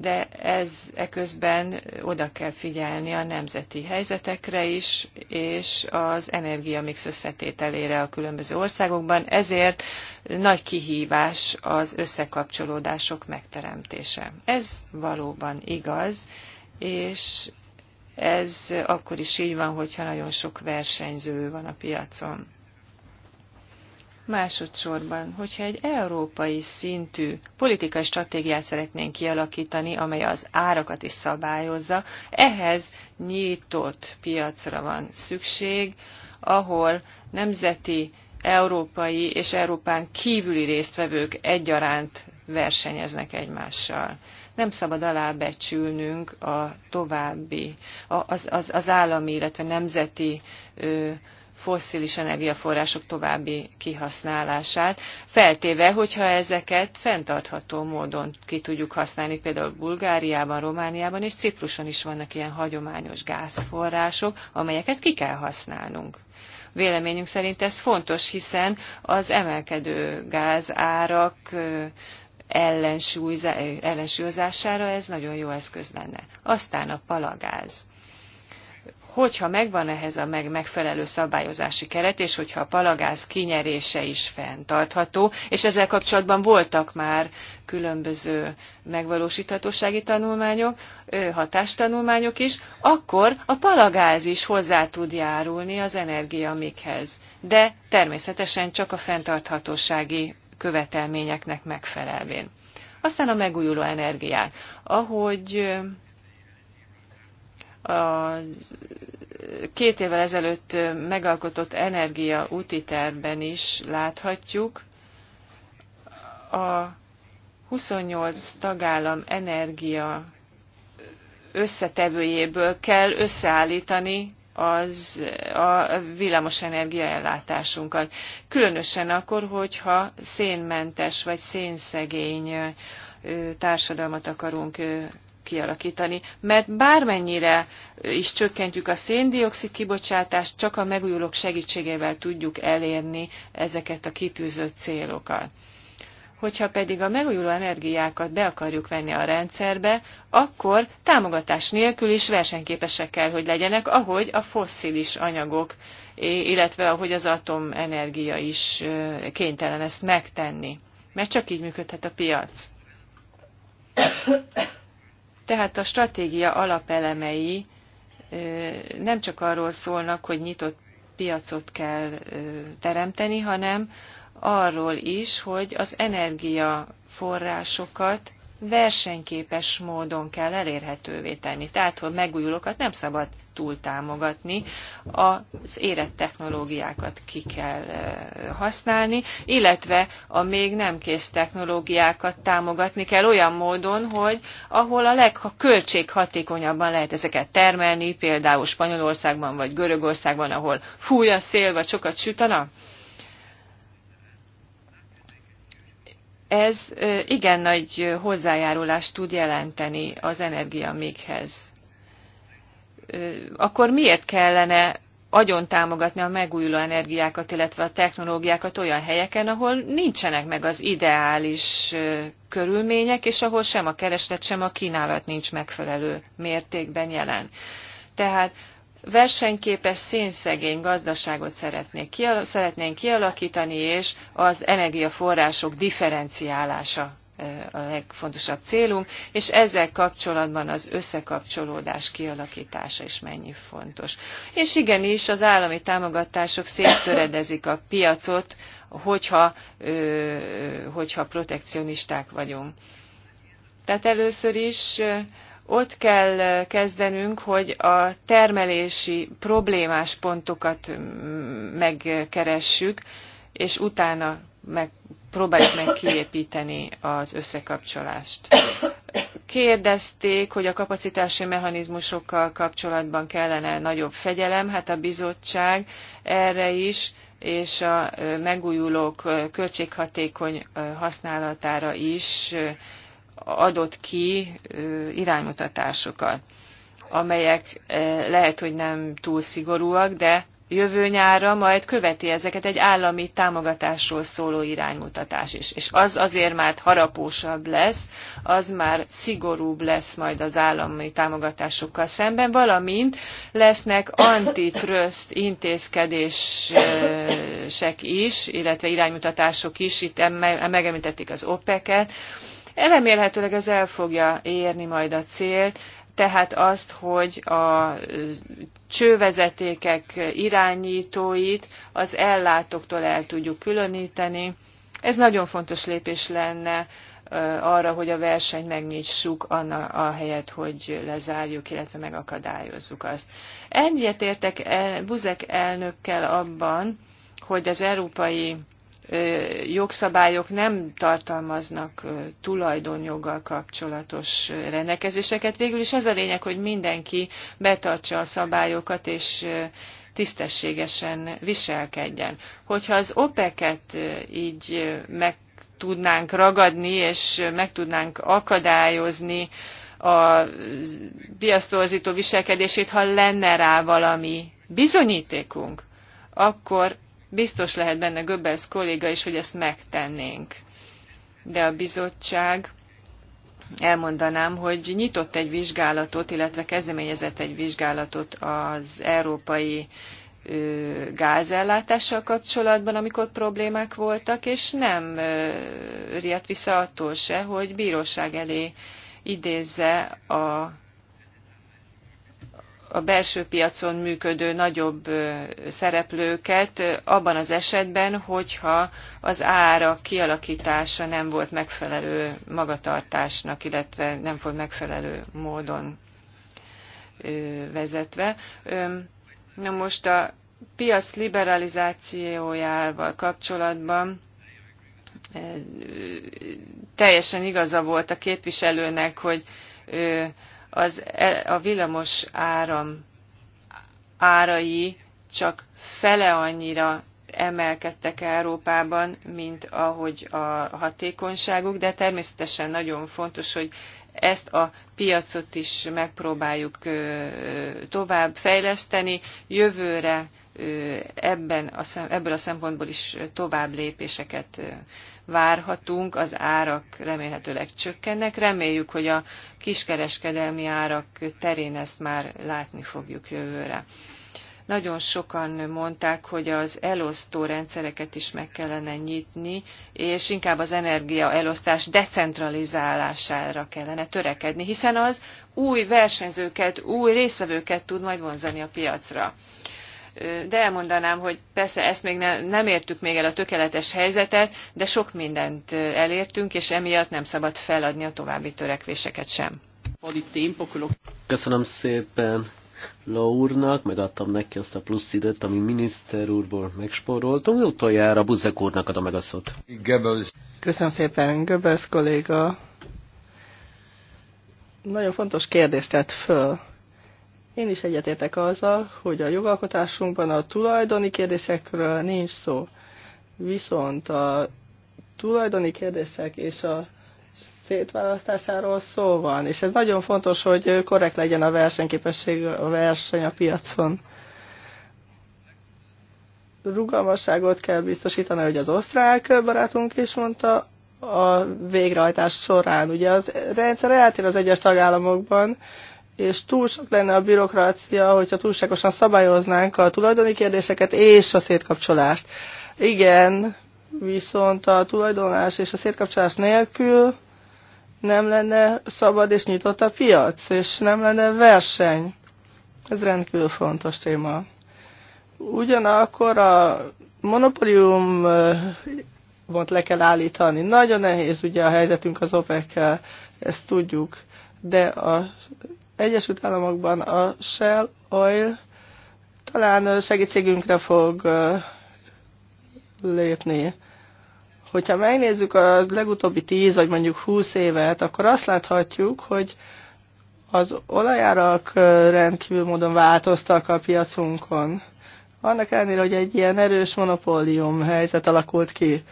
De ez eközben oda kell figyelni a nemzeti helyzetekre is, és az energiamix összetételére a különböző országokban. Ezért nagy kihívás az összekapcsolódások megteremtése. Ez valóban igaz, és ez akkor is így van, hogyha nagyon sok versenyző van a piacon. Másodszorban, hogyha egy európai szintű politikai stratégiát szeretnénk kialakítani, amely az árakat is szabályozza, ehhez nyitott piacra van szükség, ahol nemzeti, európai és Európán kívüli résztvevők egyaránt versenyeznek egymással nem szabad alábecsülnünk a további, az, az, az állami, illetve nemzeti ö, fosszilis energiaforrások további kihasználását, feltéve, hogyha ezeket fenntartható módon ki tudjuk használni, például Bulgáriában, Romániában és Cipruson is vannak ilyen hagyományos gázforrások, amelyeket ki kell használnunk. Véleményünk szerint ez fontos, hiszen az emelkedő gázárak ellensúlyozására ez nagyon jó eszköz lenne. Aztán a palagáz hogyha megvan ehhez a meg megfelelő szabályozási keret, és hogyha a palagáz kinyerése is fenntartható, és ezzel kapcsolatban voltak már különböző megvalósíthatósági tanulmányok, hatástanulmányok is, akkor a palagáz is hozzá tud járulni az energiamikhez. De természetesen csak a fenntarthatósági követelményeknek megfelelvén. Aztán a megújuló energiák. Ahogy a két évvel ezelőtt megalkotott energia úti tervben is láthatjuk, a 28 tagállam energia összetevőjéből kell összeállítani az a villamosenergia ellátásunkat. Különösen akkor, hogyha szénmentes vagy szénszegény társadalmat akarunk kialakítani, mert bármennyire is csökkentjük a széndiokszid kibocsátást, csak a megújulók segítségével tudjuk elérni ezeket a kitűzött célokat. Hogyha pedig a megújuló energiákat be akarjuk venni a rendszerbe, akkor támogatás nélkül is versenyképesek kell, hogy legyenek, ahogy a fosszilis anyagok, illetve ahogy az atomenergia is kénytelen ezt megtenni. Mert csak így működhet a piac. Tehát a stratégia alapelemei nem csak arról szólnak, hogy nyitott piacot kell teremteni, hanem arról is, hogy az energiaforrásokat versenyképes módon kell elérhetővé tenni. Tehát, hogy megújulókat nem szabad túl támogatni, az érett technológiákat ki kell eh, használni, illetve a még nem kész technológiákat támogatni kell olyan módon, hogy ahol a legköltséghatékonyabban lehet ezeket termelni, például Spanyolországban vagy Görögországban, ahol fúj a szél, vagy sokat süt a nap. Ez igen nagy hozzájárulást tud jelenteni az energiamighez. Akkor miért kellene agyon támogatni a megújuló energiákat, illetve a technológiákat olyan helyeken, ahol nincsenek meg az ideális körülmények, és ahol sem a kereslet, sem a kínálat nincs megfelelő mértékben jelen. Tehát versenyképes, szénszegény gazdaságot szeretnék, szeretnénk kialakítani, és az energiaforrások differenciálása a legfontosabb célunk, és ezzel kapcsolatban az összekapcsolódás kialakítása is mennyi fontos. És igenis, az állami támogatások széttöredezik a piacot, hogyha, hogyha protekcionisták vagyunk. Tehát először is ott kell kezdenünk, hogy a termelési problémás pontokat megkeressük, és utána meg próbáljuk meg kiépíteni az összekapcsolást. Kérdezték, hogy a kapacitási mechanizmusokkal kapcsolatban kellene nagyobb fegyelem, hát a bizottság erre is, és a megújulók költséghatékony használatára is adott ki iránymutatásokat, amelyek lehet, hogy nem túl szigorúak, de jövő nyára majd követi ezeket egy állami támogatásról szóló iránymutatás is. És az azért már harapósabb lesz, az már szigorúbb lesz majd az állami támogatásokkal szemben, valamint lesznek antitrust intézkedések is, illetve iránymutatások is, itt megemlítették az OPEC-et, Remélhetőleg ez el fogja érni majd a célt, tehát azt, hogy a csővezetékek irányítóit az ellátóktól el tudjuk különíteni. Ez nagyon fontos lépés lenne arra, hogy a verseny megnyissuk annak a helyet, hogy lezárjuk, illetve megakadályozzuk azt. Ennyit értek Buzek elnökkel abban, hogy az európai jogszabályok nem tartalmaznak tulajdonjoggal kapcsolatos rendelkezéseket. Végül is az a lényeg, hogy mindenki betartsa a szabályokat, és tisztességesen viselkedjen. Hogyha az OPEC-et így meg tudnánk ragadni, és meg tudnánk akadályozni a piasztorzító viselkedését, ha lenne rá valami bizonyítékunk, akkor Biztos lehet benne Göbbelsz kolléga is, hogy ezt megtennénk. De a bizottság elmondanám, hogy nyitott egy vizsgálatot, illetve kezdeményezett egy vizsgálatot az európai gázellátással kapcsolatban, amikor problémák voltak, és nem riadt vissza attól se, hogy bíróság elé idézze a a belső piacon működő nagyobb szereplőket abban az esetben, hogyha az ára kialakítása nem volt megfelelő magatartásnak, illetve nem volt megfelelő módon vezetve. Na most a piac liberalizációjával kapcsolatban teljesen igaza volt a képviselőnek, hogy az, e, a villamos áram árai csak fele annyira emelkedtek Európában, mint ahogy a hatékonyságuk, de természetesen nagyon fontos, hogy ezt a piacot is megpróbáljuk tovább fejleszteni. Jövőre ebben a, ebből a szempontból is tovább lépéseket várhatunk, az árak remélhetőleg csökkennek. Reméljük, hogy a kiskereskedelmi árak terén ezt már látni fogjuk jövőre. Nagyon sokan mondták, hogy az elosztó rendszereket is meg kellene nyitni, és inkább az energia elosztás decentralizálására kellene törekedni, hiszen az új versenyzőket, új résztvevőket tud majd vonzani a piacra de elmondanám, hogy persze ezt még ne, nem értük még el a tökéletes helyzetet, de sok mindent elértünk, és emiatt nem szabad feladni a további törekvéseket sem. Köszönöm szépen Laurnak, megadtam neki azt a plusz időt, ami miniszter úrból megsporoltunk. utoljára Buzek úrnak adom meg a szót. Köszönöm szépen, Goebbels kolléga. Nagyon fontos kérdést tett föl én is egyetértek azzal, hogy a jogalkotásunkban a tulajdoni kérdésekről nincs szó. Viszont a tulajdoni kérdések és a szétválasztásáról szó van, és ez nagyon fontos, hogy korrekt legyen a versenyképesség, a verseny a piacon. Rugalmasságot kell biztosítani, hogy az osztrák barátunk is mondta, a végrehajtás során. Ugye az rendszer eltér az egyes tagállamokban, és túl sok lenne a bürokrácia, hogyha túlságosan szabályoznánk a tulajdoni kérdéseket és a szétkapcsolást. Igen, viszont a tulajdonlás és a szétkapcsolás nélkül nem lenne szabad és nyitott a piac, és nem lenne verseny. Ez rendkívül fontos téma. Ugyanakkor a monopólium volt le kell állítani. Nagyon nehéz ugye a helyzetünk az OPEC-kel, ezt tudjuk, de a Egyesült Államokban a Shell Oil talán segítségünkre fog lépni. Hogyha megnézzük a legutóbbi 10 vagy mondjuk 20 évet, akkor azt láthatjuk, hogy az olajárak rendkívül módon változtak a piacunkon. Annak ellenére, hogy egy ilyen erős monopólium helyzet alakult ki.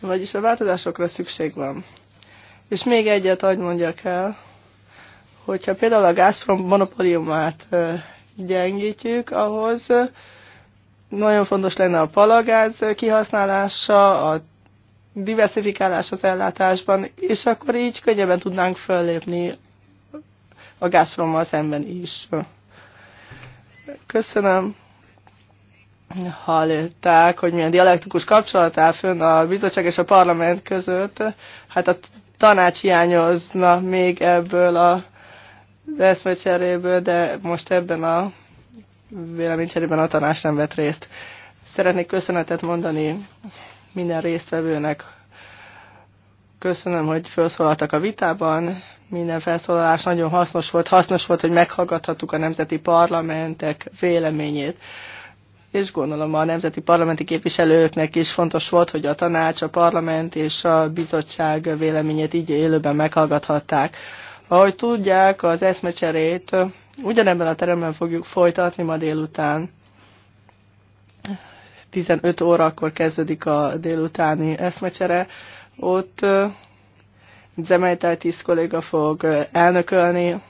Vagyis a változásokra szükség van. És még egyet adj mondjak el, hogyha például a Gazprom monopóliumát gyengítjük, ahhoz nagyon fontos lenne a palagáz kihasználása, a diversifikálás az ellátásban, és akkor így könnyebben tudnánk föllépni a Gazprommal szemben is. Köszönöm hallották, hogy milyen dialektikus kapcsolat áll fönn a bizottság és a parlament között. Hát a tanács hiányozna még ebből a eszmecseréből, de most ebben a véleménycserében a tanács nem vett részt. Szeretnék köszönetet mondani minden résztvevőnek. Köszönöm, hogy felszólaltak a vitában. Minden felszólalás nagyon hasznos volt. Hasznos volt, hogy meghallgathattuk a nemzeti parlamentek véleményét és gondolom a nemzeti parlamenti képviselőknek is fontos volt, hogy a tanács, a parlament és a bizottság véleményét így élőben meghallgathatták. Ahogy tudják, az eszmecserét ugyanebben a teremben fogjuk folytatni ma délután. 15 órakor kezdődik a délutáni eszmecsere. Ott Zemejtel tíz kolléga fog elnökölni,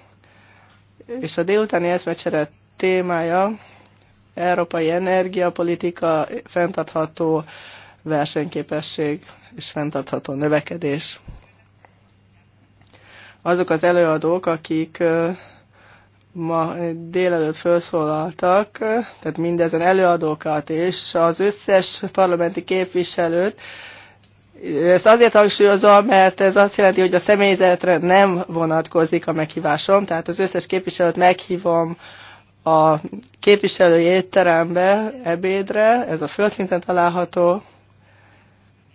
és a délutáni eszmecsere témája európai energiapolitika, fenntartható versenyképesség és fenntartható növekedés. Azok az előadók, akik ma délelőtt felszólaltak, tehát mindezen előadókat és az összes parlamenti képviselőt, ez azért hangsúlyozom, mert ez azt jelenti, hogy a személyzetre nem vonatkozik a meghívásom, tehát az összes képviselőt meghívom a képviselői étterembe ebédre, ez a földszinten található,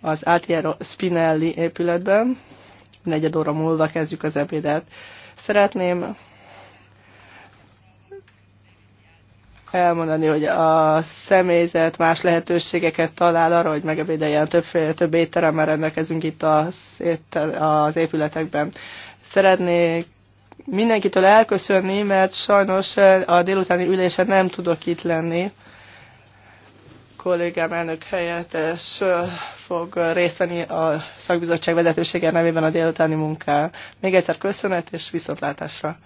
az Altiero Spinelli épületben. Negyed óra múlva kezdjük az ebédet. Szeretném elmondani, hogy a személyzet más lehetőségeket talál arra, hogy megebédeljen több, több étteremmel rendelkezünk itt az, az épületekben. Szeretnék mindenkitől elköszönni, mert sajnos eh, a délutáni ülésen nem tudok itt lenni. Kollégám elnök helyettes eh, fog részt venni a szakbizottság vezetősége nevében a délutáni munkán. Még egyszer köszönet és viszontlátásra!